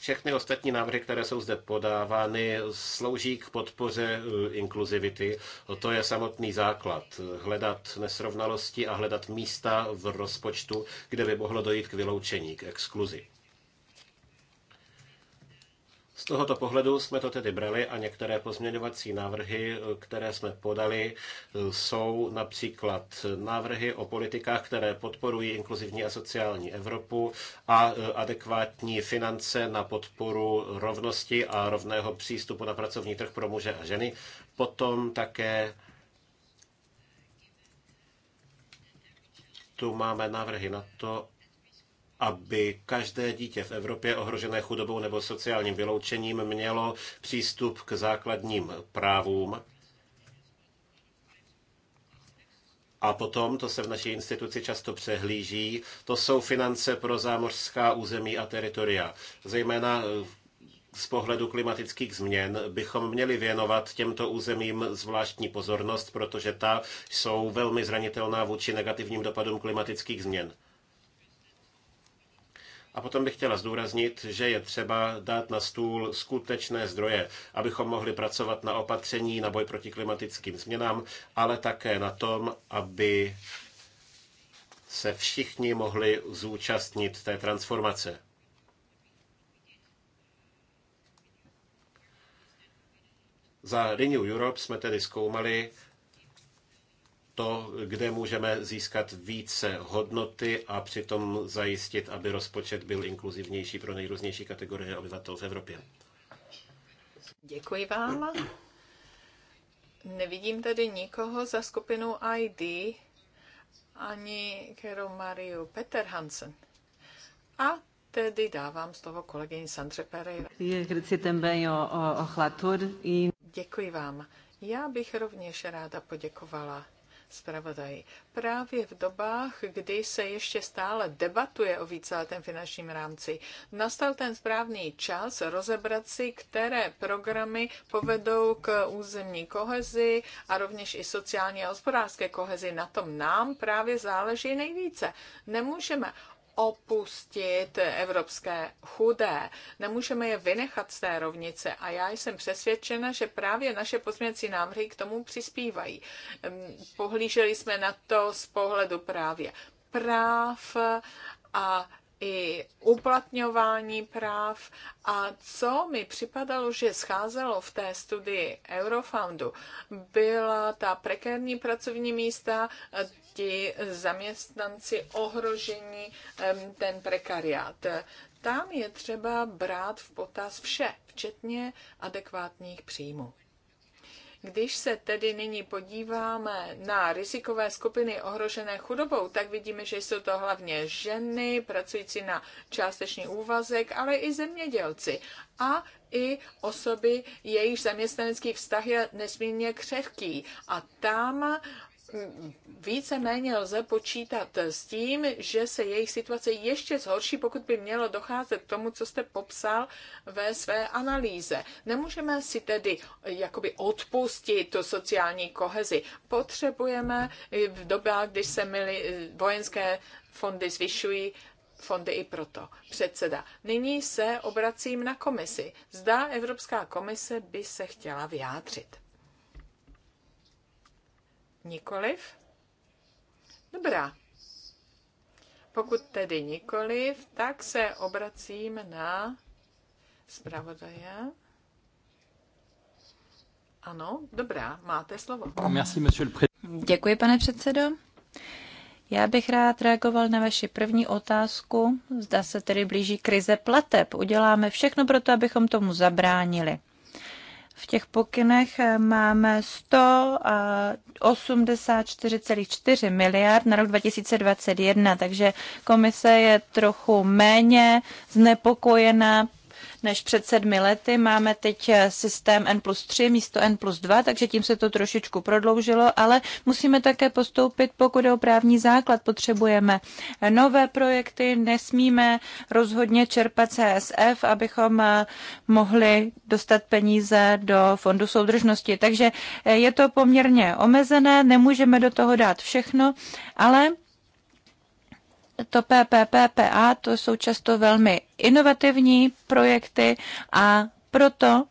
Všechny ostatní návrhy, které jsou zde podávány, slouží k podpoře eh, inkluzivity. To je samotný základ. Hledat nesrovnalosti a hledat místa v rozpočtu, kde by mohlo dojít k vyloučení, k exkluzi. Z tohoto pohledu jsme to tedy brali a některé pozměňovací návrhy, které jsme podali, jsou například návrhy o politikách, které podporují inkluzivní a sociální Evropu a e, adekvátní finance na podporu rovnosti a rovného přístupu na pracovní trh pro muže a ženy. Potom také tu máme návrhy na to, aby každé dítě v Evropě ohrožené chudobou nebo sociálním vyloučením mělo přístup k základním právům. A potom, to se v naší instituci často přehlíží, to jsou finance pro zámořská území a teritoria. Zejména eh, z pohledu klimatických změn bychom měli věnovat těmto územím zvláštní pozornost, protože ta jsou velmi zranitelná vůči negativním dopadům klimatických změn. A potom bych chtěla zdůraznit, že je třeba dát na stůl skutečné zdroje, abychom mohli pracovat na opatření na boj proti klimatickým změnám, ale také na tom, aby se všichni mohli zúčastnit té transformace. Za Renew Europe jsme tedy zkoumali, to, kde můžeme získat více hodnoty a přitom zajistit, aby rozpočet byl inkluzivnější pro nejrůznější kategorie obyvatel v Evropě. Děkuji vám. Nevidím tady nikoho za skupinu ID, ani kterou Mariu Peter Hansen. A tedy dávám z toho kolegyni Sandře Pereira. Děkuji vám. Já bych rovněž ráda poděkovala zpravodaji. Právě v dobách, kdy se ještě stále debatuje o víceletém finančním rámci, nastal ten správný čas rozebrat si, které programy povedou k územní kohezi a rovněž i sociální a hospodářské kohezi. Na tom nám právě záleží nejvíce. Nemůžeme opustit evropské chudé. Nemůžeme je vynechat z té rovnice a já jsem přesvědčena, že právě naše pozměnci návrhy k tomu přispívají. Ehm, pohlíželi jsme na to z pohledu právě práv a i uplatňování práv. A co mi připadalo, že scházelo v té studii Eurofoundu, byla ta prekérní pracovní místa, ti zaměstnanci ohrožení, ten prekariát. Tam je třeba brát v potaz vše, včetně adekvátních příjmů. Když se tedy nyní podíváme na rizikové skupiny ohrožené chudobou, tak vidíme, že jsou to hlavně ženy pracující na částečný úvazek, ale i zemědělci a i osoby, jejichž zaměstnanecký vztah je nesmírně křehký. A tam víceméně lze počítat s tím, že se jejich situace ještě zhorší, pokud by mělo docházet k tomu, co jste popsal ve své analýze. Nemůžeme si tedy jakoby odpustit tu sociální kohezi. Potřebujeme v dobách, když se mili, vojenské fondy zvyšují, fondy i proto. Předseda, nyní se obracím na komisi. Zda Evropská komise by se chtěla vyjádřit. Nikoliv? Dobrá. Pokud tedy nikoliv, tak se obracím na zpravodaje. Ano, dobrá, máte slovo. Děkuji, pane předsedo. Já bych rád reagoval na vaši první otázku. Zda se tedy blíží krize plateb. Uděláme všechno pro to, abychom tomu zabránili. V těch pokynech eh, máme 184,4 eh, miliard na rok 2021, takže komise je trochu méně znepokojená než před sedmi lety. Máme teď systém N plus 3 místo N plus 2, takže tím se to trošičku prodloužilo, ale musíme také postoupit, pokud je o právní základ. Potřebujeme nové projekty, nesmíme rozhodně čerpat CSF, abychom eh, mohli dostat peníze do fondu soudržnosti. Takže eh, je to poměrně omezené, nemůžeme do toho dát všechno, ale to PPPPA, to jsou často velmi inovativní projekty a proto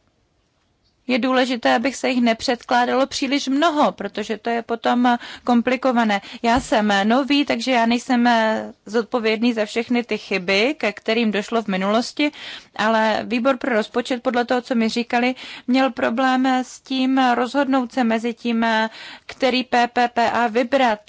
je důležité, abych se jich nepředkládalo příliš mnoho, protože to je potom eh, komplikované. Já jsem eh, nový, takže já nejsem eh, zodpovědný za všechny ty chyby, ke kterým došlo v minulosti, ale výbor pro rozpočet, podle toho, co mi říkali, měl problém s tím rozhodnout se mezi tím, který PPPA vybrat,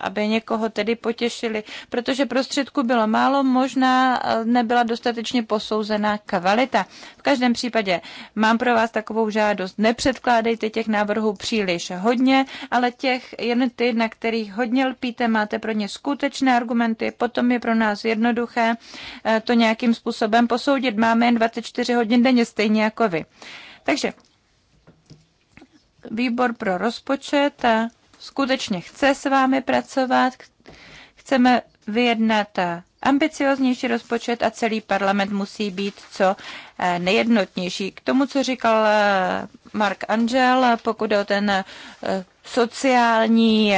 aby někoho tedy potěšili, protože prostředku bylo málo, možná nebyla dostatečně posouzená kvalita. V každém případě mám pro vás takovou žádost žádost. Nepředkládejte těch návrhů příliš hodně, ale těch jen ty, na kterých hodně lpíte, máte pro ně skutečné argumenty, potom je pro nás jednoduché eh, to nějakým způsobem posoudit. Máme jen 24 hodin denně, stejně jako vy. Takže výbor pro rozpočet eh, skutečně chce s vámi pracovat, chceme vyjednat eh, ambicioznější rozpočet a celý parlament musí být co eh, nejednotnější. K tomu, co říkal eh, Mark Angel, pokud o ten eh, sociální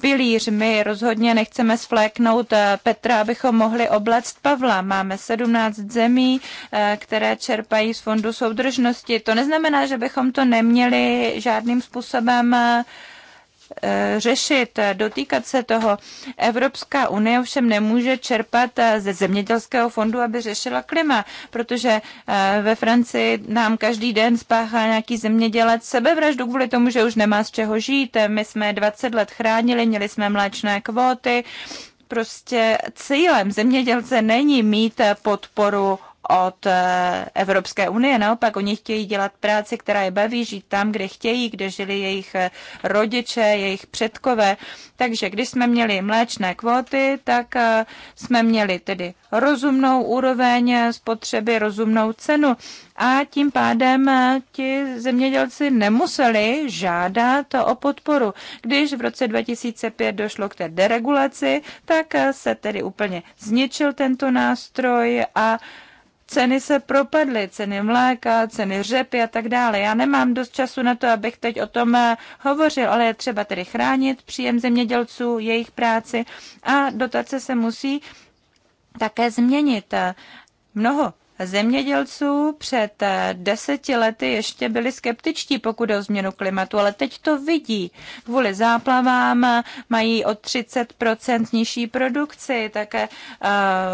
pilíř. My rozhodně nechceme svléknout Petra, abychom mohli obléct Pavla. Máme 17 zemí, které čerpají z fondu soudržnosti. To neznamená, že bychom to neměli žádným způsobem Eh, řešit, dotýkat se toho. Evropská unie ovšem nemůže čerpat eh, ze zemědělského fondu, aby řešila klima, protože eh, ve Francii nám každý den spáchá nějaký zemědělec sebevraždu kvůli tomu, že už nemá z čeho žít. My jsme 20 let chránili, měli jsme mléčné kvóty, prostě cílem zemědělce není mít podporu od eh, Evropské unie. Naopak, oni chtějí dělat práci, která je baví, žít tam, kde chtějí, kde žili jejich eh, rodiče, jejich předkové. Takže když jsme měli mléčné kvóty, tak eh, jsme měli tedy rozumnou úroveň spotřeby, rozumnou cenu. A tím pádem ti zemědělci nemuseli žádat o podporu. Když v roce 2005 došlo k té deregulaci, tak se tedy úplně zničil tento nástroj a ceny se propadly, ceny mléka, ceny řepy a tak dále. Já nemám dost času na to, abych teď o tom eh, hovořil, ale je třeba tedy chránit příjem zemědělců, jejich práci a dotace se musí také změnit. Eh, mnoho zemědělců před eh, deseti lety ještě byli skeptičtí, pokud o změnu klimatu, ale teď to vidí. Kvůli záplavám eh, mají o 30% nižší produkci, také eh,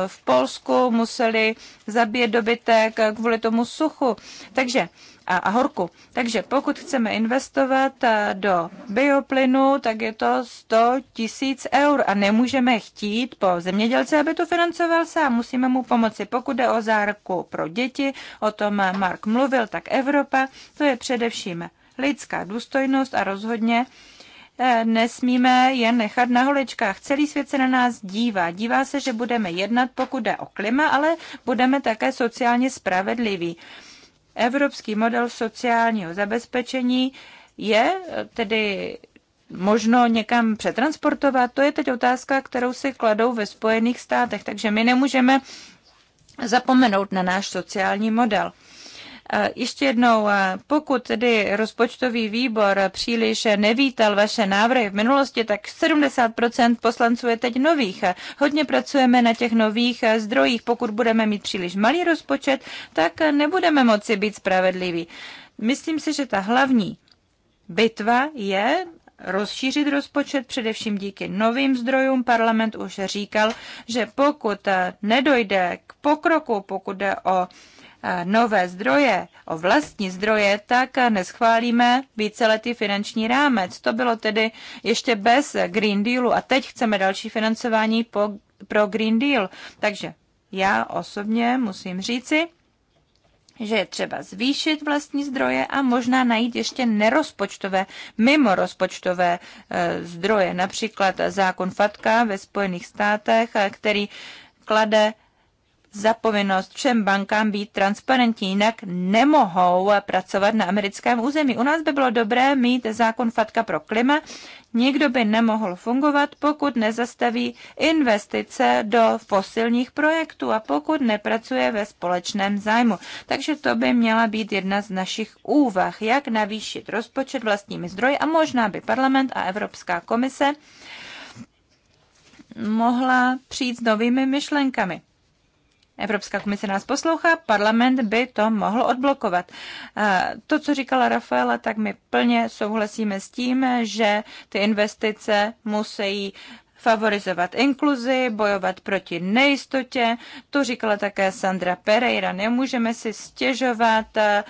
v Polsku museli zabít dobytek kvůli tomu suchu. Takže a, a horku. Takže pokud chceme investovat eh, do bioplynu, tak je to 100 tisíc eur a nemůžeme chtít po zemědělce, aby to financoval sám. Musíme mu pomoci. Pokud jde o zárku pro děti, o tom Mark mluvil, tak Evropa, to je především lidská důstojnost a rozhodně eh, nesmíme je nechat na holičkách. Celý svět se na nás dívá. Dívá se, že budeme jednat, pokud jde o klima, ale budeme také sociálně spravedliví. Evropský model sociálního zabezpečení je eh, tedy možno někam přetransportovat? To je teď otázka, kterou si kladou ve Spojených státech, takže my nemůžeme zapomenout na náš sociální model. Eh, ještě jednou, eh, pokud tedy rozpočtový výbor příliš nevítal vaše návrhy v minulosti, tak 70% poslanců je teď nových. Hodně pracujeme na těch nových eh, zdrojích. Pokud budeme mít příliš malý rozpočet, tak nebudeme moci být spravedliví. Myslím si, že ta hlavní bitva je rozšířit rozpočet především díky novým zdrojům. Parlament už říkal, že pokud nedojde k pokroku, pokud jde o Eh, nové zdroje, o vlastní zdroje, tak neschválíme víceletý finanční rámec. To bylo tedy ještě bez Green Dealu a teď chceme další financování po, pro Green Deal. Takže já osobně musím říci, že je třeba zvýšit vlastní zdroje a možná najít ještě nerozpočtové, mimo rozpočtové eh, zdroje, například zákon FATKA ve Spojených státech, eh, který klade za povinnost všem bankám být transparentní, jinak nemohou pracovat na americkém území. U nás by bylo dobré mít zákon FATKA pro klima. Nikdo by nemohl fungovat, pokud nezastaví investice do fosilních projektů a pokud nepracuje ve společném zájmu. Takže to by měla být jedna z našich úvah, jak navýšit rozpočet vlastními zdroji a možná by parlament a Evropská komise mohla přijít s novými myšlenkami. Evropská komise nás poslouchá, parlament by to mohl odblokovat. Eh, to, co říkala Rafaela, tak my plně souhlasíme s tím, že ty investice musí favorizovat inkluzi, bojovat proti nejistotě. To říkala také Sandra Pereira. Nemůžeme si stěžovat eh,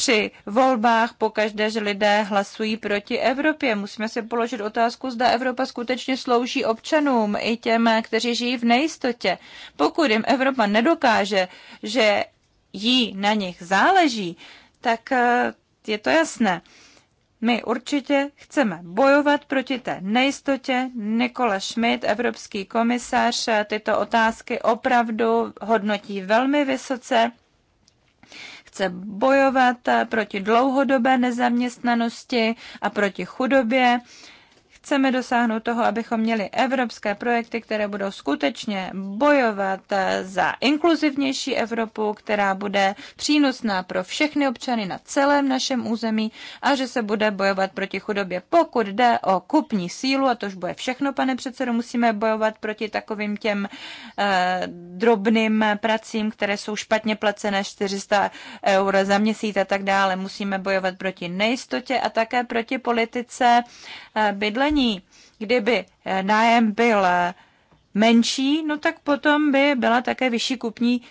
při volbách pokaždé, že lidé hlasují proti Evropě. Musíme si položit otázku, zda Evropa skutečně slouží občanům i těm, kteří žijí v nejistotě. Pokud jim Evropa nedokáže, že jí na nich záleží, tak eh, je to jasné. My určitě chceme bojovat proti té nejistotě. Nikola Schmidt, evropský komisař, tyto otázky opravdu hodnotí velmi vysoce chce bojovat proti dlouhodobé nezaměstnanosti a proti chudobě. Chceme dosáhnout toho, abychom měli evropské projekty, které budou skutečně bojovat za inkluzivnější Evropu, která bude přínosná pro všechny občany na celém našem území a že se bude bojovat proti chudobě. Pokud jde o kupní sílu, a to už bude všechno, pane předsedo, musíme bojovat proti takovým těm eh, drobným pracím, které jsou špatně placené 400 eur za měsíc a tak dále. Musíme bojovat proti nejistotě a také proti politice eh, bydlení bydlení. Kdyby eh, nájem byl eh, menší, no tak potom by byla také vyšší kupní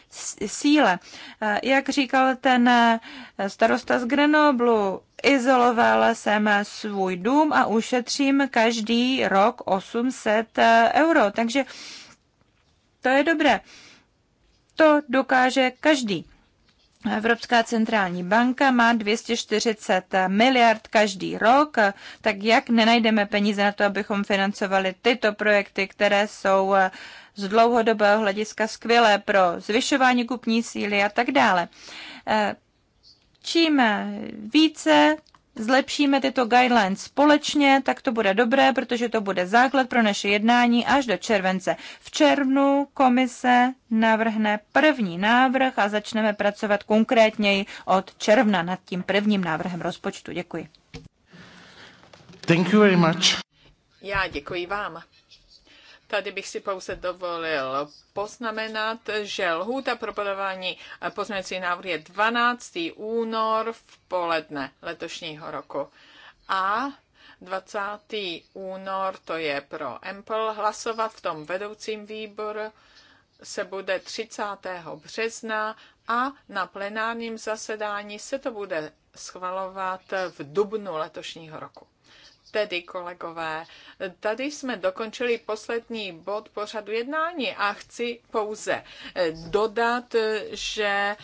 síle. Eh, jak říkal ten starosta z Grenoblu, izolovala jsem svůj dům a ušetřím každý rok 800 euro. Takže to je dobré. To dokáže každý. Evropská centrální banka má 240 miliard každý rok, tak jak nenajdeme peníze na to, abychom financovali tyto projekty, které jsou z dlouhodobého hlediska skvělé pro zvyšování kupní síly a tak dále. Čím více zlepšíme tyto guidelines společně, tak to bude dobré, protože to bude základ pro naše jednání až do července. V červnu komise navrhne první návrh a začneme pracovat konkrétněji od června nad tím prvním návrhem rozpočtu. Děkuji. Thank you very much. Já děkuji vám. Tady bych si pouze dovolil poznamenat, že lhůta pro podávání pozměňovací návrh je 12. únor v poledne letošního roku. A 20. únor, to je pro Empl, hlasovat v tom vedoucím výboru se bude 30. března a na plenárním zasedání se to bude schvalovat v dubnu letošního roku. Tedy, kolegové, tady jsme dokončili poslední bod pořadu jednání a chci pouze eh, dodat, eh, že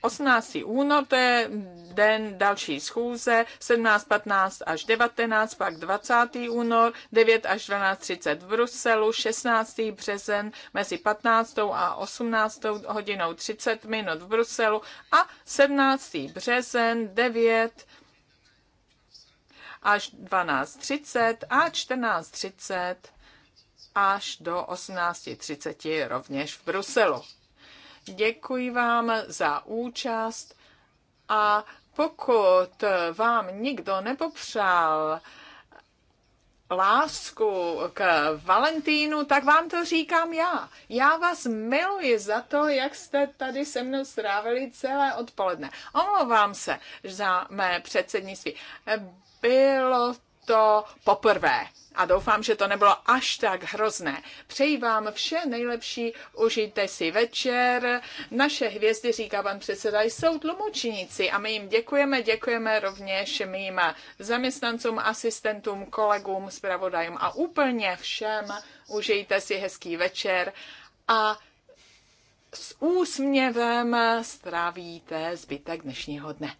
18. Ehm, únor, to je den další schůze, 17, 15 až 19, pak 20. únor, 9 až 12.30 v Bruselu, 16. březen mezi 15. a 18. hodinou 30 minut v Bruselu a 17. březen 9 až 12.30 a 14.30 až do 18.30 rovněž v Bruselu. Děkuji vám za účast a pokud vám nikdo nepopřál lásku k Valentínu, tak vám to říkám já. Já vás miluji za to, jak jste tady se mnou strávili celé odpoledne. Omlouvám se za mé předsednictví. Bylo to poprvé a doufám, že to nebylo až tak hrozné. Přeji vám vše nejlepší, užijte si večer. Naše hvězdy, říká pan předseda, jsou tlumočníci a my jim děkujeme, děkujeme rovněž mým zaměstnancům, asistentům, kolegům, zpravodajům a úplně všem. Užijte si hezký večer a s úsměvem strávíte zbytek dnešního dne.